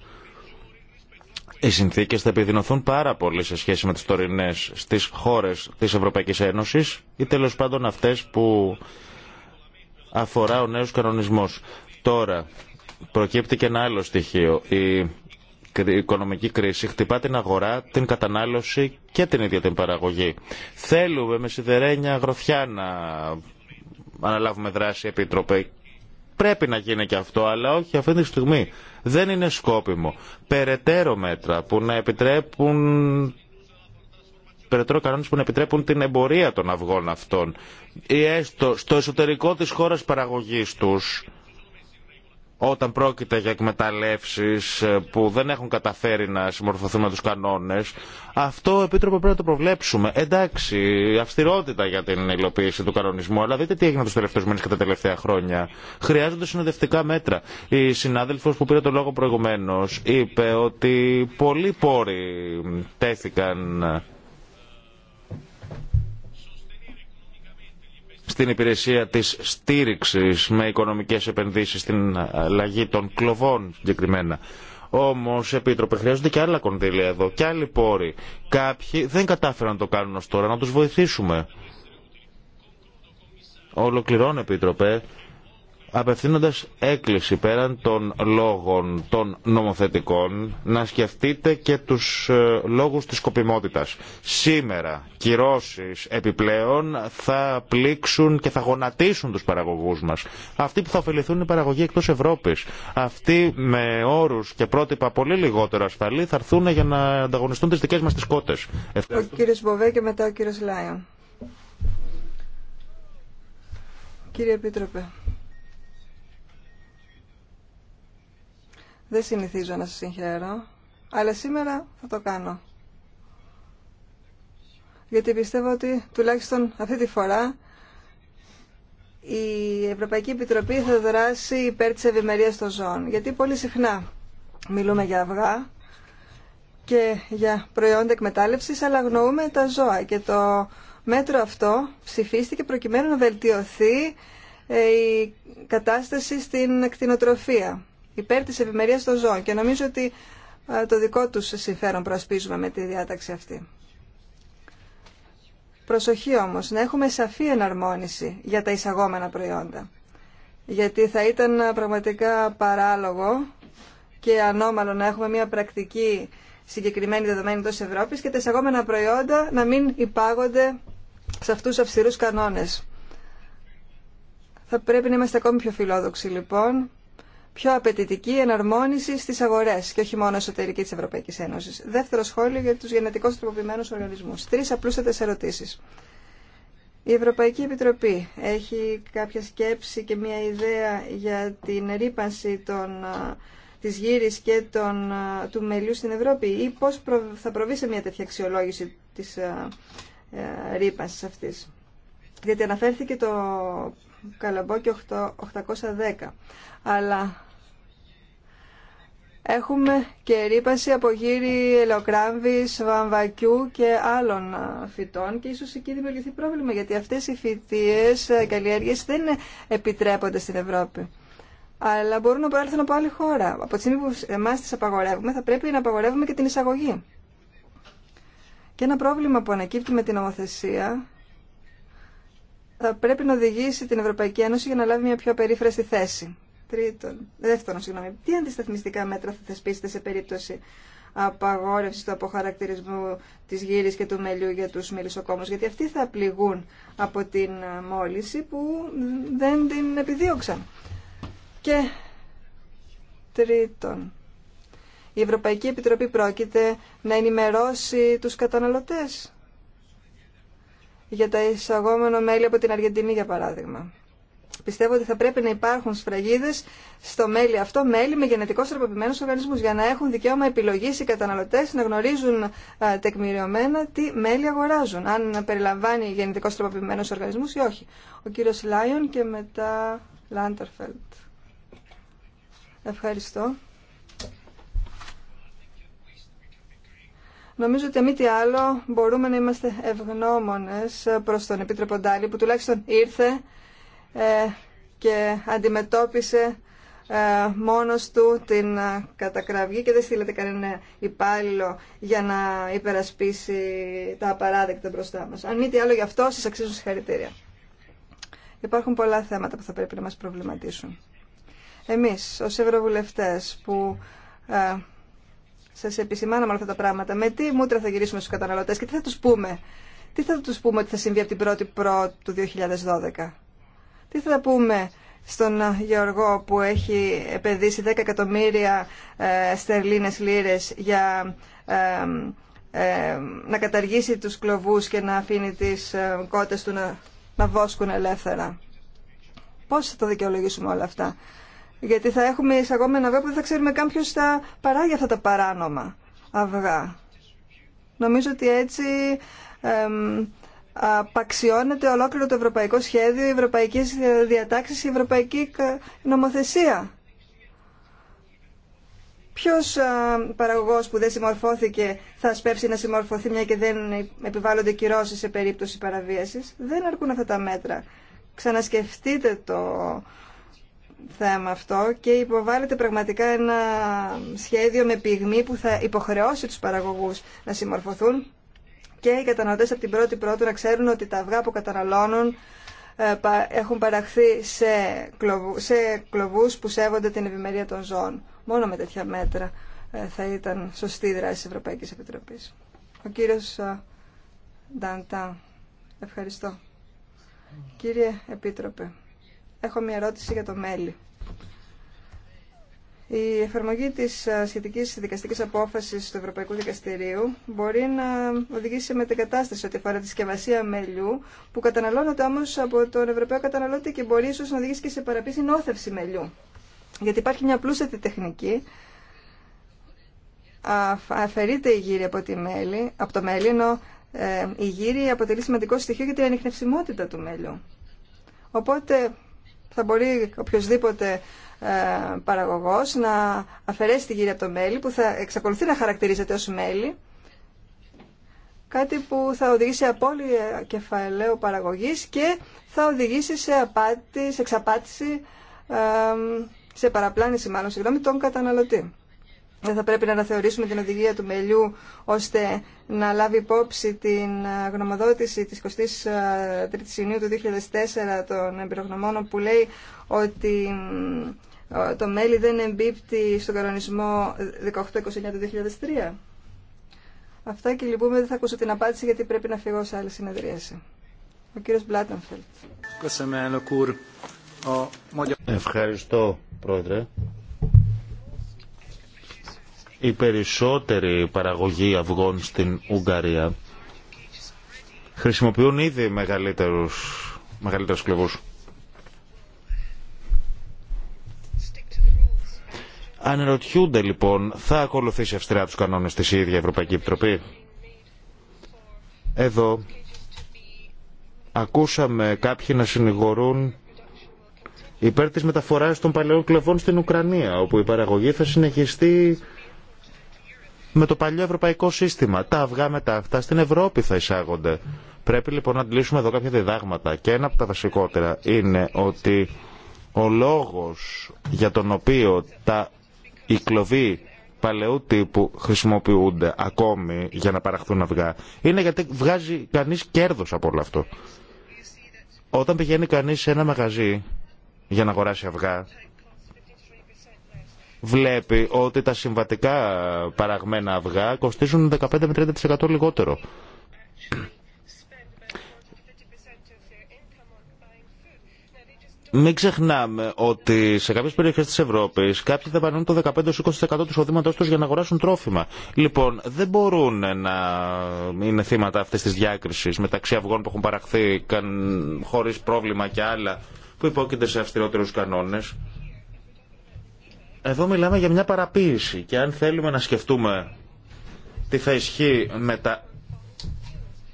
Οι συνθήκε θα επιδεινωθούν πάρα πολύ σε σχέση με τις τωρινέ στις χώρες της Ευρωπαϊκής Ένωσης ή τέλος πάντων αυτές που αφορά ο νέος κανονισμός. Τώρα προκύπτει και ένα άλλο στοιχείο. Η τελο παντων αυτες που αφορα ο νεο κανονισμο τωρα προκυπτει και ενα χτυπά την αγορά, την κατανάλωση και την ίδια την παραγωγή. Θέλουμε με σιδερένια γροθιά να αναλάβουμε δράση επίτροπε Πρέπει να γίνει και αυτό, αλλά όχι αυτή τη στιγμή. Δεν είναι σκόπιμο. Περαιτέρω μέτρα που να επιτρέπουν περαιτέρω κανόνες που να επιτρέπουν την εμπορία των αυγών αυτών ή ε, έστω στο εσωτερικό της χώρας παραγωγής τους όταν πρόκειται για εκμεταλλεύσεις ε, που δεν έχουν καταφέρει να συμμορφωθούν με τους κανόνες, αυτό επίτροπο πρέπει να το προβλέψουμε. Εντάξει, αυστηρότητα για την υλοποίηση του κανονισμού, αλλά δείτε τι έγινε τους τελευταίους μήνες και τα τελευταία χρόνια. Χρειάζονται συνοδευτικά μέτρα. Η συνάδελφος που πήρε το λόγο προηγουμένως είπε ότι πολλοί πόροι τέθηκαν στην υπηρεσία της στήριξης με οικονομικές επενδύσεις στην αλλαγή των κλοβών συγκεκριμένα. Όμω, Επίτροπε, χρειάζονται και άλλα κονδύλια εδώ και άλλοι πόροι. Κάποιοι δεν κατάφεραν να το κάνουν ω τώρα, να του βοηθήσουμε. Ολοκληρώνω, Επίτροπε, απευθύνοντας έκκληση πέραν των λόγων των νομοθετικών να σκεφτείτε και τους ε, λόγους της σκοπιμότητας. Σήμερα κυρώσεις επιπλέον θα πλήξουν και θα γονατίσουν τους παραγωγούς μας. Αυτοί που θα ωφεληθούν είναι παραγωγή εκτός Ευρώπης. Αυτοί με όρους και πρότυπα πολύ λιγότερο ασφαλή θα έρθουν για να ανταγωνιστούν τις δικές μας τις κότες. Ο κύριος Μποβέ και μετά ο κύριος Λάιον. Κύριε Επίτροπε, Δεν συνηθίζω να σας συγχαίρω, αλλά σήμερα θα το κάνω. Γιατί πιστεύω ότι τουλάχιστον αυτή τη φορά η Ευρωπαϊκή Επιτροπή θα δράσει υπέρ της ευημερίας των ζώων. Γιατί πολύ συχνά μιλούμε για αυγά και για προϊόντα εκμετάλλευσης, αλλά αγνοούμε τα ζώα. Και το μέτρο αυτό ψηφίστηκε προκειμένου να βελτιωθεί ε, η κατάσταση στην κτηνοτροφία υπέρ της ευημερίας των ζώων και νομίζω ότι ε, το δικό τους συμφέρον προσπίζουμε με τη διάταξη αυτή. Προσοχή όμως, να έχουμε σαφή εναρμόνιση για τα εισαγόμενα προϊόντα. Γιατί θα ήταν πραγματικά παράλογο και ανώμαλο να έχουμε μια πρακτική συγκεκριμένη δεδομένη εντό Ευρώπης και τα εισαγόμενα προϊόντα να μην υπάγονται σε αυτούς αυστηρούς κανόνε. Θα πρέπει να είμαστε ακόμη πιο φιλόδοξοι λοιπόν πιο απαιτητική εναρμόνιση στι αγορέ και όχι μόνο εσωτερική τη Ευρωπαϊκή Ένωση. Δεύτερο σχόλιο για του γενετικώ τροποποιημένους οργανισμού. Τρει απλούστατε ερωτήσει. Η Ευρωπαϊκή Επιτροπή έχει κάποια σκέψη και μια ιδέα για την ρήπανση των, της γύρης και των, του μελιού στην Ευρώπη ή πώς θα προβεί σε μια τέτοια αξιολόγηση της α, αυτή. Ε, ρήπανσης αυτής. Γιατί αναφέρθηκε το καλαμπόκι 810. Αλλά Έχουμε και ρήπαση από γύρι ελοκράμβης, βαμβακιού και άλλων φυτών και ίσως εκεί δημιουργηθεί πρόβλημα γιατί αυτές οι φυτίες, ε, καλλιέργειες δεν επιτρέπονται στην Ευρώπη. Αλλά μπορούν να προέλθουν από άλλη χώρα. Από τη στιγμή που εμάς τις απαγορεύουμε θα πρέπει να απαγορεύουμε και την εισαγωγή. Και ένα πρόβλημα που ανακύπτει με την νομοθεσία θα πρέπει να οδηγήσει την Ευρωπαϊκή Ένωση για να λάβει μια πιο περίφραστη θέση. Τρίτον, δεύτερον, συγγνώμη, τι αντισταθμιστικά μέτρα θα θεσπίσετε σε περίπτωση απαγόρευση του αποχαρακτηρισμού της γύρης και του μελιού για τους μελισσοκόμους, γιατί αυτοί θα πληγούν από την μόλυση που δεν την επιδίωξαν. Και τρίτον, η Ευρωπαϊκή Επιτροπή πρόκειται να ενημερώσει τους καταναλωτές για τα εισαγόμενα μέλη από την Αργεντινή, για παράδειγμα πιστεύω ότι θα πρέπει να υπάρχουν σφραγίδε στο μέλι αυτό, μέλι με γενετικώ τροποποιημένου οργανισμού, για να έχουν δικαίωμα επιλογή οι καταναλωτέ να γνωρίζουν τεκμηριωμένα τι μέλι αγοράζουν, αν περιλαμβάνει γενετικώ τροποποιημένου οργανισμού ή όχι. Ο κύριο Λάιον και μετά Λάντερφελτ. Ευχαριστώ. Νομίζω ότι μη τι άλλο μπορούμε να είμαστε ευγνώμονες προς τον Επίτροπο Ντάλι που τουλάχιστον ήρθε ε, και αντιμετώπισε ε, μόνος του την ε, κατακραυγή και δεν στείλετε κανένα υπάλληλο για να υπερασπίσει τα απαράδεκτα μπροστά μας. Αν μη τι άλλο γι' αυτό, σας αξίζουν συγχαρητήρια. Υπάρχουν πολλά θέματα που θα πρέπει να μας προβληματίσουν. Εμείς, ως ευρωβουλευτές που ε, σας επισημάναμε όλα αυτά τα πράγματα, με τι μούτρα θα γυρίσουμε στους καταναλωτές και τι θα τους πούμε. Τι θα τους πούμε ότι θα συμβεί από την 1η Πρώτη του 2012. Τι θα πούμε στον ε, Γεωργό που έχει επενδύσει 10 εκατομμύρια ε, στερλίνες λίρες για ε, ε, να καταργήσει τους κλοβούς και να αφήνει τις ε, κότες του να, να βόσκουν ελεύθερα. Πώς θα το δικαιολογήσουμε όλα αυτά. Γιατί θα έχουμε εισαγόμενα αυγά που δεν θα ξέρουμε καν ποιος θα παράγει αυτά τα παράνομα αυγά. Νομίζω ότι έτσι απαξιώνεται ολόκληρο το ευρωπαϊκό σχέδιο, οι ευρωπαϊκές διατάξεις, η ευρωπαϊκή νομοθεσία. Ποιος παραγωγός που δεν συμμορφώθηκε θα σπεύσει να συμμορφωθεί μια και δεν επιβάλλονται κυρώσεις σε περίπτωση παραβίασης. Δεν αρκούν αυτά τα μέτρα. Ξανασκεφτείτε το θέμα αυτό και υποβάλλετε πραγματικά ένα σχέδιο με πυγμή που θα υποχρεώσει τους παραγωγούς να συμμορφωθούν και οι καταναλωτές από την πρώτη πρώτη να ξέρουν ότι τα αυγά που καταναλώνουν ε, έχουν παραχθεί σε, κλωβού, σε κλωβούς που σέβονται την ευημερία των ζώων. Μόνο με τέτοια μέτρα ε, θα ήταν σωστή η δράση της Ευρωπαϊκής Επιτροπής. Ο κύριος ε, Νταντά. Ευχαριστώ. Κύριε Επίτροπε, έχω μια ερώτηση για το μέλι. Η εφαρμογή της ε, σχετικής δικαστικής απόφασης του Ευρωπαϊκού Δικαστηρίου μπορεί να οδηγήσει σε μετεγκατάσταση ό,τι αφορά τη συσκευασία μελιού, που καταναλώνεται όμως από τον Ευρωπαίο καταναλώτη και μπορεί ίσως να οδηγήσει και σε παραπίση νόθευση μελιού. Γιατί υπάρχει μια πλούσια τεχνική, αφαιρείται η γύρη από, τη μέλη, από το μέλι, ενώ ε, η γύρη αποτελεί σημαντικό στοιχείο για την ανιχνευσιμότητα του μέλιου. Οπότε θα μπορεί οποιοδήποτε ε, παραγωγός να αφαιρέσει τη γύρια από το μέλι που θα εξακολουθεί να χαρακτηρίζεται ως μέλι κάτι που θα οδηγήσει σε απώλεια κεφαλαίου παραγωγής και θα οδηγήσει σε, απάτη, σε εξαπάτηση, ε, σε παραπλάνηση μάλλον, συγγνώμη, τον καταναλωτή δεν θα πρέπει να αναθεωρήσουμε την οδηγία του μελιού ώστε να λάβει υπόψη την ε, γνωμοδότηση της 23ης ε, Ιουνίου του 2004 των εμπειρογνωμόνων που λέει ότι ε, το μέλι δεν εμπίπτει στον κανονισμό 1829 του 2003. Αυτά και λυπούμε δεν θα ακούσω την απάντηση γιατί πρέπει να φύγω σε άλλη συνεδρίαση. Ο κύριος Μπλάτενφελτ. Ευχαριστώ πρόεδρε η περισσότερη παραγωγή αυγών στην Ουγγαρία χρησιμοποιούν ήδη μεγαλύτερους, μεγαλύτερους κλεβούς. Αναρωτιούνται λοιπόν, θα ακολουθήσει αυστηρά τους κανόνες της η ίδια Ευρωπαϊκή Επιτροπή. Εδώ ακούσαμε κάποιοι να συνηγορούν υπέρ της μεταφοράς των παλαιών κλεβών στην Ουκρανία, όπου η παραγωγή θα συνεχιστεί με το παλιό ευρωπαϊκό σύστημα. Τα αυγά μετά αυτά στην Ευρώπη θα εισάγονται. Πρέπει λοιπόν να αντιλήσουμε εδώ κάποια διδάγματα. Και ένα από τα βασικότερα είναι ότι ο λόγος για τον οποίο τα οι κλοβοί παλαιού τύπου χρησιμοποιούνται ακόμη για να παραχθούν αυγά είναι γιατί βγάζει κανείς κέρδος από όλο αυτό. Όταν πηγαίνει κανείς σε ένα μαγαζί για να αγοράσει αυγά βλέπει ότι τα συμβατικά παραγμένα αυγά κοστίζουν 15 με 30% λιγότερο. Μην ξεχνάμε ότι σε κάποιε περιοχέ τη Ευρώπη κάποιοι δαπανούν το 15-20% του εισοδήματό του για να αγοράσουν τρόφιμα. Λοιπόν, δεν μπορούν να είναι θύματα αυτή τη διάκριση μεταξύ αυγών που έχουν παραχθεί χωρί πρόβλημα και άλλα που υπόκειται σε αυστηρότερου κανόνε. Εδώ μιλάμε για μια παραποίηση και αν θέλουμε να σκεφτούμε τι θα ισχύει με τα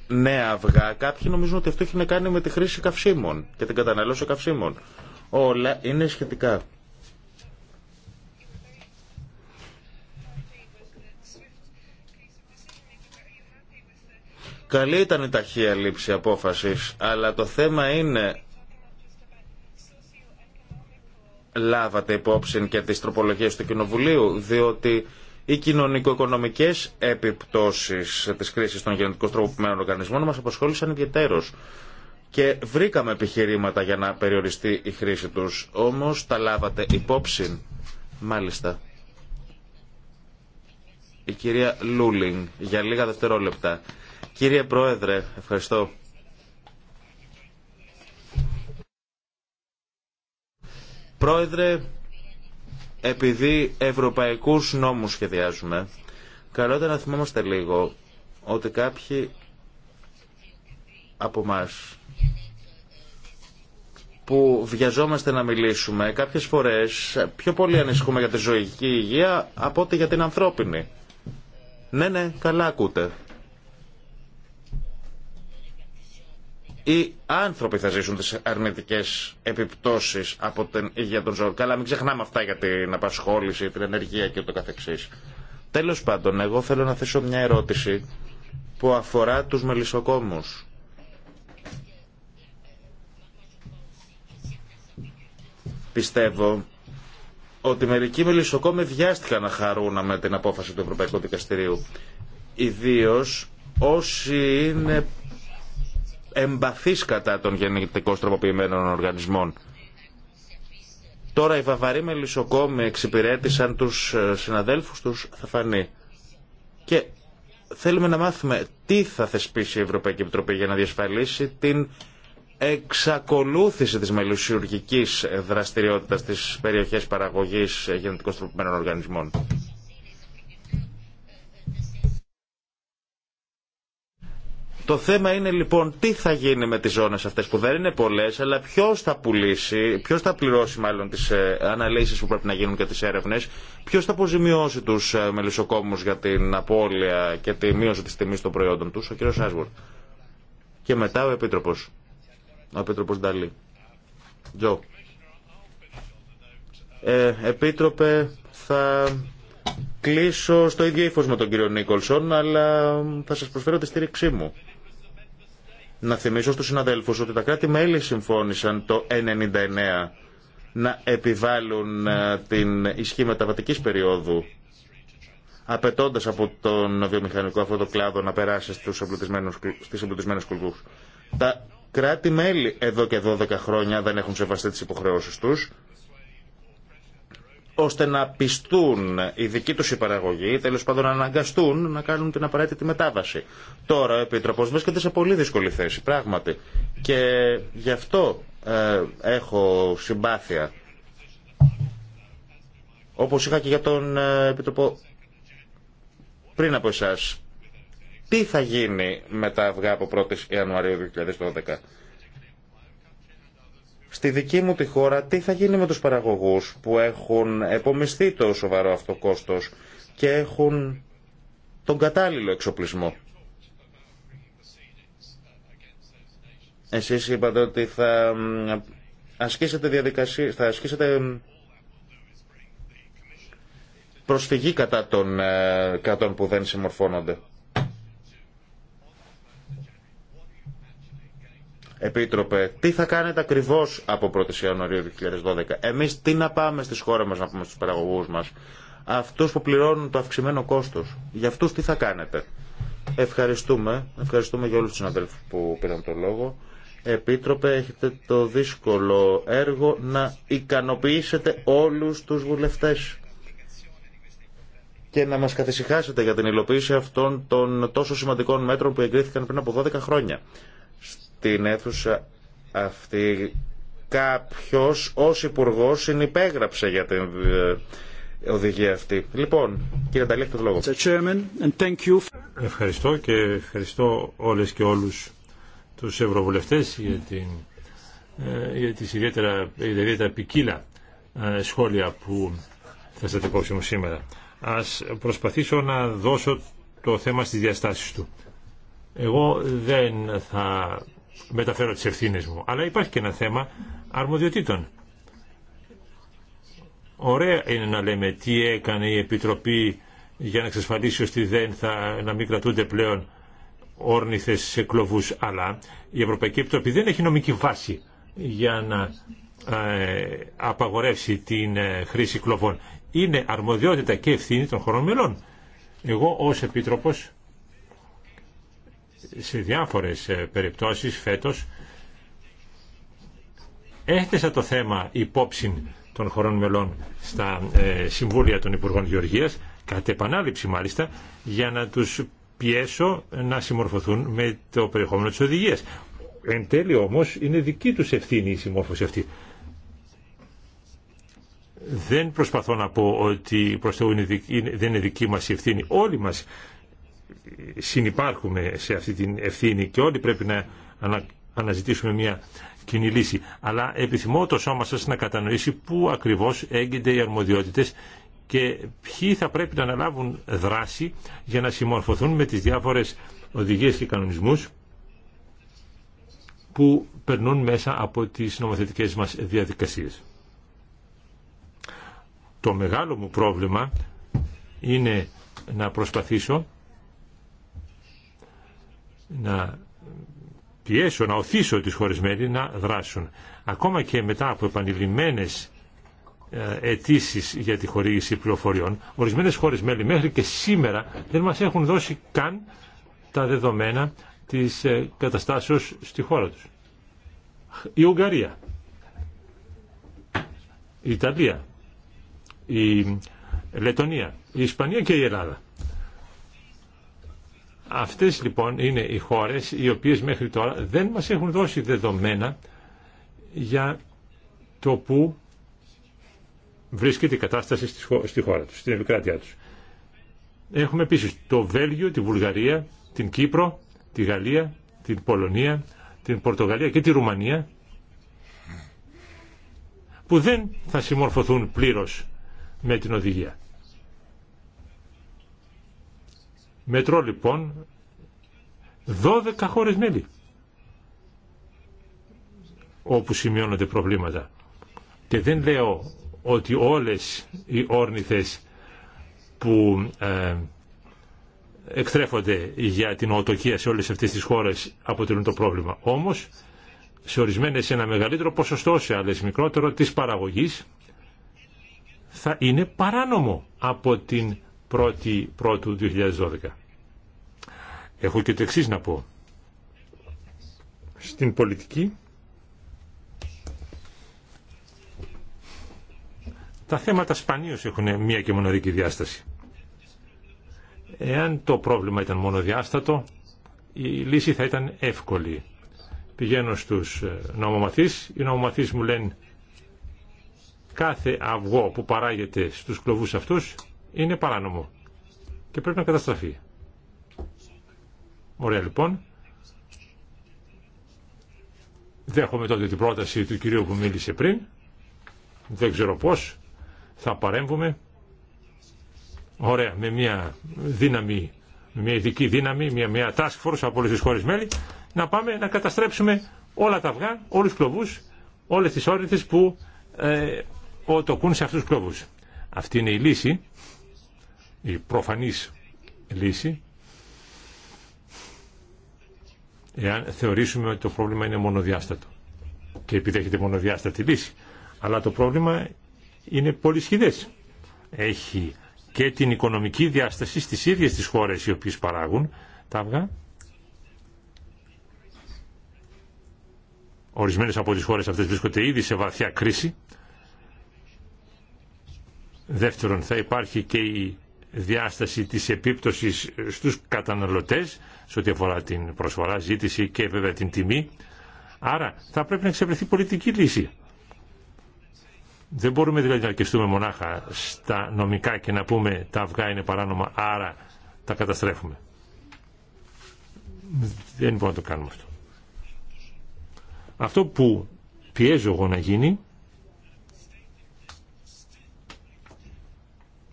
νέα αυγά, κάποιοι νομίζουν ότι αυτό έχει να κάνει με τη χρήση καυσίμων και την κατανάλωση καυσίμων. Όλα είναι σχετικά. Καλή ήταν η ταχεία λήψη απόφασης, αλλά το θέμα είναι λάβατε υπόψη και τις τροπολογίες του Κοινοβουλίου, διότι οι κοινωνικο-οικονομικές επιπτώσεις της κρίσης των γενετικών τροποποιημένων οργανισμών μας απασχόλησαν ιδιαίτερως και βρήκαμε επιχειρήματα για να περιοριστεί η χρήση τους. Όμως τα λάβατε υπόψη. Μάλιστα. Η κυρία Λούλινγκ για λίγα δευτερόλεπτα. Κύριε Πρόεδρε, ευχαριστώ. Πρόεδρε, επειδή ευρωπαϊκούς νόμους σχεδιάζουμε, καλό να θυμόμαστε λίγο ότι κάποιοι από εμά που βιαζόμαστε να μιλήσουμε, κάποιες φορές πιο πολύ ανησυχούμε για τη ζωική υγεία από ότι για την ανθρώπινη. Ναι, ναι, καλά ακούτε. οι άνθρωποι θα ζήσουν τι αρνητικέ επιπτώσεις από την υγεία των ζώων. Καλά, μην ξεχνάμε αυτά για την απασχόληση, την ενεργεία και το καθεξής. Τέλος πάντων, εγώ θέλω να θέσω μια ερώτηση που αφορά τους μελισσοκόμους. Πιστεύω ότι μερικοί μελισσοκόμοι βιάστηκαν να χαρούν με την απόφαση του Ευρωπαϊκού Δικαστηρίου. Ιδίω όσοι είναι Εμπαθή κατά των γενετικώς τροποποιημένων οργανισμών. Τώρα οι βαβαροί μελισσοκόμοι εξυπηρέτησαν τους ε, συναδέλφους τους, θα φανεί. Και θέλουμε να μάθουμε τι θα θεσπίσει η Ευρωπαϊκή Επιτροπή για να διασφαλίσει την εξακολούθηση της μελουσιουργικής δραστηριότητας στις περιοχές παραγωγής γενετικώς τροποποιημένων οργανισμών. Το θέμα είναι λοιπόν τι θα γίνει με τις ζώνες αυτές που δεν είναι πολλές, αλλά ποιος θα πουλήσει, ποιο θα πληρώσει μάλλον τις ε, αναλύσεις που πρέπει να γίνουν και τις έρευνες, ποιος θα αποζημιώσει τους ε, μελισσοκόμους για την απώλεια και τη μείωση της τιμής των προϊόντων του, ο κύριο Άσβορτ. Και μετά ο Επίτροπος, ο Επίτροπος Νταλή. Τζο. Ε, επίτροπε, θα κλείσω στο ίδιο ύφος με τον κύριο Νίκολσον, αλλά θα σας προσφέρω τη στήριξή μου. Να θυμίσω στους συναδέλφους ότι τα κράτη-μέλη συμφώνησαν το 1999 να επιβάλλουν ε, την ισχύ μεταβατικής περίοδου απαιτώντα από τον βιομηχανικό αυτό το κλάδο να περάσει στους εμπλουτισμένους, στις εμπλουτισμένες Τα κράτη-μέλη εδώ και 12 χρόνια δεν έχουν σεβαστεί τις υποχρεώσεις τους ώστε να πιστούν οι δικοί τους οι παραγωγοί, τέλος πάντων να αναγκαστούν να κάνουν την απαραίτητη μετάβαση. Τώρα ο επιτροπο βρίσκεται σε πολύ δύσκολη θέση, πράγματι. Και γι' αυτό ε, έχω συμπάθεια. Όπως είχα και για τον ε, Επίτροπο πριν από εσά, Τι θα γίνει με τα αυγά από 1η Ιανουαρίου 2012. Στη δική μου τη χώρα τι θα γίνει με τους παραγωγούς που έχουν επομιστεί το σοβαρό αυτό και έχουν τον κατάλληλο εξοπλισμό. Εσείς είπατε ότι θα ασκήσετε διαδικασία, θα ασκήσετε προσφυγή κατά των, ε, κατά που δεν συμμορφώνονται. Επίτροπε, τι θα κάνετε ακριβώ από 1η Ιανουαρίου 2012. Εμεί τι να πάμε στι χώρε μα να πούμε στου παραγωγού μα. Αυτού που πληρώνουν το αυξημένο κόστο. Για αυτού τι θα κάνετε. Ευχαριστούμε. Ευχαριστούμε για όλου του συναδέλφου που πήραν το λόγο. Επίτροπε, έχετε το δύσκολο έργο να ικανοποιήσετε όλους τους βουλευτές και να μας καθησυχάσετε για την υλοποίηση αυτών των τόσο σημαντικών μέτρων που εγκρίθηκαν πριν από 12 χρόνια την αίθουσα αυτή κάποιος ως υπουργό συνυπέγραψε για την ε, οδηγία αυτή. Λοιπόν, κύριε Νταλή, το λόγο. Ευχαριστώ και ευχαριστώ όλες και όλους τους ευρωβουλευτές για, την, ε, για ιδιαίτερα, ιδιαίτερα ποικίλα ε, σχόλια που θα σας υπόψη σήμερα. Ας προσπαθήσω να δώσω το θέμα στις διαστάσεις του. Εγώ δεν θα μεταφέρω τις ευθύνε μου. Αλλά υπάρχει και ένα θέμα αρμοδιοτήτων. Ωραία είναι να λέμε τι έκανε η Επιτροπή για να εξασφαλίσει ότι δεν θα, να μην κρατούνται πλέον σε εκλοβούς, αλλά η Ευρωπαϊκή Επιτροπή δεν έχει νομική βάση για να ε, απαγορεύσει την ε, χρήση κλοβών. Είναι αρμοδιότητα και ευθύνη των χωρών μελών. Εγώ ως Επίτροπος σε διάφορες ε, περιπτώσεις φέτος έθεσα το θέμα υπόψη των χωρών μελών στα ε, Συμβούλια των Υπουργών Γεωργίας, κατ' επανάληψη μάλιστα, για να τους πιέσω να συμμορφωθούν με το περιεχόμενο της οδηγίας. Εν τέλει όμως είναι δική τους ευθύνη η συμμόρφωση αυτή. Δεν προσπαθώ να πω ότι προς δεν είναι δική μας η ευθύνη. Όλοι μας συνυπάρχουμε σε αυτή την ευθύνη και όλοι πρέπει να αναζητήσουμε μια κοινή λύση. Αλλά επιθυμώ το σώμα σας να κατανοήσει πού ακριβώς έγκυνται οι αρμοδιότητες και ποιοι θα πρέπει να αναλάβουν δράση για να συμμορφωθούν με τις διάφορες οδηγίες και κανονισμούς που περνούν μέσα από τις νομοθετικές μας διαδικασίες. Το μεγάλο μου πρόβλημα είναι να προσπαθήσω να πιέσω, να οθήσω τις χώρες να δράσουν. Ακόμα και μετά από επανειλημμένες ε, αιτήσει για τη χορήγηση πληροφοριών, ορισμένες χώρες μέλη μέχρι και σήμερα δεν μας έχουν δώσει καν τα δεδομένα της ε, καταστάσεως στη χώρα τους. Η Ουγγαρία, η Ιταλία, η Λετωνία, η Ισπανία και η Ελλάδα. Αυτές λοιπόν είναι οι χώρες οι οποίες μέχρι τώρα δεν μας έχουν δώσει δεδομένα για το που βρίσκεται η κατάσταση στη χώρα τους, στην επικράτειά τους. Έχουμε επίσης το Βέλγιο, τη Βουλγαρία, την Κύπρο, τη Γαλλία, την Πολωνία, την Πορτογαλία και τη Ρουμανία που δεν θα συμμορφωθούν πλήρως με την οδηγία. Μετρό λοιπόν 12 χώρες μέλη όπου σημειώνονται προβλήματα. Και δεν λέω ότι όλες οι όρνηθες που ε, εκτρέφονται για την οτοκία σε όλες αυτές τις χώρες αποτελούν το πρόβλημα. Όμως, σε ορισμένες σε ένα μεγαλύτερο ποσοστό, σε άλλες μικρότερο, της παραγωγής θα είναι παράνομο από την πρώτη Πρώτου 2012. Έχω και το εξή να πω. Στην πολιτική τα θέματα σπανίως έχουν μία και μοναδική διάσταση. Εάν το πρόβλημα ήταν μονοδιάστατο, η λύση θα ήταν εύκολη. Πηγαίνω στους ε, νομομαθείς, οι νομομαθείς μου λένε κάθε αυγό που παράγεται στους κλωβούς αυτούς είναι παράνομο και πρέπει να καταστραφεί. Ωραία λοιπόν. Δέχομαι τότε την πρόταση του κυρίου που μίλησε πριν. Δεν ξέρω πώς. Θα παρέμβουμε. Ωραία, με μια δύναμη, με μια ειδική δύναμη, μια, μια task force από όλες τις χώρες μέλη, να πάμε να καταστρέψουμε όλα τα αυγά, όλους τους κλωβούς, όλες τις όρνηθες που ε, οτοκούν σε αυτούς τους κλωβούς. Αυτή είναι η λύση η προφανής λύση εάν θεωρήσουμε ότι το πρόβλημα είναι μονοδιάστατο και επιδέχεται μονοδιάστατη λύση. Αλλά το πρόβλημα είναι πολυσχηδές. Έχει και την οικονομική διάσταση στις ίδιες τις χώρες οι οποίες παράγουν τα αυγά. Ορισμένες από τις χώρες αυτές βρίσκονται ήδη σε βαθιά κρίση. Δεύτερον, θα υπάρχει και η διάσταση της επίπτωσης στους καταναλωτές σε ό,τι αφορά την προσφορά, ζήτηση και βέβαια την τιμή. Άρα θα πρέπει να εξευρεθεί πολιτική λύση. Δεν μπορούμε δηλαδή να αρκεστούμε μονάχα στα νομικά και να πούμε τα αυγά είναι παράνομα, άρα τα καταστρέφουμε. Δεν μπορούμε να το κάνουμε αυτό. Αυτό που πιέζω εγώ να γίνει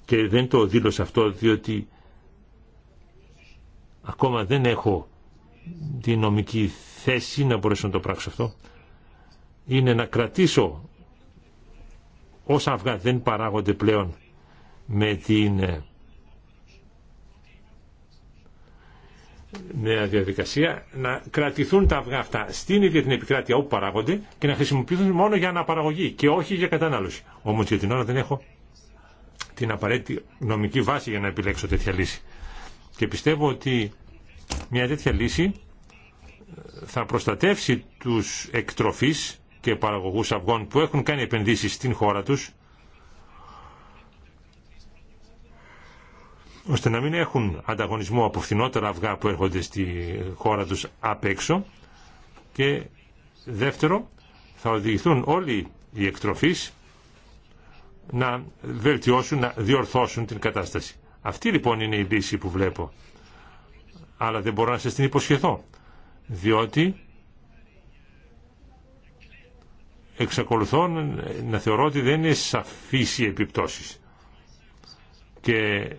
και δεν το δήλωσα αυτό διότι ακόμα δεν έχω τη νομική θέση να μπορέσω να το πράξω αυτό είναι να κρατήσω όσα αυγά δεν παράγονται πλέον με την νέα ε, διαδικασία να κρατηθούν τα αυγά αυτά στην ίδια την επικράτεια όπου παράγονται και να χρησιμοποιηθούν μόνο για αναπαραγωγή και όχι για κατανάλωση. Όμως για την ώρα δεν έχω την απαραίτητη νομική βάση για να επιλέξω τέτοια λύση. Και πιστεύω ότι μια τέτοια λύση ε, θα προστατεύσει τους εκτροφείς και παραγωγούς αυγών που έχουν κάνει επενδύσεις στην χώρα τους ώστε να μην έχουν ανταγωνισμό από φθηνότερα αυγά που έρχονται στη χώρα τους απ' έξω και δεύτερο θα οδηγηθούν όλοι οι εκτροφείς να βελτιώσουν, να διορθώσουν την κατάσταση. Αυτή λοιπόν είναι η λύση που βλέπω. Αλλά δεν μπορώ να σας την υποσχεθώ. Διότι εξακολουθώ να θεωρώ ότι δεν είναι σαφής οι επιπτώσεις. Και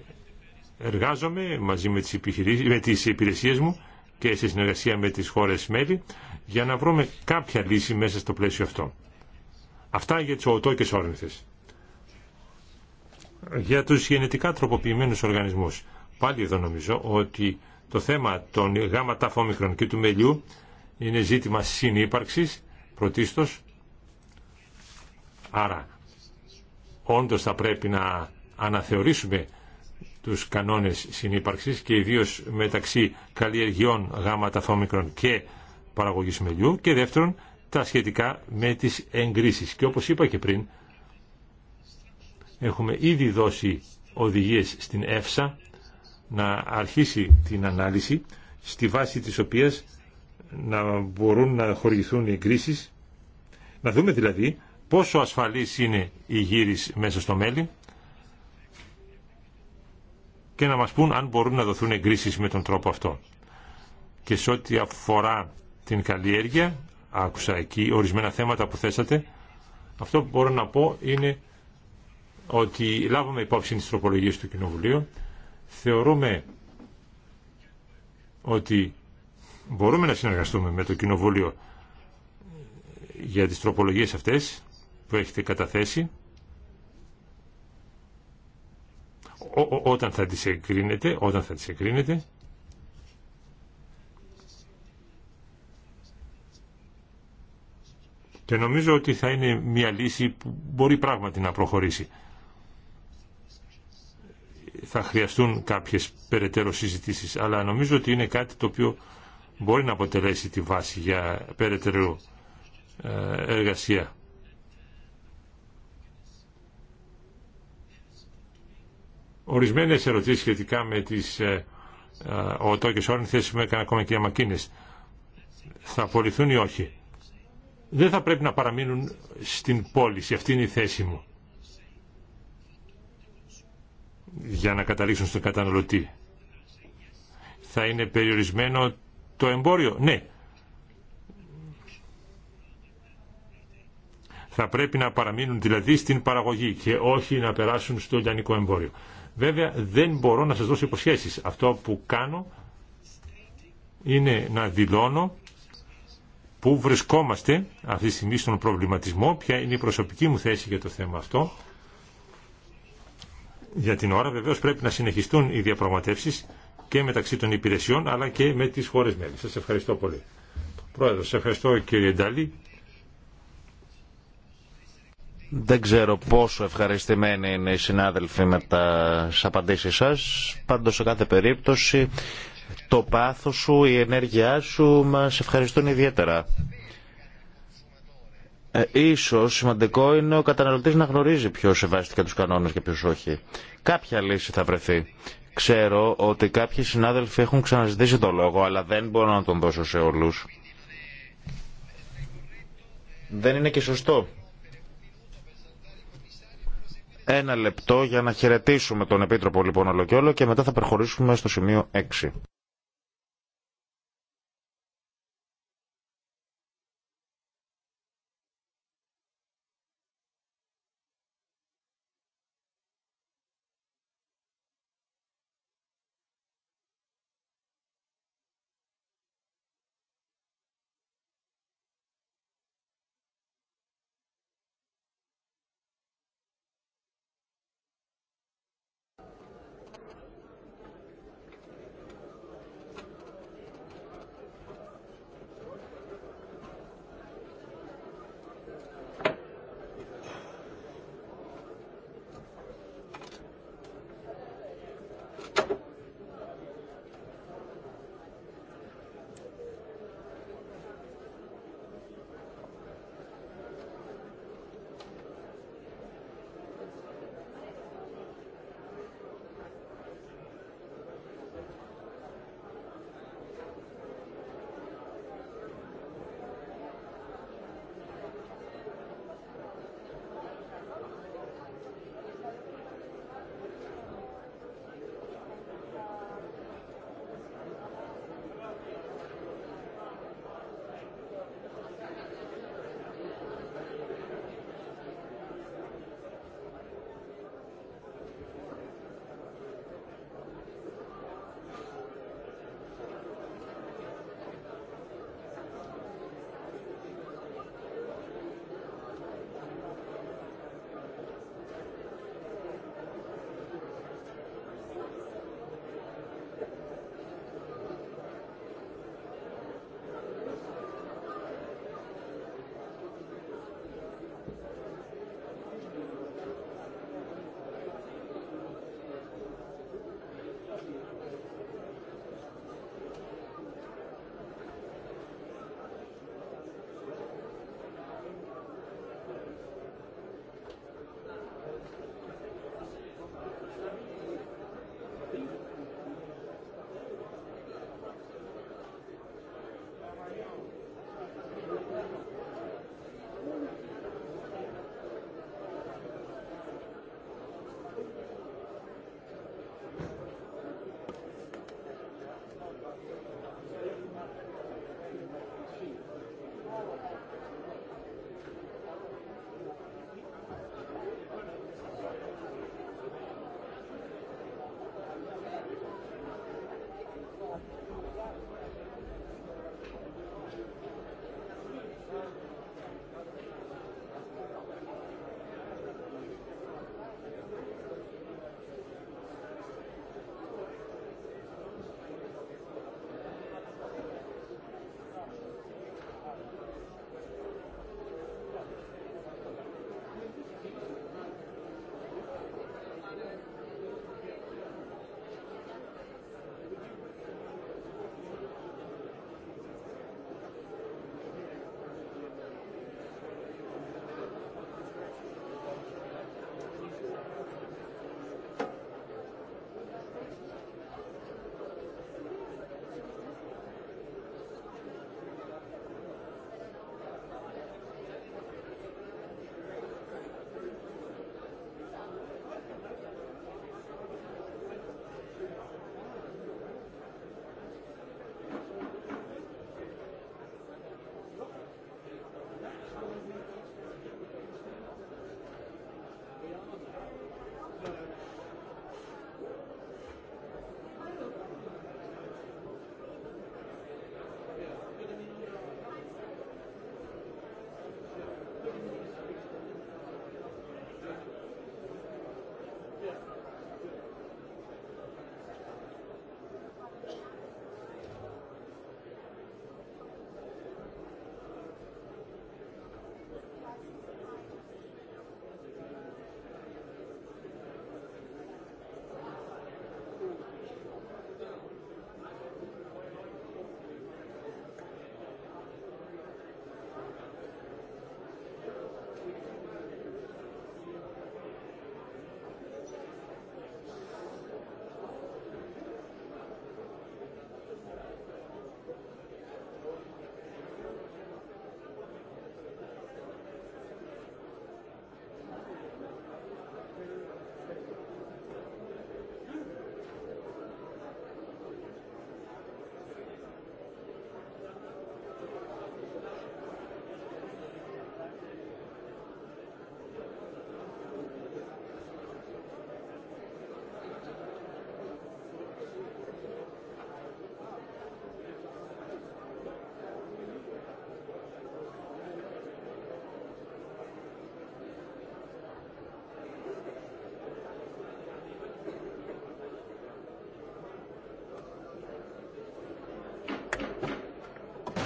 εργάζομαι μαζί με τις, με τις υπηρεσίες μου και σε συνεργασία με τις χώρες μέλη για να βρούμε κάποια λύση μέσα στο πλαίσιο αυτό. Αυτά για τις οτό και για τους γενετικά τροποποιημένους οργανισμούς. Πάλι εδώ νομίζω ότι το θέμα των γάμα ταφόμικρων και του μελιού είναι ζήτημα συνύπαρξης πρωτίστως. Άρα, όντως θα πρέπει να αναθεωρήσουμε τους κανόνες συνύπαρξης και ιδίως μεταξύ καλλιεργειών γάμα ταφόμικρων και παραγωγής μελιού και δεύτερον τα σχετικά με τις εγκρίσεις. Και όπως είπα και πριν, Έχουμε ήδη δώσει οδηγίες στην ΕΦΣΑ να αρχίσει την ανάλυση στη βάση της οποίας να μπορούν να χορηγηθούν οι εγκρίσει. Να δούμε δηλαδή πόσο ασφαλής είναι η γύρις μέσα στο μέλι και να μας πούν αν μπορούν να δοθούν εγκρίσει με τον τρόπο αυτό. Και σε ό,τι αφορά την καλλιέργεια, άκουσα εκεί ορισμένα θέματα που θέσατε, αυτό που μπορώ να πω είναι ότι λάβουμε υπόψη τις τροπολογίες του Κοινοβουλίου. Θεωρούμε ότι μπορούμε να συνεργαστούμε με το Κοινοβούλιο για τις τροπολογίες αυτές που έχετε καταθέσει όταν θα τις εγκρίνετε, όταν θα τις εγκρίνετε και νομίζω ότι θα είναι μια λύση που μπορεί πράγματι να προχωρήσει θα χρειαστούν κάποιες περαιτέρω συζητήσεις, αλλά νομίζω ότι είναι κάτι το οποίο μπορεί να αποτελέσει τη βάση για περαιτέρω ε, εργασία. Ορισμένες ερωτήσεις σχετικά με τις ΟΤΟ και θέσεις μου ακόμα και οι Θα απολυθούν ή όχι. Δεν θα πρέπει να παραμείνουν στην πώληση. Αυτή είναι η θέση μου. για να καταλήξουν στον καταναλωτή. Θα είναι περιορισμένο το εμπόριο. Ναι. Θα πρέπει να παραμείνουν δηλαδή στην παραγωγή και όχι να περάσουν στο λιανικό εμπόριο. Βέβαια δεν μπορώ να σας δώσω υποσχέσεις. Αυτό που κάνω είναι να δηλώνω πού βρισκόμαστε αυτή τη στιγμή στον προβληματισμό, ποια είναι η προσωπική μου θέση για το θέμα αυτό για την ώρα βεβαίως πρέπει να συνεχιστούν οι διαπραγματεύσει και μεταξύ των υπηρεσιών αλλά και με τις χώρες μέλη. Σα ευχαριστώ πολύ. Πρόεδρο, Σα ευχαριστώ κύριε Ντάλη. Δεν ξέρω πόσο ευχαριστημένοι είναι οι συνάδελφοι με τα απαντήσεις σας. Πάντως σε κάθε περίπτωση το πάθος σου, η ενέργειά σου μας ευχαριστούν ιδιαίτερα. Ε, ίσως σημαντικό είναι ο καταναλωτής να γνωρίζει ποιος σεβάστηκε τους κανόνες και ποιος όχι. Κάποια λύση θα βρεθεί. Ξέρω ότι κάποιοι συνάδελφοι έχουν ξαναζητήσει το λόγο, αλλά δεν μπορώ να τον δώσω σε όλους. Δεν είναι και σωστό. Ένα λεπτό για να χαιρετήσουμε τον Επίτροπο λοιπόν όλο και όλο και μετά θα προχωρήσουμε στο σημείο 6.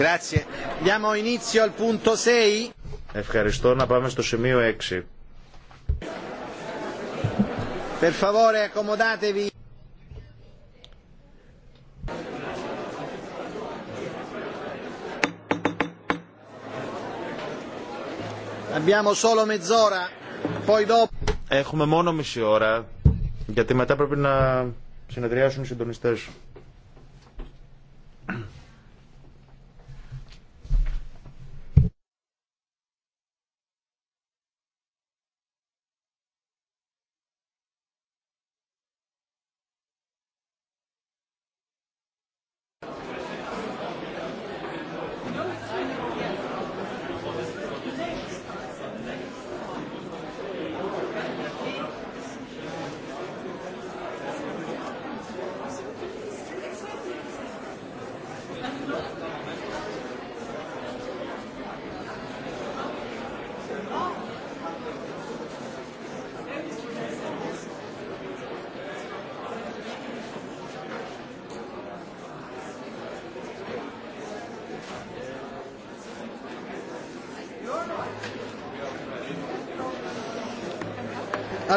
Grazie. inizio al punto Ευχαριστώ να πάμε στο σημείο 6. Per favore, accomodatevi. Abbiamo solo mezz'ora, poi Έχουμε μόνο μισή ώρα, γιατί μετά πρέπει να συνεδριάσουν οι συντονιστές.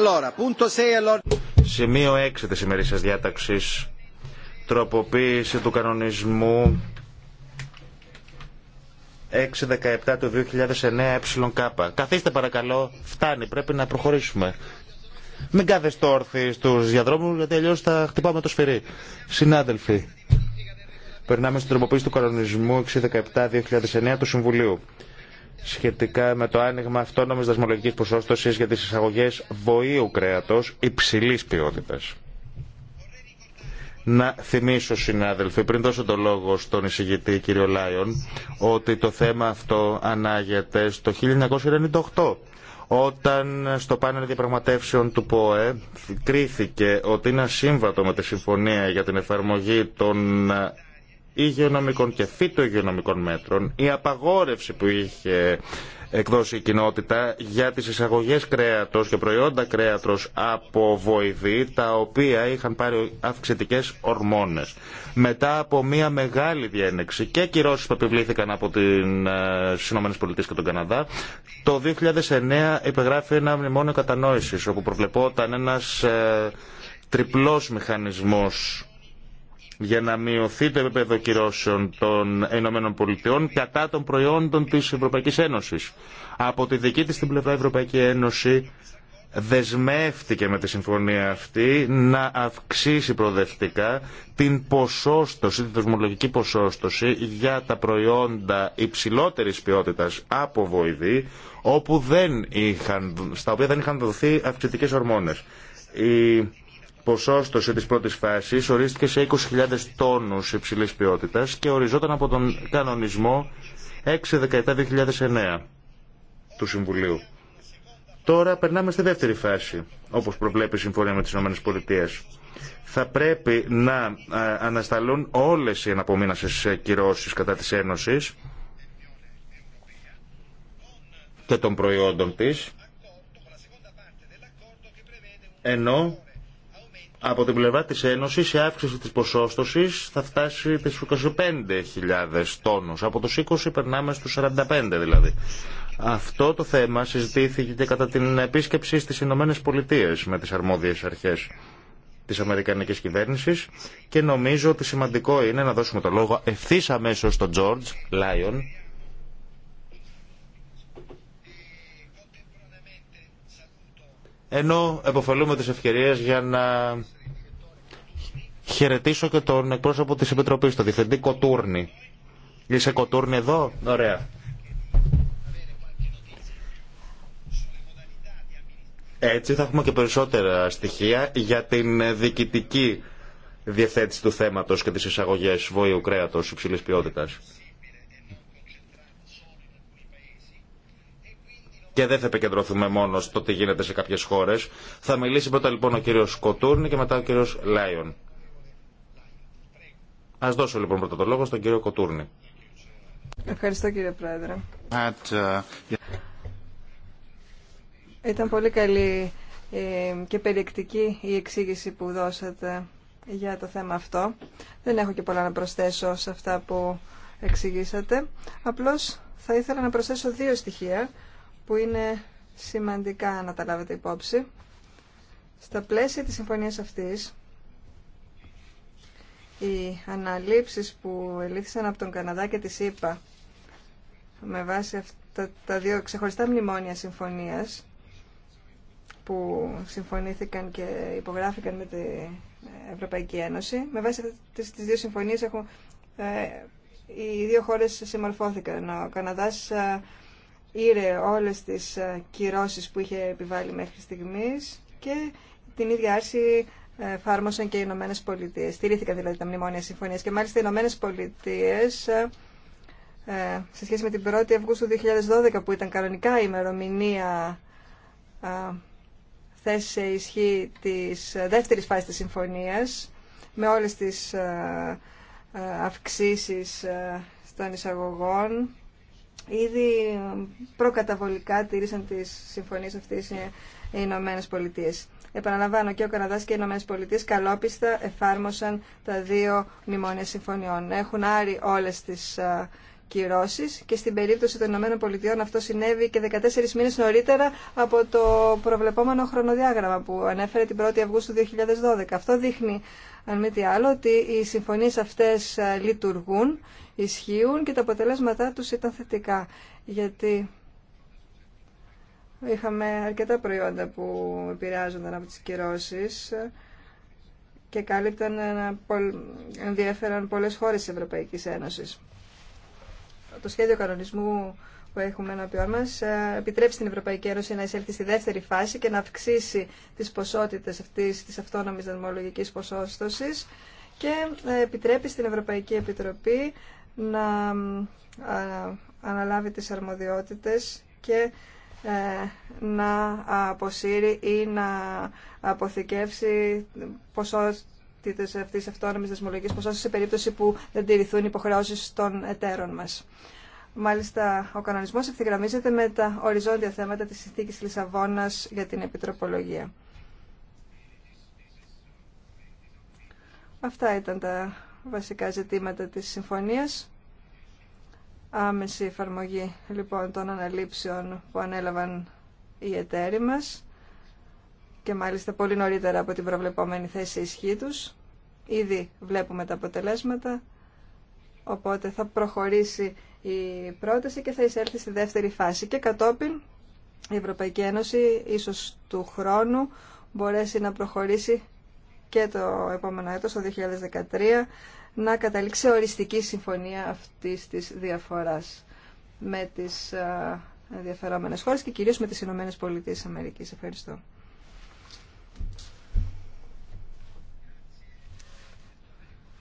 6, Σημείο 6 της ημερήσιας διάταξης. Τροποποίηση του κανονισμού 617 του 2009 ΕΚ. Καθίστε παρακαλώ, φτάνει, πρέπει να προχωρήσουμε. Μην κάθεστε όρθιοι στους διαδρόμους, γιατί αλλιώς θα χτυπάμε το σφυρί. Συνάδελφοι, περνάμε στην τροποποίηση του κανονισμού 617-2009 του Συμβουλίου σχετικά με το άνοιγμα αυτόνομη δασμολογική ποσόστοσης για τις εισαγωγέ βοήου κρέατος υψηλή ποιότητας. Να θυμίσω, συνάδελφοι, πριν δώσω το λόγο στον εισηγητή κύριο Λάιον, ότι το θέμα αυτό ανάγεται στο 1998 όταν στο πάνελ διαπραγματεύσεων του ΠΟΕ κρίθηκε ότι είναι ασύμβατο με τη συμφωνία για την εφαρμογή των υγειονομικών και φυτοϊγειονομικών μέτρων, η απαγόρευση που είχε εκδώσει η κοινότητα για τις εισαγωγές κρέατος και προϊόντα κρέατος από βοηδή, τα οποία είχαν πάρει αυξητικές ορμόνες. Μετά από μια μεγάλη διένεξη και κυρώσεις που επιβλήθηκαν από ε, τις ΗΠΑ και τον Καναδά, το 2009 υπεγράφει ένα μνημόνιο κατανόησης, όπου προβλεπόταν ένας ε, τριπλός μηχανισμός για να μειωθεί το επίπεδο κυρώσεων των Ηνωμένων Πολιτειών κατά των προϊόντων της Ευρωπαϊκής Ένωσης. Από τη δική της την πλευρά η Ευρωπαϊκή Ένωση δεσμεύτηκε με τη συμφωνία αυτή να αυξήσει προοδευτικά την ποσόστοση, την δοσμολογική ποσόστοση για τα προϊόντα υψηλότερης ποιότητας από βοηδή, όπου δεν είχαν, στα οποία δεν είχαν δοθεί αυξητικές ορμόνες ποσόστοση της πρώτης φάσης ορίστηκε σε 20.000 τόνους υψηλής ποιότητας και οριζόταν από τον κανονισμό του Συμβουλίου. Τώρα περνάμε στη δεύτερη φάση, όπως προβλέπει η Συμφωνία με τις ΗΠΑ. Θα πρέπει να ανασταλούν όλες οι αναπομείνασες ε, κυρώσεις κατά της Ένωσης και των προϊόντων της, ενώ από την πλευρά της Ένωσης η αύξηση της ποσόστοσης θα φτάσει τις 25.000 τόνους. Από τους 20 περνάμε στους 45 δηλαδή. Αυτό το θέμα συζητήθηκε και κατά την επίσκεψη στις Ηνωμένε Πολιτείες με τις αρμόδιες αρχές της Αμερικανικής κυβέρνησης και νομίζω ότι σημαντικό είναι να δώσουμε το λόγο ευθύ αμέσως στον Τζόρτζ Λάιον ενώ εποφελούμε τις ευκαιρίες για να χαιρετήσω και τον εκπρόσωπο της Επιτροπής, τον Διευθυντή Κοτούρνη. Είσαι Κοτούρνη εδώ, ωραία. Έτσι θα έχουμε και περισσότερα στοιχεία για την διοικητική διευθέτηση του θέματος και τις εισαγωγές βόηου κρέατος υψηλής ποιότητας. και δεν θα επικεντρωθούμε μόνο στο τι γίνεται σε κάποιες χώρες. Θα μιλήσει πρώτα λοιπόν ο κύριος Κοτούρνη και μετά ο κύριος Λάιον. Ας δώσω λοιπόν πρώτα το λόγο στον κύριο Κοτούρνη. Ευχαριστώ κύριε Πρόεδρε. At, uh, Ήταν πολύ καλή ε, και περιεκτική η εξήγηση που δώσατε για το θέμα αυτό. Δεν έχω και πολλά να προσθέσω σε αυτά που εξηγήσατε. Απλώς θα ήθελα να προσθέσω δύο στοιχεία που είναι σημαντικά να τα λάβετε υπόψη. Στα πλαίσια της συμφωνίας αυτής, οι αναλήψεις που ελήφθησαν από τον Καναδά και τη ΣΥΠΑ με βάση αυτά τα δύο ξεχωριστά μνημόνια συμφωνίας που συμφωνήθηκαν και υπογράφηκαν με την Ευρωπαϊκή Ένωση. Με βάση αυτές τις δύο συμφωνίες έχουν, ε, οι δύο χώρες συμμορφώθηκαν. Ο Καναδάς ε, ήρε όλες τις ε, κυρώσεις που είχε επιβάλει μέχρι στιγμής και την ίδια άρση ε, φάρμοσαν και οι Ηνωμένε Πολιτείε. Στηρίθηκαν δηλαδή τα μνημόνια συμφωνία και μάλιστα οι Ηνωμένε Πολιτείε ε, σε σχέση με την 1η Αυγούστου 2012 που ήταν κανονικά η ημερομηνία θέση σε ισχύ της δεύτερης φάσης της συμφωνίας με όλες τις αυξήσεις των εισαγωγών ήδη προκαταβολικά τήρησαν τις συμφωνίες αυτής οι Ηνωμένε Πολιτείε. Επαναλαμβάνω και ο Καναδάς και οι Ηνωμένε Πολιτείε καλόπιστα εφάρμοσαν τα δύο μνημόνια συμφωνιών. Έχουν άρει όλες τις κυρώσεις και στην περίπτωση των Ηνωμένων Πολιτειών αυτό συνέβη και 14 μήνες νωρίτερα από το προβλεπόμενο χρονοδιάγραμμα που ανέφερε την 1η Αυγούστου 2012. Αυτό δείχνει αν μη τι άλλο, ότι οι συμφωνίες αυτές ε, λειτουργούν, ισχύουν και τα αποτελέσματά τους ήταν θετικά. Γιατί είχαμε αρκετά προϊόντα που επηρεάζονταν από τις κυρώσεις ε, και κάλυπταν ενδιαφέραν πολλές χώρες της Ευρωπαϊκής Ένωσης. Το σχέδιο κανονισμού που έχουμε ενώπιόν μα ε, επιτρέψει την Ευρωπαϊκή Ένωση να εισέλθει στη δεύτερη φάση και να αυξήσει τι ποσότητε αυτή τη αυτόνομη δασμολογική ποσόστοση και ε, επιτρέπει στην Ευρωπαϊκή Επιτροπή να αναλάβει τις αρμοδιότητες και ε, να αποσύρει ή να αποθηκεύσει ποσότητες αυτής αυτόνομης δεσμολογικής ποσότητας σε περίπτωση που δεν τηρηθούν υποχρεώσεις των εταίρων μας. Μάλιστα, ο κανονισμός ευθυγραμμίζεται με τα οριζόντια θέματα της συνθήκη Λισαβόνα για την επιτροπολογία. Αυτά ήταν τα βασικά ζητήματα της συμφωνίας. Άμεση εφαρμογή λοιπόν των αναλήψεων που ανέλαβαν οι εταίροι μας και μάλιστα πολύ νωρίτερα από την προβλεπόμενη θέση ισχύ τους. Ήδη βλέπουμε τα αποτελέσματα. Οπότε θα προχωρήσει η πρόταση και θα εισέλθει στη δεύτερη φάση. Και κατόπιν η Ευρωπαϊκή Ένωση ίσως του χρόνου μπορέσει να προχωρήσει και το επόμενο έτος, το 2013, να καταλήξει οριστική συμφωνία αυτής της διαφοράς με τις ενδιαφερόμενες χώρες και κυρίως με τις Ηνωμένε Πολιτείες Αμερικής. Ευχαριστώ.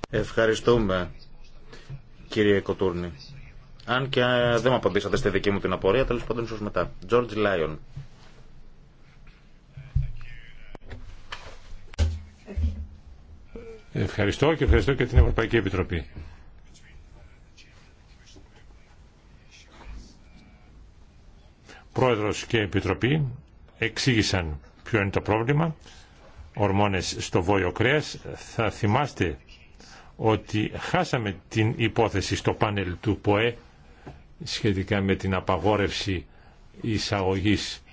Ευχαριστούμε κύριε Κοτούρνη. Αν και ε, δεν μου απαντήσατε στη δική μου την απορία, τέλο πάντων ίσω μετά. George Λάιον. Ευχαριστώ και ευχαριστώ και την Ευρωπαϊκή Επιτροπή. Πρόεδρος και Επιτροπή εξήγησαν ποιο είναι το πρόβλημα. Ορμόνες στο βόλιο κρέας. Θα θυμάστε ότι χάσαμε την υπόθεση στο πάνελ του ΠΟΕ σχετικά με την απαγόρευση εισαγωγής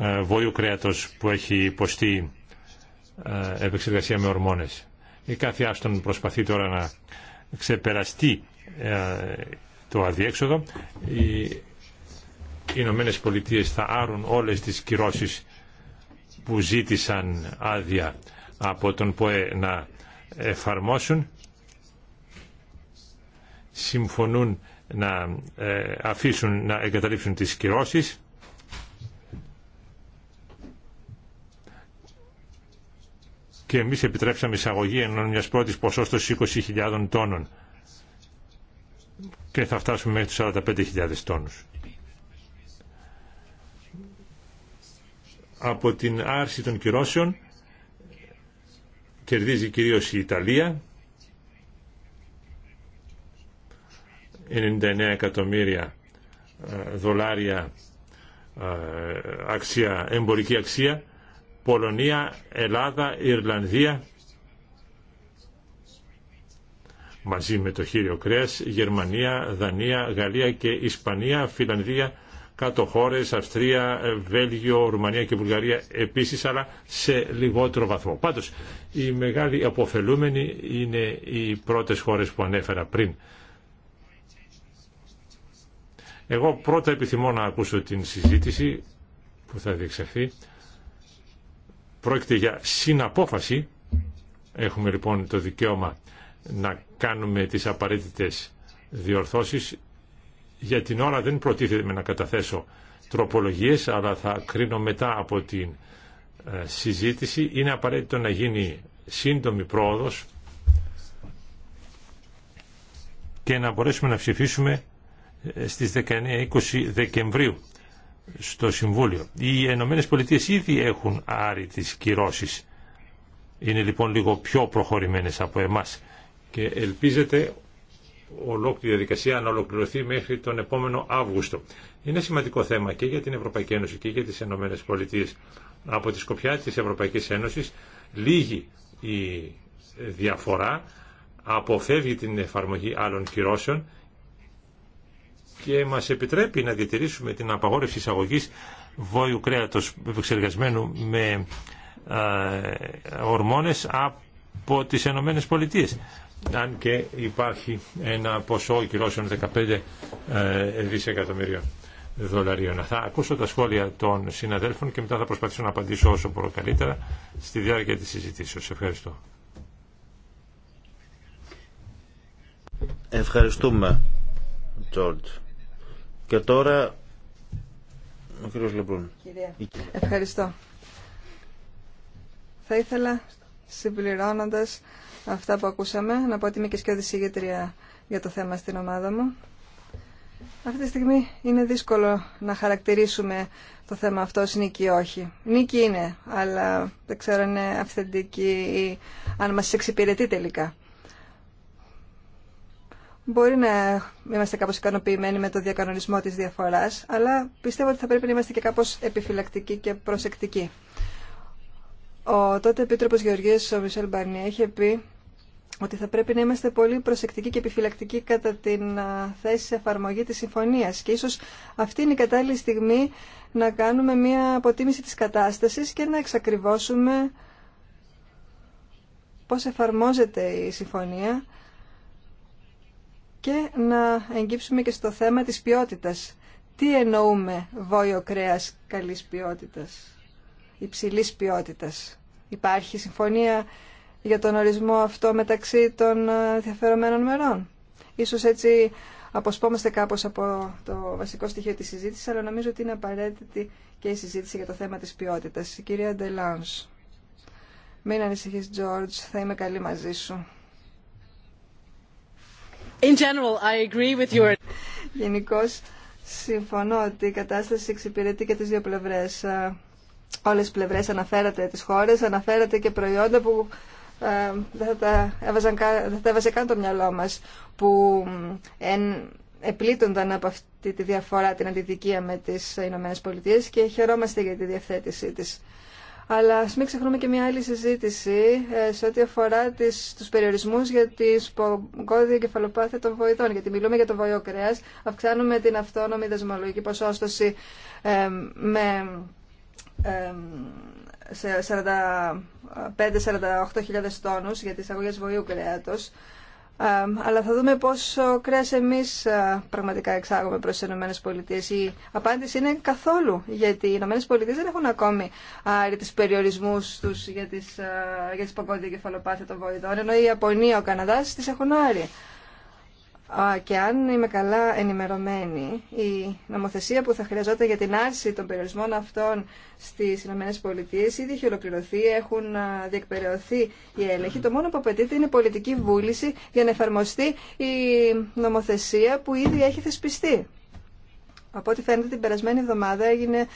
ε, βοήου κρέατος που έχει υποστεί ε, επεξεργασία με ορμόνες. Η κάθε άστον προσπαθεί τώρα να ξεπεραστεί ε, το αδιέξοδο. Οι Ηνωμένε Πολιτείες θα άρουν όλες τις κυρώσεις που ζήτησαν άδεια από τον ΠΟΕ να εφαρμόσουν συμφωνούν να ε, αφήσουν να εγκαταλείψουν τις κυρώσεις και εμείς επιτρέψαμε εισαγωγή ενώ μιας πρώτης ποσόστος 20.000 τόνων και θα φτάσουμε μέχρι τους 45.000 τόνους. Από την άρση των κυρώσεων κερδίζει κυρίως η Ιταλία 99 εκατομμύρια ε, δολάρια ε, αξία, εμπορική αξία Πολωνία, Ελλάδα, Ιρλανδία μαζί με το χείριο κρέας Γερμανία, Δανία, Γαλλία και Ισπανία, Φιλανδία κάτω χώρες, Αυστρία, Βέλγιο, Ρουμανία και Βουλγαρία επίσης, αλλά σε λιγότερο βαθμό. Πάντως, οι μεγάλοι αποφελούμενοι είναι οι πρώτες χώρες που ανέφερα πριν. Εγώ πρώτα επιθυμώ να ακούσω την συζήτηση που θα διεξαχθεί. Πρόκειται για συναπόφαση. Έχουμε λοιπόν το δικαίωμα να κάνουμε τις απαραίτητες διορθώσεις. Για την ώρα δεν προτίθεται να καταθέσω τροπολογίες, αλλά θα κρίνω μετά από την ε, συζήτηση. Είναι απαραίτητο να γίνει σύντομη πρόοδος και να μπορέσουμε να ψηφίσουμε ε, στις 19-20 Δεκεμβρίου στο Συμβούλιο. Οι ΗΠΑ Πολιτείες ήδη έχουν άρει τις κυρώσεις. Είναι λοιπόν λίγο πιο προχωρημένες από εμάς και ελπίζεται ολόκληρη διαδικασία να ολοκληρωθεί μέχρι τον επόμενο Αύγουστο. Είναι σημαντικό θέμα και για την Ευρωπαϊκή Ένωση και για τις Ενωμένες Πολιτείες. Από τη σκοπιά της Ευρωπαϊκής Ένωσης λίγη η διαφορά αποφεύγει την εφαρμογή άλλων κυρώσεων και μας επιτρέπει να διατηρήσουμε την απαγόρευση εισαγωγής βόηου κρέατος επεξεργασμένου με ορμόνες από τις ΗΠΑ. αν και υπάρχει ένα ποσό κυρώσεων 15 ε, δισεκατομμυρίων δολαρίων. Θα ακούσω τα σχόλια των συναδέλφων και μετά θα προσπαθήσω να απαντήσω όσο μπορώ καλύτερα στη διάρκεια της συζητήσεως. Ευχαριστώ. Ευχαριστούμε, Τζόρτζ. Και τώρα ο κύριος Λεμπρούν. Ευχαριστώ. Θα ήθελα συμπληρώνοντα αυτά που ακούσαμε να πω ότι είμαι και σκιώδη για το θέμα στην ομάδα μου. Αυτή τη στιγμή είναι δύσκολο να χαρακτηρίσουμε το θέμα αυτό ως νίκη ή όχι. Νίκη είναι, αλλά δεν ξέρω αν είναι αυθεντική ή αν μας εξυπηρετεί τελικά. Μπορεί να είμαστε κάπως ικανοποιημένοι με το διακανονισμό της διαφοράς, αλλά πιστεύω ότι θα πρέπει να είμαστε και κάπως επιφυλακτικοί και προσεκτικοί. Ο τότε επίτροπο Γεωργίας, ο Μισελ Μπαρνιέ, είχε πει ότι θα πρέπει να είμαστε πολύ προσεκτικοί και επιφυλακτικοί κατά την θέση εφαρμογή της συμφωνίας και ίσως αυτή είναι η κατάλληλη στιγμή να κάνουμε μια αποτίμηση της κατάστασης και να εξακριβώσουμε πώς εφαρμόζεται η συμφωνία και να εγγύψουμε και στο θέμα της ποιότητας. Τι εννοούμε βόλιο κρέας καλής ποιότητας, υψηλής ποιότητας. Υπάρχει συμφωνία για τον ορισμό αυτό μεταξύ των ε, ενδιαφερομένων μερών. Ίσως έτσι αποσπόμαστε κάπως από το βασικό στοιχείο της συζήτησης, αλλά νομίζω ότι είναι απαραίτητη και η συζήτηση για το θέμα της ποιότητας. Η κυρία Ντελάνς. Μην ανησυχείς, Τζόρτζ, θα είμαι καλή μαζί σου. In Γενικώς, συμφωνώ ότι η κατάσταση εξυπηρετεί και τις δύο πλευρές. Ε, όλες τις πλευρές αναφέρατε τις χώρες, αναφέρατε και προϊόντα που ε, δεν, θα τα έβαζαν, έβαζε καν το μυαλό μας, που εν, επλήττονταν από αυτή τη διαφορά την αντιδικία με τις Ηνωμένες Πολιτείες και χαιρόμαστε για τη διευθέτησή της. Αλλά ας μην ξεχνούμε και μια άλλη συζήτηση ε, σε ό,τι αφορά τις, τους περιορισμούς για τις παγκόδια κεφαλοπάθεια των βοηθών. Γιατί μιλούμε για το βοηό κρέας, αυξάνουμε την αυτόνομη δεσμολογική ποσόστοση με ε, σε 45-48 τόνους για τις αγωγές βοηού κρέατος. Ε, αλλά θα δούμε πόσο κρέας εμείς ε, πραγματικά εξάγουμε προς τις Πολιτείες. Η απάντηση είναι καθόλου, γιατί οι Πολιτείες δεν έχουν ακόμη άρει τις περιορισμούς τους για τις, ε, για τις παγκόσμια κεφαλοπάθεια των βοηθών, ενώ η Ιαπωνία, ο Καναδάς τις έχουν άρει και αν είμαι καλά ενημερωμένη, η νομοθεσία που θα χρειαζόταν για την άρση των περιορισμών αυτών στις ΗΠΑ ήδη έχει ολοκληρωθεί, έχουν διεκπαιρεωθεί οι έλεγχοι. Το μόνο που απαιτείται είναι πολιτική βούληση για να εφαρμοστεί η νομοθεσία που ήδη έχει θεσπιστεί. Από ό,τι φαίνεται την περασμένη εβδομάδα έγινε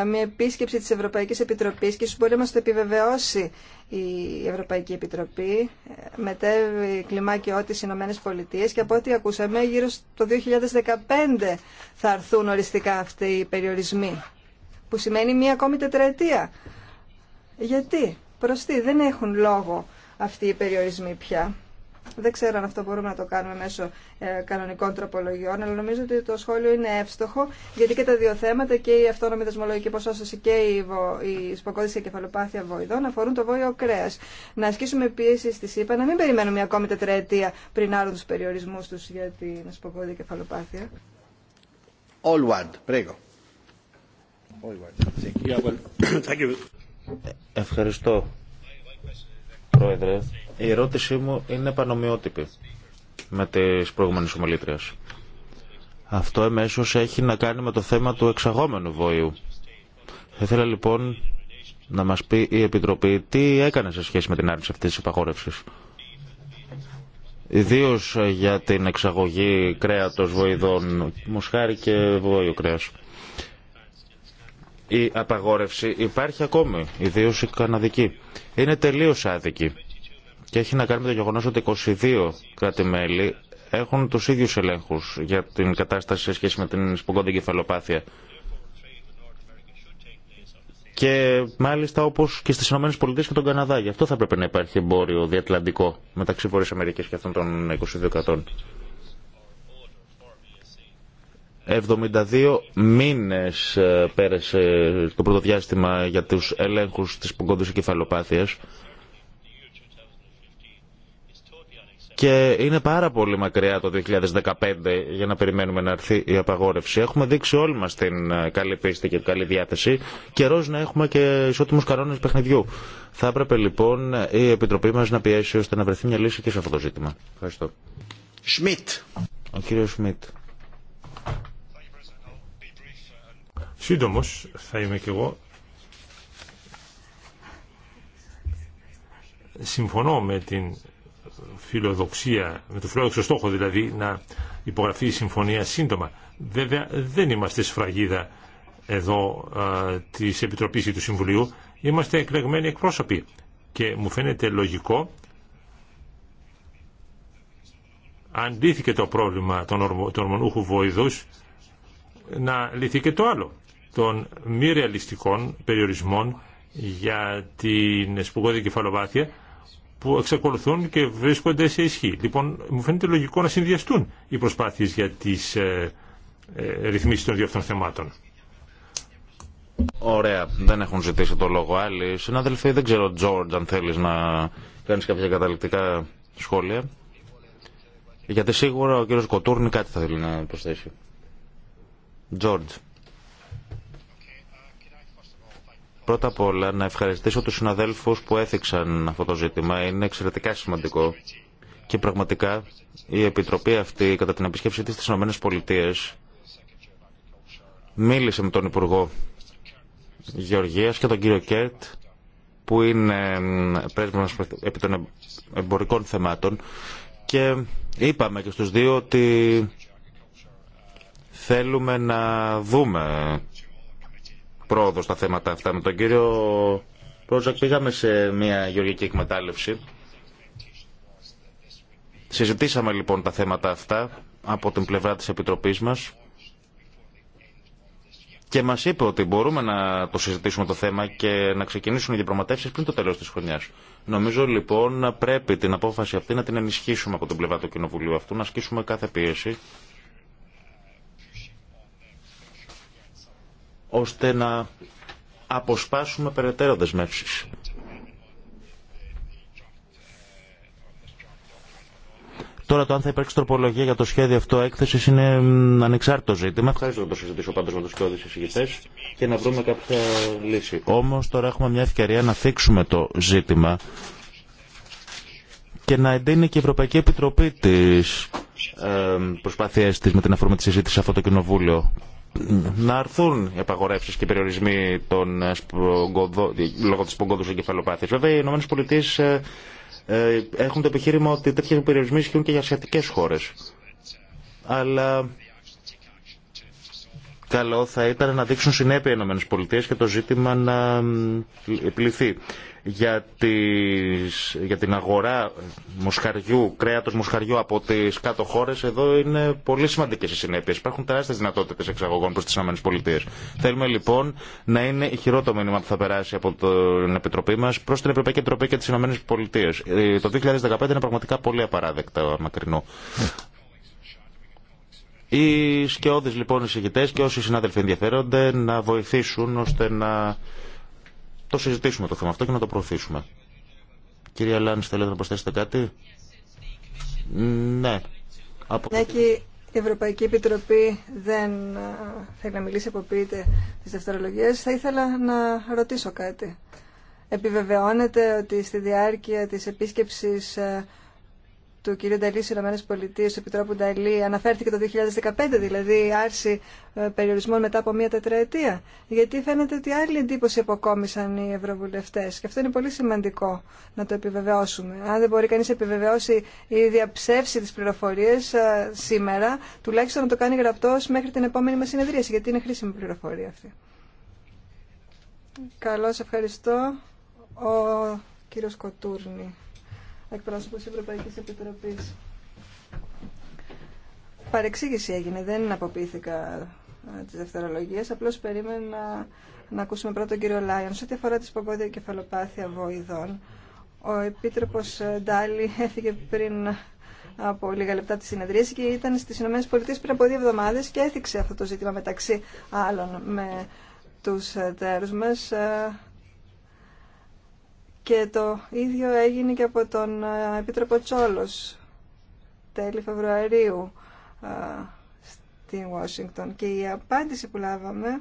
ε, μια επίσκεψη της Ευρωπαϊκής Επιτροπής και ίσως μπορεί να μας το επιβεβαιώσει η Ευρωπαϊκή Επιτροπή. Μετέβη κλιμάκιό της Ηνωμένες Πολιτείες και από ό,τι ακούσαμε γύρω στο 2015 θα αρθούν οριστικά αυτοί οι περιορισμοί που σημαίνει μια ακόμη τετραετία. Γιατί, προς τι, δεν έχουν λόγο αυτοί οι περιορισμοί πια δεν ξέρω αν αυτό μπορούμε να το κάνουμε μέσω ε, κανονικών τροπολογιών, αλλά νομίζω ότι το σχόλιο είναι εύστοχο, γιατί και τα δύο θέματα, και η αυτόνομη δεσμολογική ποσόστοση και η, η σποκόδηση και κεφαλοπάθεια βοηδών αφορούν το βόηο κρέα. Να ασκήσουμε πίεση στη ΣΥΠΑ, να μην περιμένουμε μια ακόμη τετραετία πριν άρουν του περιορισμού του για την σποκόδηση κεφαλοπάθεια. All Ευχαριστώ, Πρόεδρε. Η ερώτησή μου είναι πανομοιότυπη με τις προηγούμενες ομιλήτρε. Αυτό εμέσω έχει να κάνει με το θέμα του εξαγόμενου βοήου. Θα ήθελα λοιπόν να μας πει η Επιτροπή τι έκανε σε σχέση με την άρνηση αυτής τη υπαγόρευση. Ιδίω για την εξαγωγή κρέατος βοηδών, μοσχάρι και βοήου κρέα. Η απαγόρευση υπάρχει ακόμη, ιδίω η καναδική. Είναι τελείω άδικη και έχει να κάνει με το γεγονό ότι 22 κράτη-μέλη έχουν του ίδιου ελέγχου για την κατάσταση σε σχέση με την σπογγόντη κεφαλοπάθεια. Και μάλιστα όπω και στι ΗΠΑ και τον Καναδά. Γι' αυτό θα πρέπει να υπάρχει εμπόριο διατλαντικό μεταξύ Βόρεια Αμερική και αυτών των 22 κρατών. 72 μήνε ε, πέρασε το πρώτο για τους ελέγχους της πογκόντους κεφαλοπάθεια. Και είναι πάρα πολύ μακριά το 2015 για να περιμένουμε να έρθει η απαγόρευση. Έχουμε δείξει όλοι μα την ε, καλή πίστη και την καλή διάθεση. Καιρό να έχουμε και ισότιμου κανόνε παιχνιδιού. Θα έπρεπε λοιπόν η Επιτροπή μα να πιέσει ώστε να βρεθεί μια λύση και σε αυτό το ζήτημα. Ευχαριστώ. Σμιτ. Ο κύριο Σμιτ. Σύντομο θα είμαι κι εγώ. Συμφωνώ με την φιλοδοξία, με το φιλόδοξο στόχο δηλαδή να υπογραφεί η συμφωνία σύντομα. Βέβαια δεν είμαστε σφραγίδα εδώ της Επιτροπής ή του Συμβουλίου, είμαστε εκλεγμένοι εκπρόσωποι και μου φαίνεται λογικό λύθηκε το πρόβλημα των, ορμο, των ορμονούχου βοηδούς να λυθεί το άλλο των μη ρεαλιστικών περιορισμών για την σπουγόδη κεφαλοπάθεια που εξακολουθούν και βρίσκονται σε ισχύ. Λοιπόν, μου φαίνεται λογικό να συνδυαστούν οι προσπάθειες για τις ε, ε ρυθμίσεις των δύο αυτών θεμάτων. Ωραία. Δεν έχουν ζητήσει το λόγο άλλοι. Συνάδελφοι, δεν ξέρω, Τζόρτζ, αν θέλεις να κάνεις κάποια καταληκτικά σχόλια. Γιατί σίγουρα ο κύριος Κοτούρνη κάτι θα θέλει να προσθέσει. Τζόρτζ. Πρώτα απ' όλα να ευχαριστήσω τους συναδέλφους που έθιξαν αυτό το ζήτημα. Είναι εξαιρετικά σημαντικό και πραγματικά η Επιτροπή αυτή κατά την επισκέψη της στις ΗΠΑ μίλησε με τον Υπουργό Γεωργίας και τον κύριο Κέρτ που είναι πρέσβη επί των εμπορικών θεμάτων και είπαμε και στους δύο ότι θέλουμε να δούμε πρόοδο στα θέματα αυτά. Με τον κύριο Πρόζακ πήγαμε σε μια γεωργική εκμετάλλευση. Συζητήσαμε λοιπόν τα θέματα αυτά από την πλευρά της Επιτροπής μας και μας είπε ότι μπορούμε να το συζητήσουμε το θέμα και να ξεκινήσουν οι διαπραγματεύσεις πριν το τέλος της χρονιάς. Νομίζω λοιπόν πρέπει την απόφαση αυτή να την ενισχύσουμε από την πλευρά του Κοινοβουλίου αυτού, να ασκήσουμε κάθε πίεση ώστε να αποσπάσουμε περαιτέρω δεσμεύσεις. Τώρα το αν θα υπάρξει τροπολογία για το σχέδιο αυτό έκθεση είναι ανεξάρτητο ζήτημα. Ευχαριστώ να το συζητήσω πάντω με του κοιόδη εισηγητέ και να βρούμε κάποια λύση. Όμω τώρα έχουμε μια ευκαιρία να θίξουμε το ζήτημα και να εντείνει και η Ευρωπαϊκή Επιτροπή τι ε, προσπάθειέ τη με την αφορμή τη συζήτηση σε αυτό το κοινοβούλιο να αρθούν οι και οι περιορισμοί των ε, σπογκοδο... λόγω τη πογκόδου εγκεφαλοπάθεια. Βέβαια, οι ΗΠΑ ε, ε, έχουν το επιχείρημα ότι τέτοιοι περιορισμοί ισχύουν και για ασιατικέ χώρε. Αλλά καλό θα ήταν να δείξουν συνέπεια οι ΗΠΑ και το ζήτημα να πληθεί για, τις, για την αγορά μοσχαριού, κρέατος μοσχαριού από τις κάτω χώρες, εδώ είναι πολύ σημαντικές οι συνέπειες. Υπάρχουν τεράστιες δυνατότητες εξαγωγών προς τις ΗΠΑ. Θέλουμε λοιπόν να είναι η το μήνυμα που θα περάσει από την Επιτροπή μας προς την Ευρωπαϊκή Επιτροπή και τις ΗΠΑ. Ε, το 2015 είναι πραγματικά πολύ απαράδεκτο μακρινό. Οι σκιώδεις λοιπόν οι εισηγητές και όσοι συνάδελφοι ενδιαφέρονται να βοηθήσουν ώστε να το συζητήσουμε το θέμα αυτό και να το προωθήσουμε. Κυρία Λάνη, θέλετε να προσθέσετε κάτι. Ναι. Από... Ναι, και η Ευρωπαϊκή Επιτροπή δεν ε, θέλει να μιλήσει, αποποιείται τις δευτερολογίες. Θα ήθελα να ρωτήσω κάτι. Επιβεβαιώνεται ότι στη διάρκεια της επίσκεψης ε, του κ. Νταλή στι ΗΠΑ, του Επιτρόπου Νταλή, αναφέρθηκε το 2015, δηλαδή η άρση ε, περιορισμών μετά από μία τετραετία. Γιατί φαίνεται ότι άλλη εντύπωση αποκόμισαν οι ευρωβουλευτέ. Και αυτό είναι πολύ σημαντικό να το επιβεβαιώσουμε. Αν δεν μπορεί κανεί να επιβεβαιώσει ή διαψεύσει τι πληροφορίε ε, σήμερα, τουλάχιστον να το κάνει γραπτό μέχρι την επόμενη μα συνεδρίαση, γιατί είναι χρήσιμη πληροφορία αυτή. Καλώ, ευχαριστώ. Ο κύριος Κοτούρνη εκπρόσωπος τη Ευρωπαϊκής Επιτροπής. Παρεξήγηση έγινε, δεν αποποιήθηκα ε, τι δευτερολογίε. απλώς περίμενα να ακούσουμε πρώτα τον κύριο Λάιον. Σε ό,τι αφορά τη σπογγόδια κεφαλοπάθεια βοηδών, ο Επίτροπος ε, Ντάλι έφυγε πριν από λίγα λεπτά τη συνεδρίαση και ήταν στι ΗΠΑ πριν από δύο εβδομάδε και έθιξε αυτό το ζήτημα μεταξύ άλλων με του τέρου μα. Ε, και το ίδιο έγινε και από τον ε, Επίτροπο Τσόλος τέλη Φεβρουαρίου ε, στην Ουάσιγκτον. Και η απάντηση που λάβαμε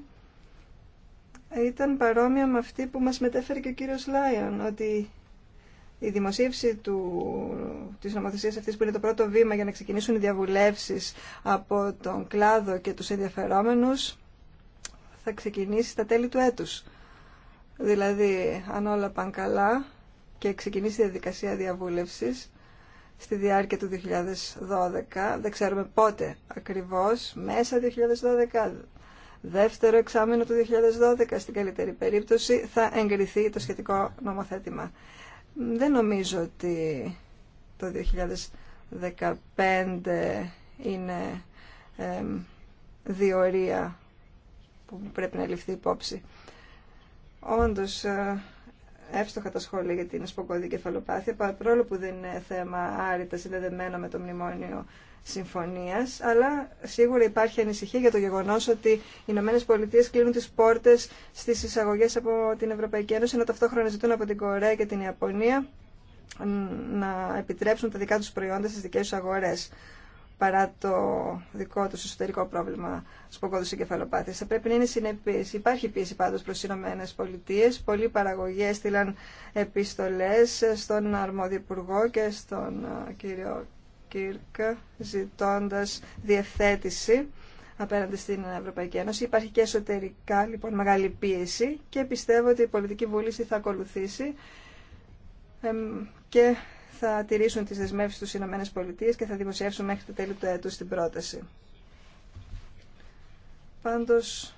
ήταν παρόμοια με αυτή που μας μετέφερε και ο κύριος Λάιον, ότι η δημοσίευση του, της νομοθεσίας αυτής που είναι το πρώτο βήμα για να ξεκινήσουν οι διαβουλεύσεις από τον κλάδο και τους ενδιαφερόμενους θα ξεκινήσει στα τέλη του έτους. Δηλαδή, αν όλα πάνε καλά και ξεκινήσει η διαδικασία διαβούλευσης στη διάρκεια του 2012, δεν ξέρουμε πότε ακριβώς, μέσα 2012, δεύτερο εξάμεινο του 2012, στην καλύτερη περίπτωση, θα εγκριθεί το σχετικό νομοθέτημα. Δεν νομίζω ότι το 2015 είναι διορία που πρέπει να ληφθεί υπόψη. Όντω ε, εύστοχα τα σχόλια για την σποκώδη κεφαλοπάθεια, παρόλο που δεν είναι θέμα άρρητα συνδεδεμένο με το μνημόνιο συμφωνία. αλλά σίγουρα υπάρχει ανησυχία για το γεγονός ότι οι Ηνωμένε Πολιτείε κλείνουν τις πόρτες στις εισαγωγέ από την Ευρωπαϊκή Ένωση, ενώ ταυτόχρονα ζητούν από την Κορέα και την Ιαπωνία να επιτρέψουν τα δικά του προϊόντα στι δικέ του αγορές παρά το δικό του εσωτερικό πρόβλημα σποκόδου εγκεφαλοπάθεια. Θα πρέπει να είναι συνεπή. Υπάρχει πίεση πάντω προ τι Ηνωμένε Πολιτείε. Πολλοί παραγωγοί έστειλαν επιστολέ στον αρμόδιο υπουργό και στον κύριο Κίρκ ζητώντα διευθέτηση απέναντι στην Ευρωπαϊκή Ένωση. Υπάρχει και εσωτερικά λοιπόν μεγάλη πίεση και πιστεύω ότι η πολιτική βούληση θα ακολουθήσει και θα τηρήσουν τις δεσμεύσεις του Ηνωμένες Πολιτείες και θα δημοσιεύσουν μέχρι το τέλη του έτους την πρόταση. Πάντως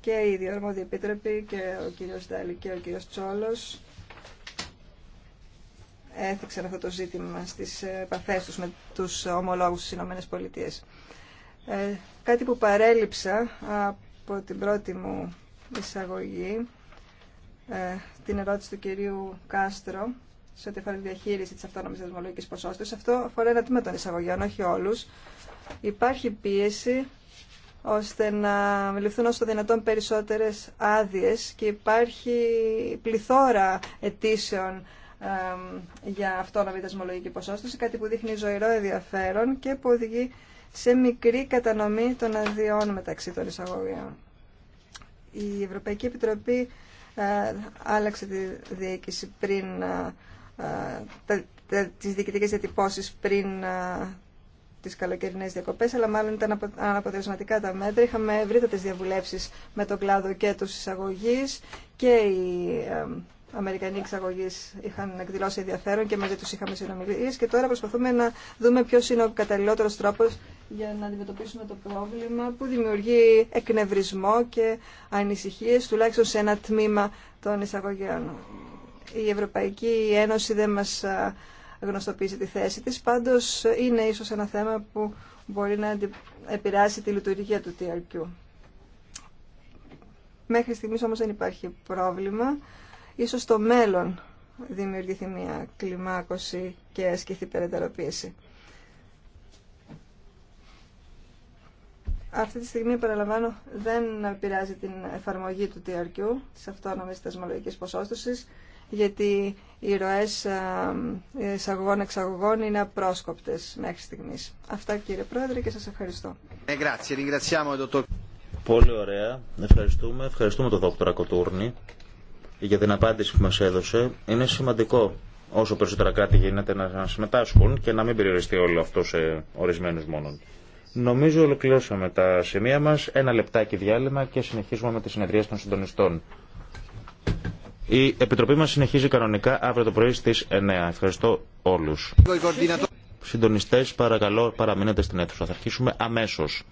και οι δύο επίτροποι και ο κύριος Ντάλη και ο κύριος Τσόλος έθιξαν αυτό το ζήτημα στις επαφέ τους με τους ομολόγους της Ηνωμένες Πολιτείες. Ε, κάτι που παρέλειψα από την πρώτη μου εισαγωγή, ε, την ερώτηση του κυρίου Κάστρο, σε ό,τι αφορά τη διαχείριση τη αυτόνομη δασμολογική ποσότητα. Αυτό αφορά ένα τμήμα των εισαγωγιών, όχι όλου. Υπάρχει πίεση ώστε να μιληθούν όσο το δυνατόν περισσότερε άδειε και υπάρχει πληθώρα αιτήσεων για αυτόνομη δασμολογική ποσότητα, κάτι που δείχνει ζωηρό ενδιαφέρον και που οδηγεί σε μικρή κατανομή των αδειών μεταξύ των εισαγωγιών. Η Ευρωπαϊκή Επιτροπή ε, άλλαξε τη διοίκηση πριν ε, τα, τα, τις διοικητικές διατυπώσεις πριν α, τις καλοκαιρινές διακοπές, αλλά μάλλον ήταν απο, αναποτελεσματικά τα μέτρα. Είχαμε ευρύτατες διαβουλεύσεις με τον κλάδο και τους εισαγωγείς και οι α, Αμερικανοί εξαγωγεί είχαν εκδηλώσει ενδιαφέρον και μαζί του είχαμε συνομιλίε. Και τώρα προσπαθούμε να δούμε ποιο είναι ο καταλληλότερο τρόπο για να αντιμετωπίσουμε το πρόβλημα που δημιουργεί εκνευρισμό και ανησυχίε, τουλάχιστον σε ένα τμήμα των εισαγωγέων η Ευρωπαϊκή Ένωση δεν μας γνωστοποιήσει τη θέση της. Πάντως είναι ίσως ένα θέμα που μπορεί να επηρεάσει τη λειτουργία του TRQ. Μέχρι στιγμής όμως δεν υπάρχει πρόβλημα. Ίσως στο μέλλον δημιουργηθεί μια κλιμάκωση και ασκηθεί περαιτεροποίηση. Αυτή τη στιγμή, παραλαμβάνω, δεν επηρεάζει την εφαρμογή του TRQ, της αυτόνομης θεσμολογικής ποσόστοσης γιατί οι ροές εισαγωγών-εξαγωγών είναι απρόσκοπτες μέχρι στιγμής. Αυτά κύριε Πρόεδρε και σας ευχαριστώ. Ε, Πολύ ωραία. Ευχαριστούμε. Ευχαριστούμε τον δόκτωρα Κοτούρνη για την απάντηση που μας έδωσε. Είναι σημαντικό όσο περισσότερα κράτη γίνεται να συμμετάσχουν και να μην περιοριστεί όλο αυτό σε ορισμένους μόνον. Νομίζω ολοκληρώσαμε τα σημεία μας. Ένα λεπτάκι διάλειμμα και συνεχίζουμε με τις συνεδρίες των συντονιστών. Η Επιτροπή μας συνεχίζει κανονικά αύριο το πρωί στις 9. Ευχαριστώ όλους. Συντονιστές, παρακαλώ, παραμείνετε στην αίθουσα. Θα αρχίσουμε αμέσως.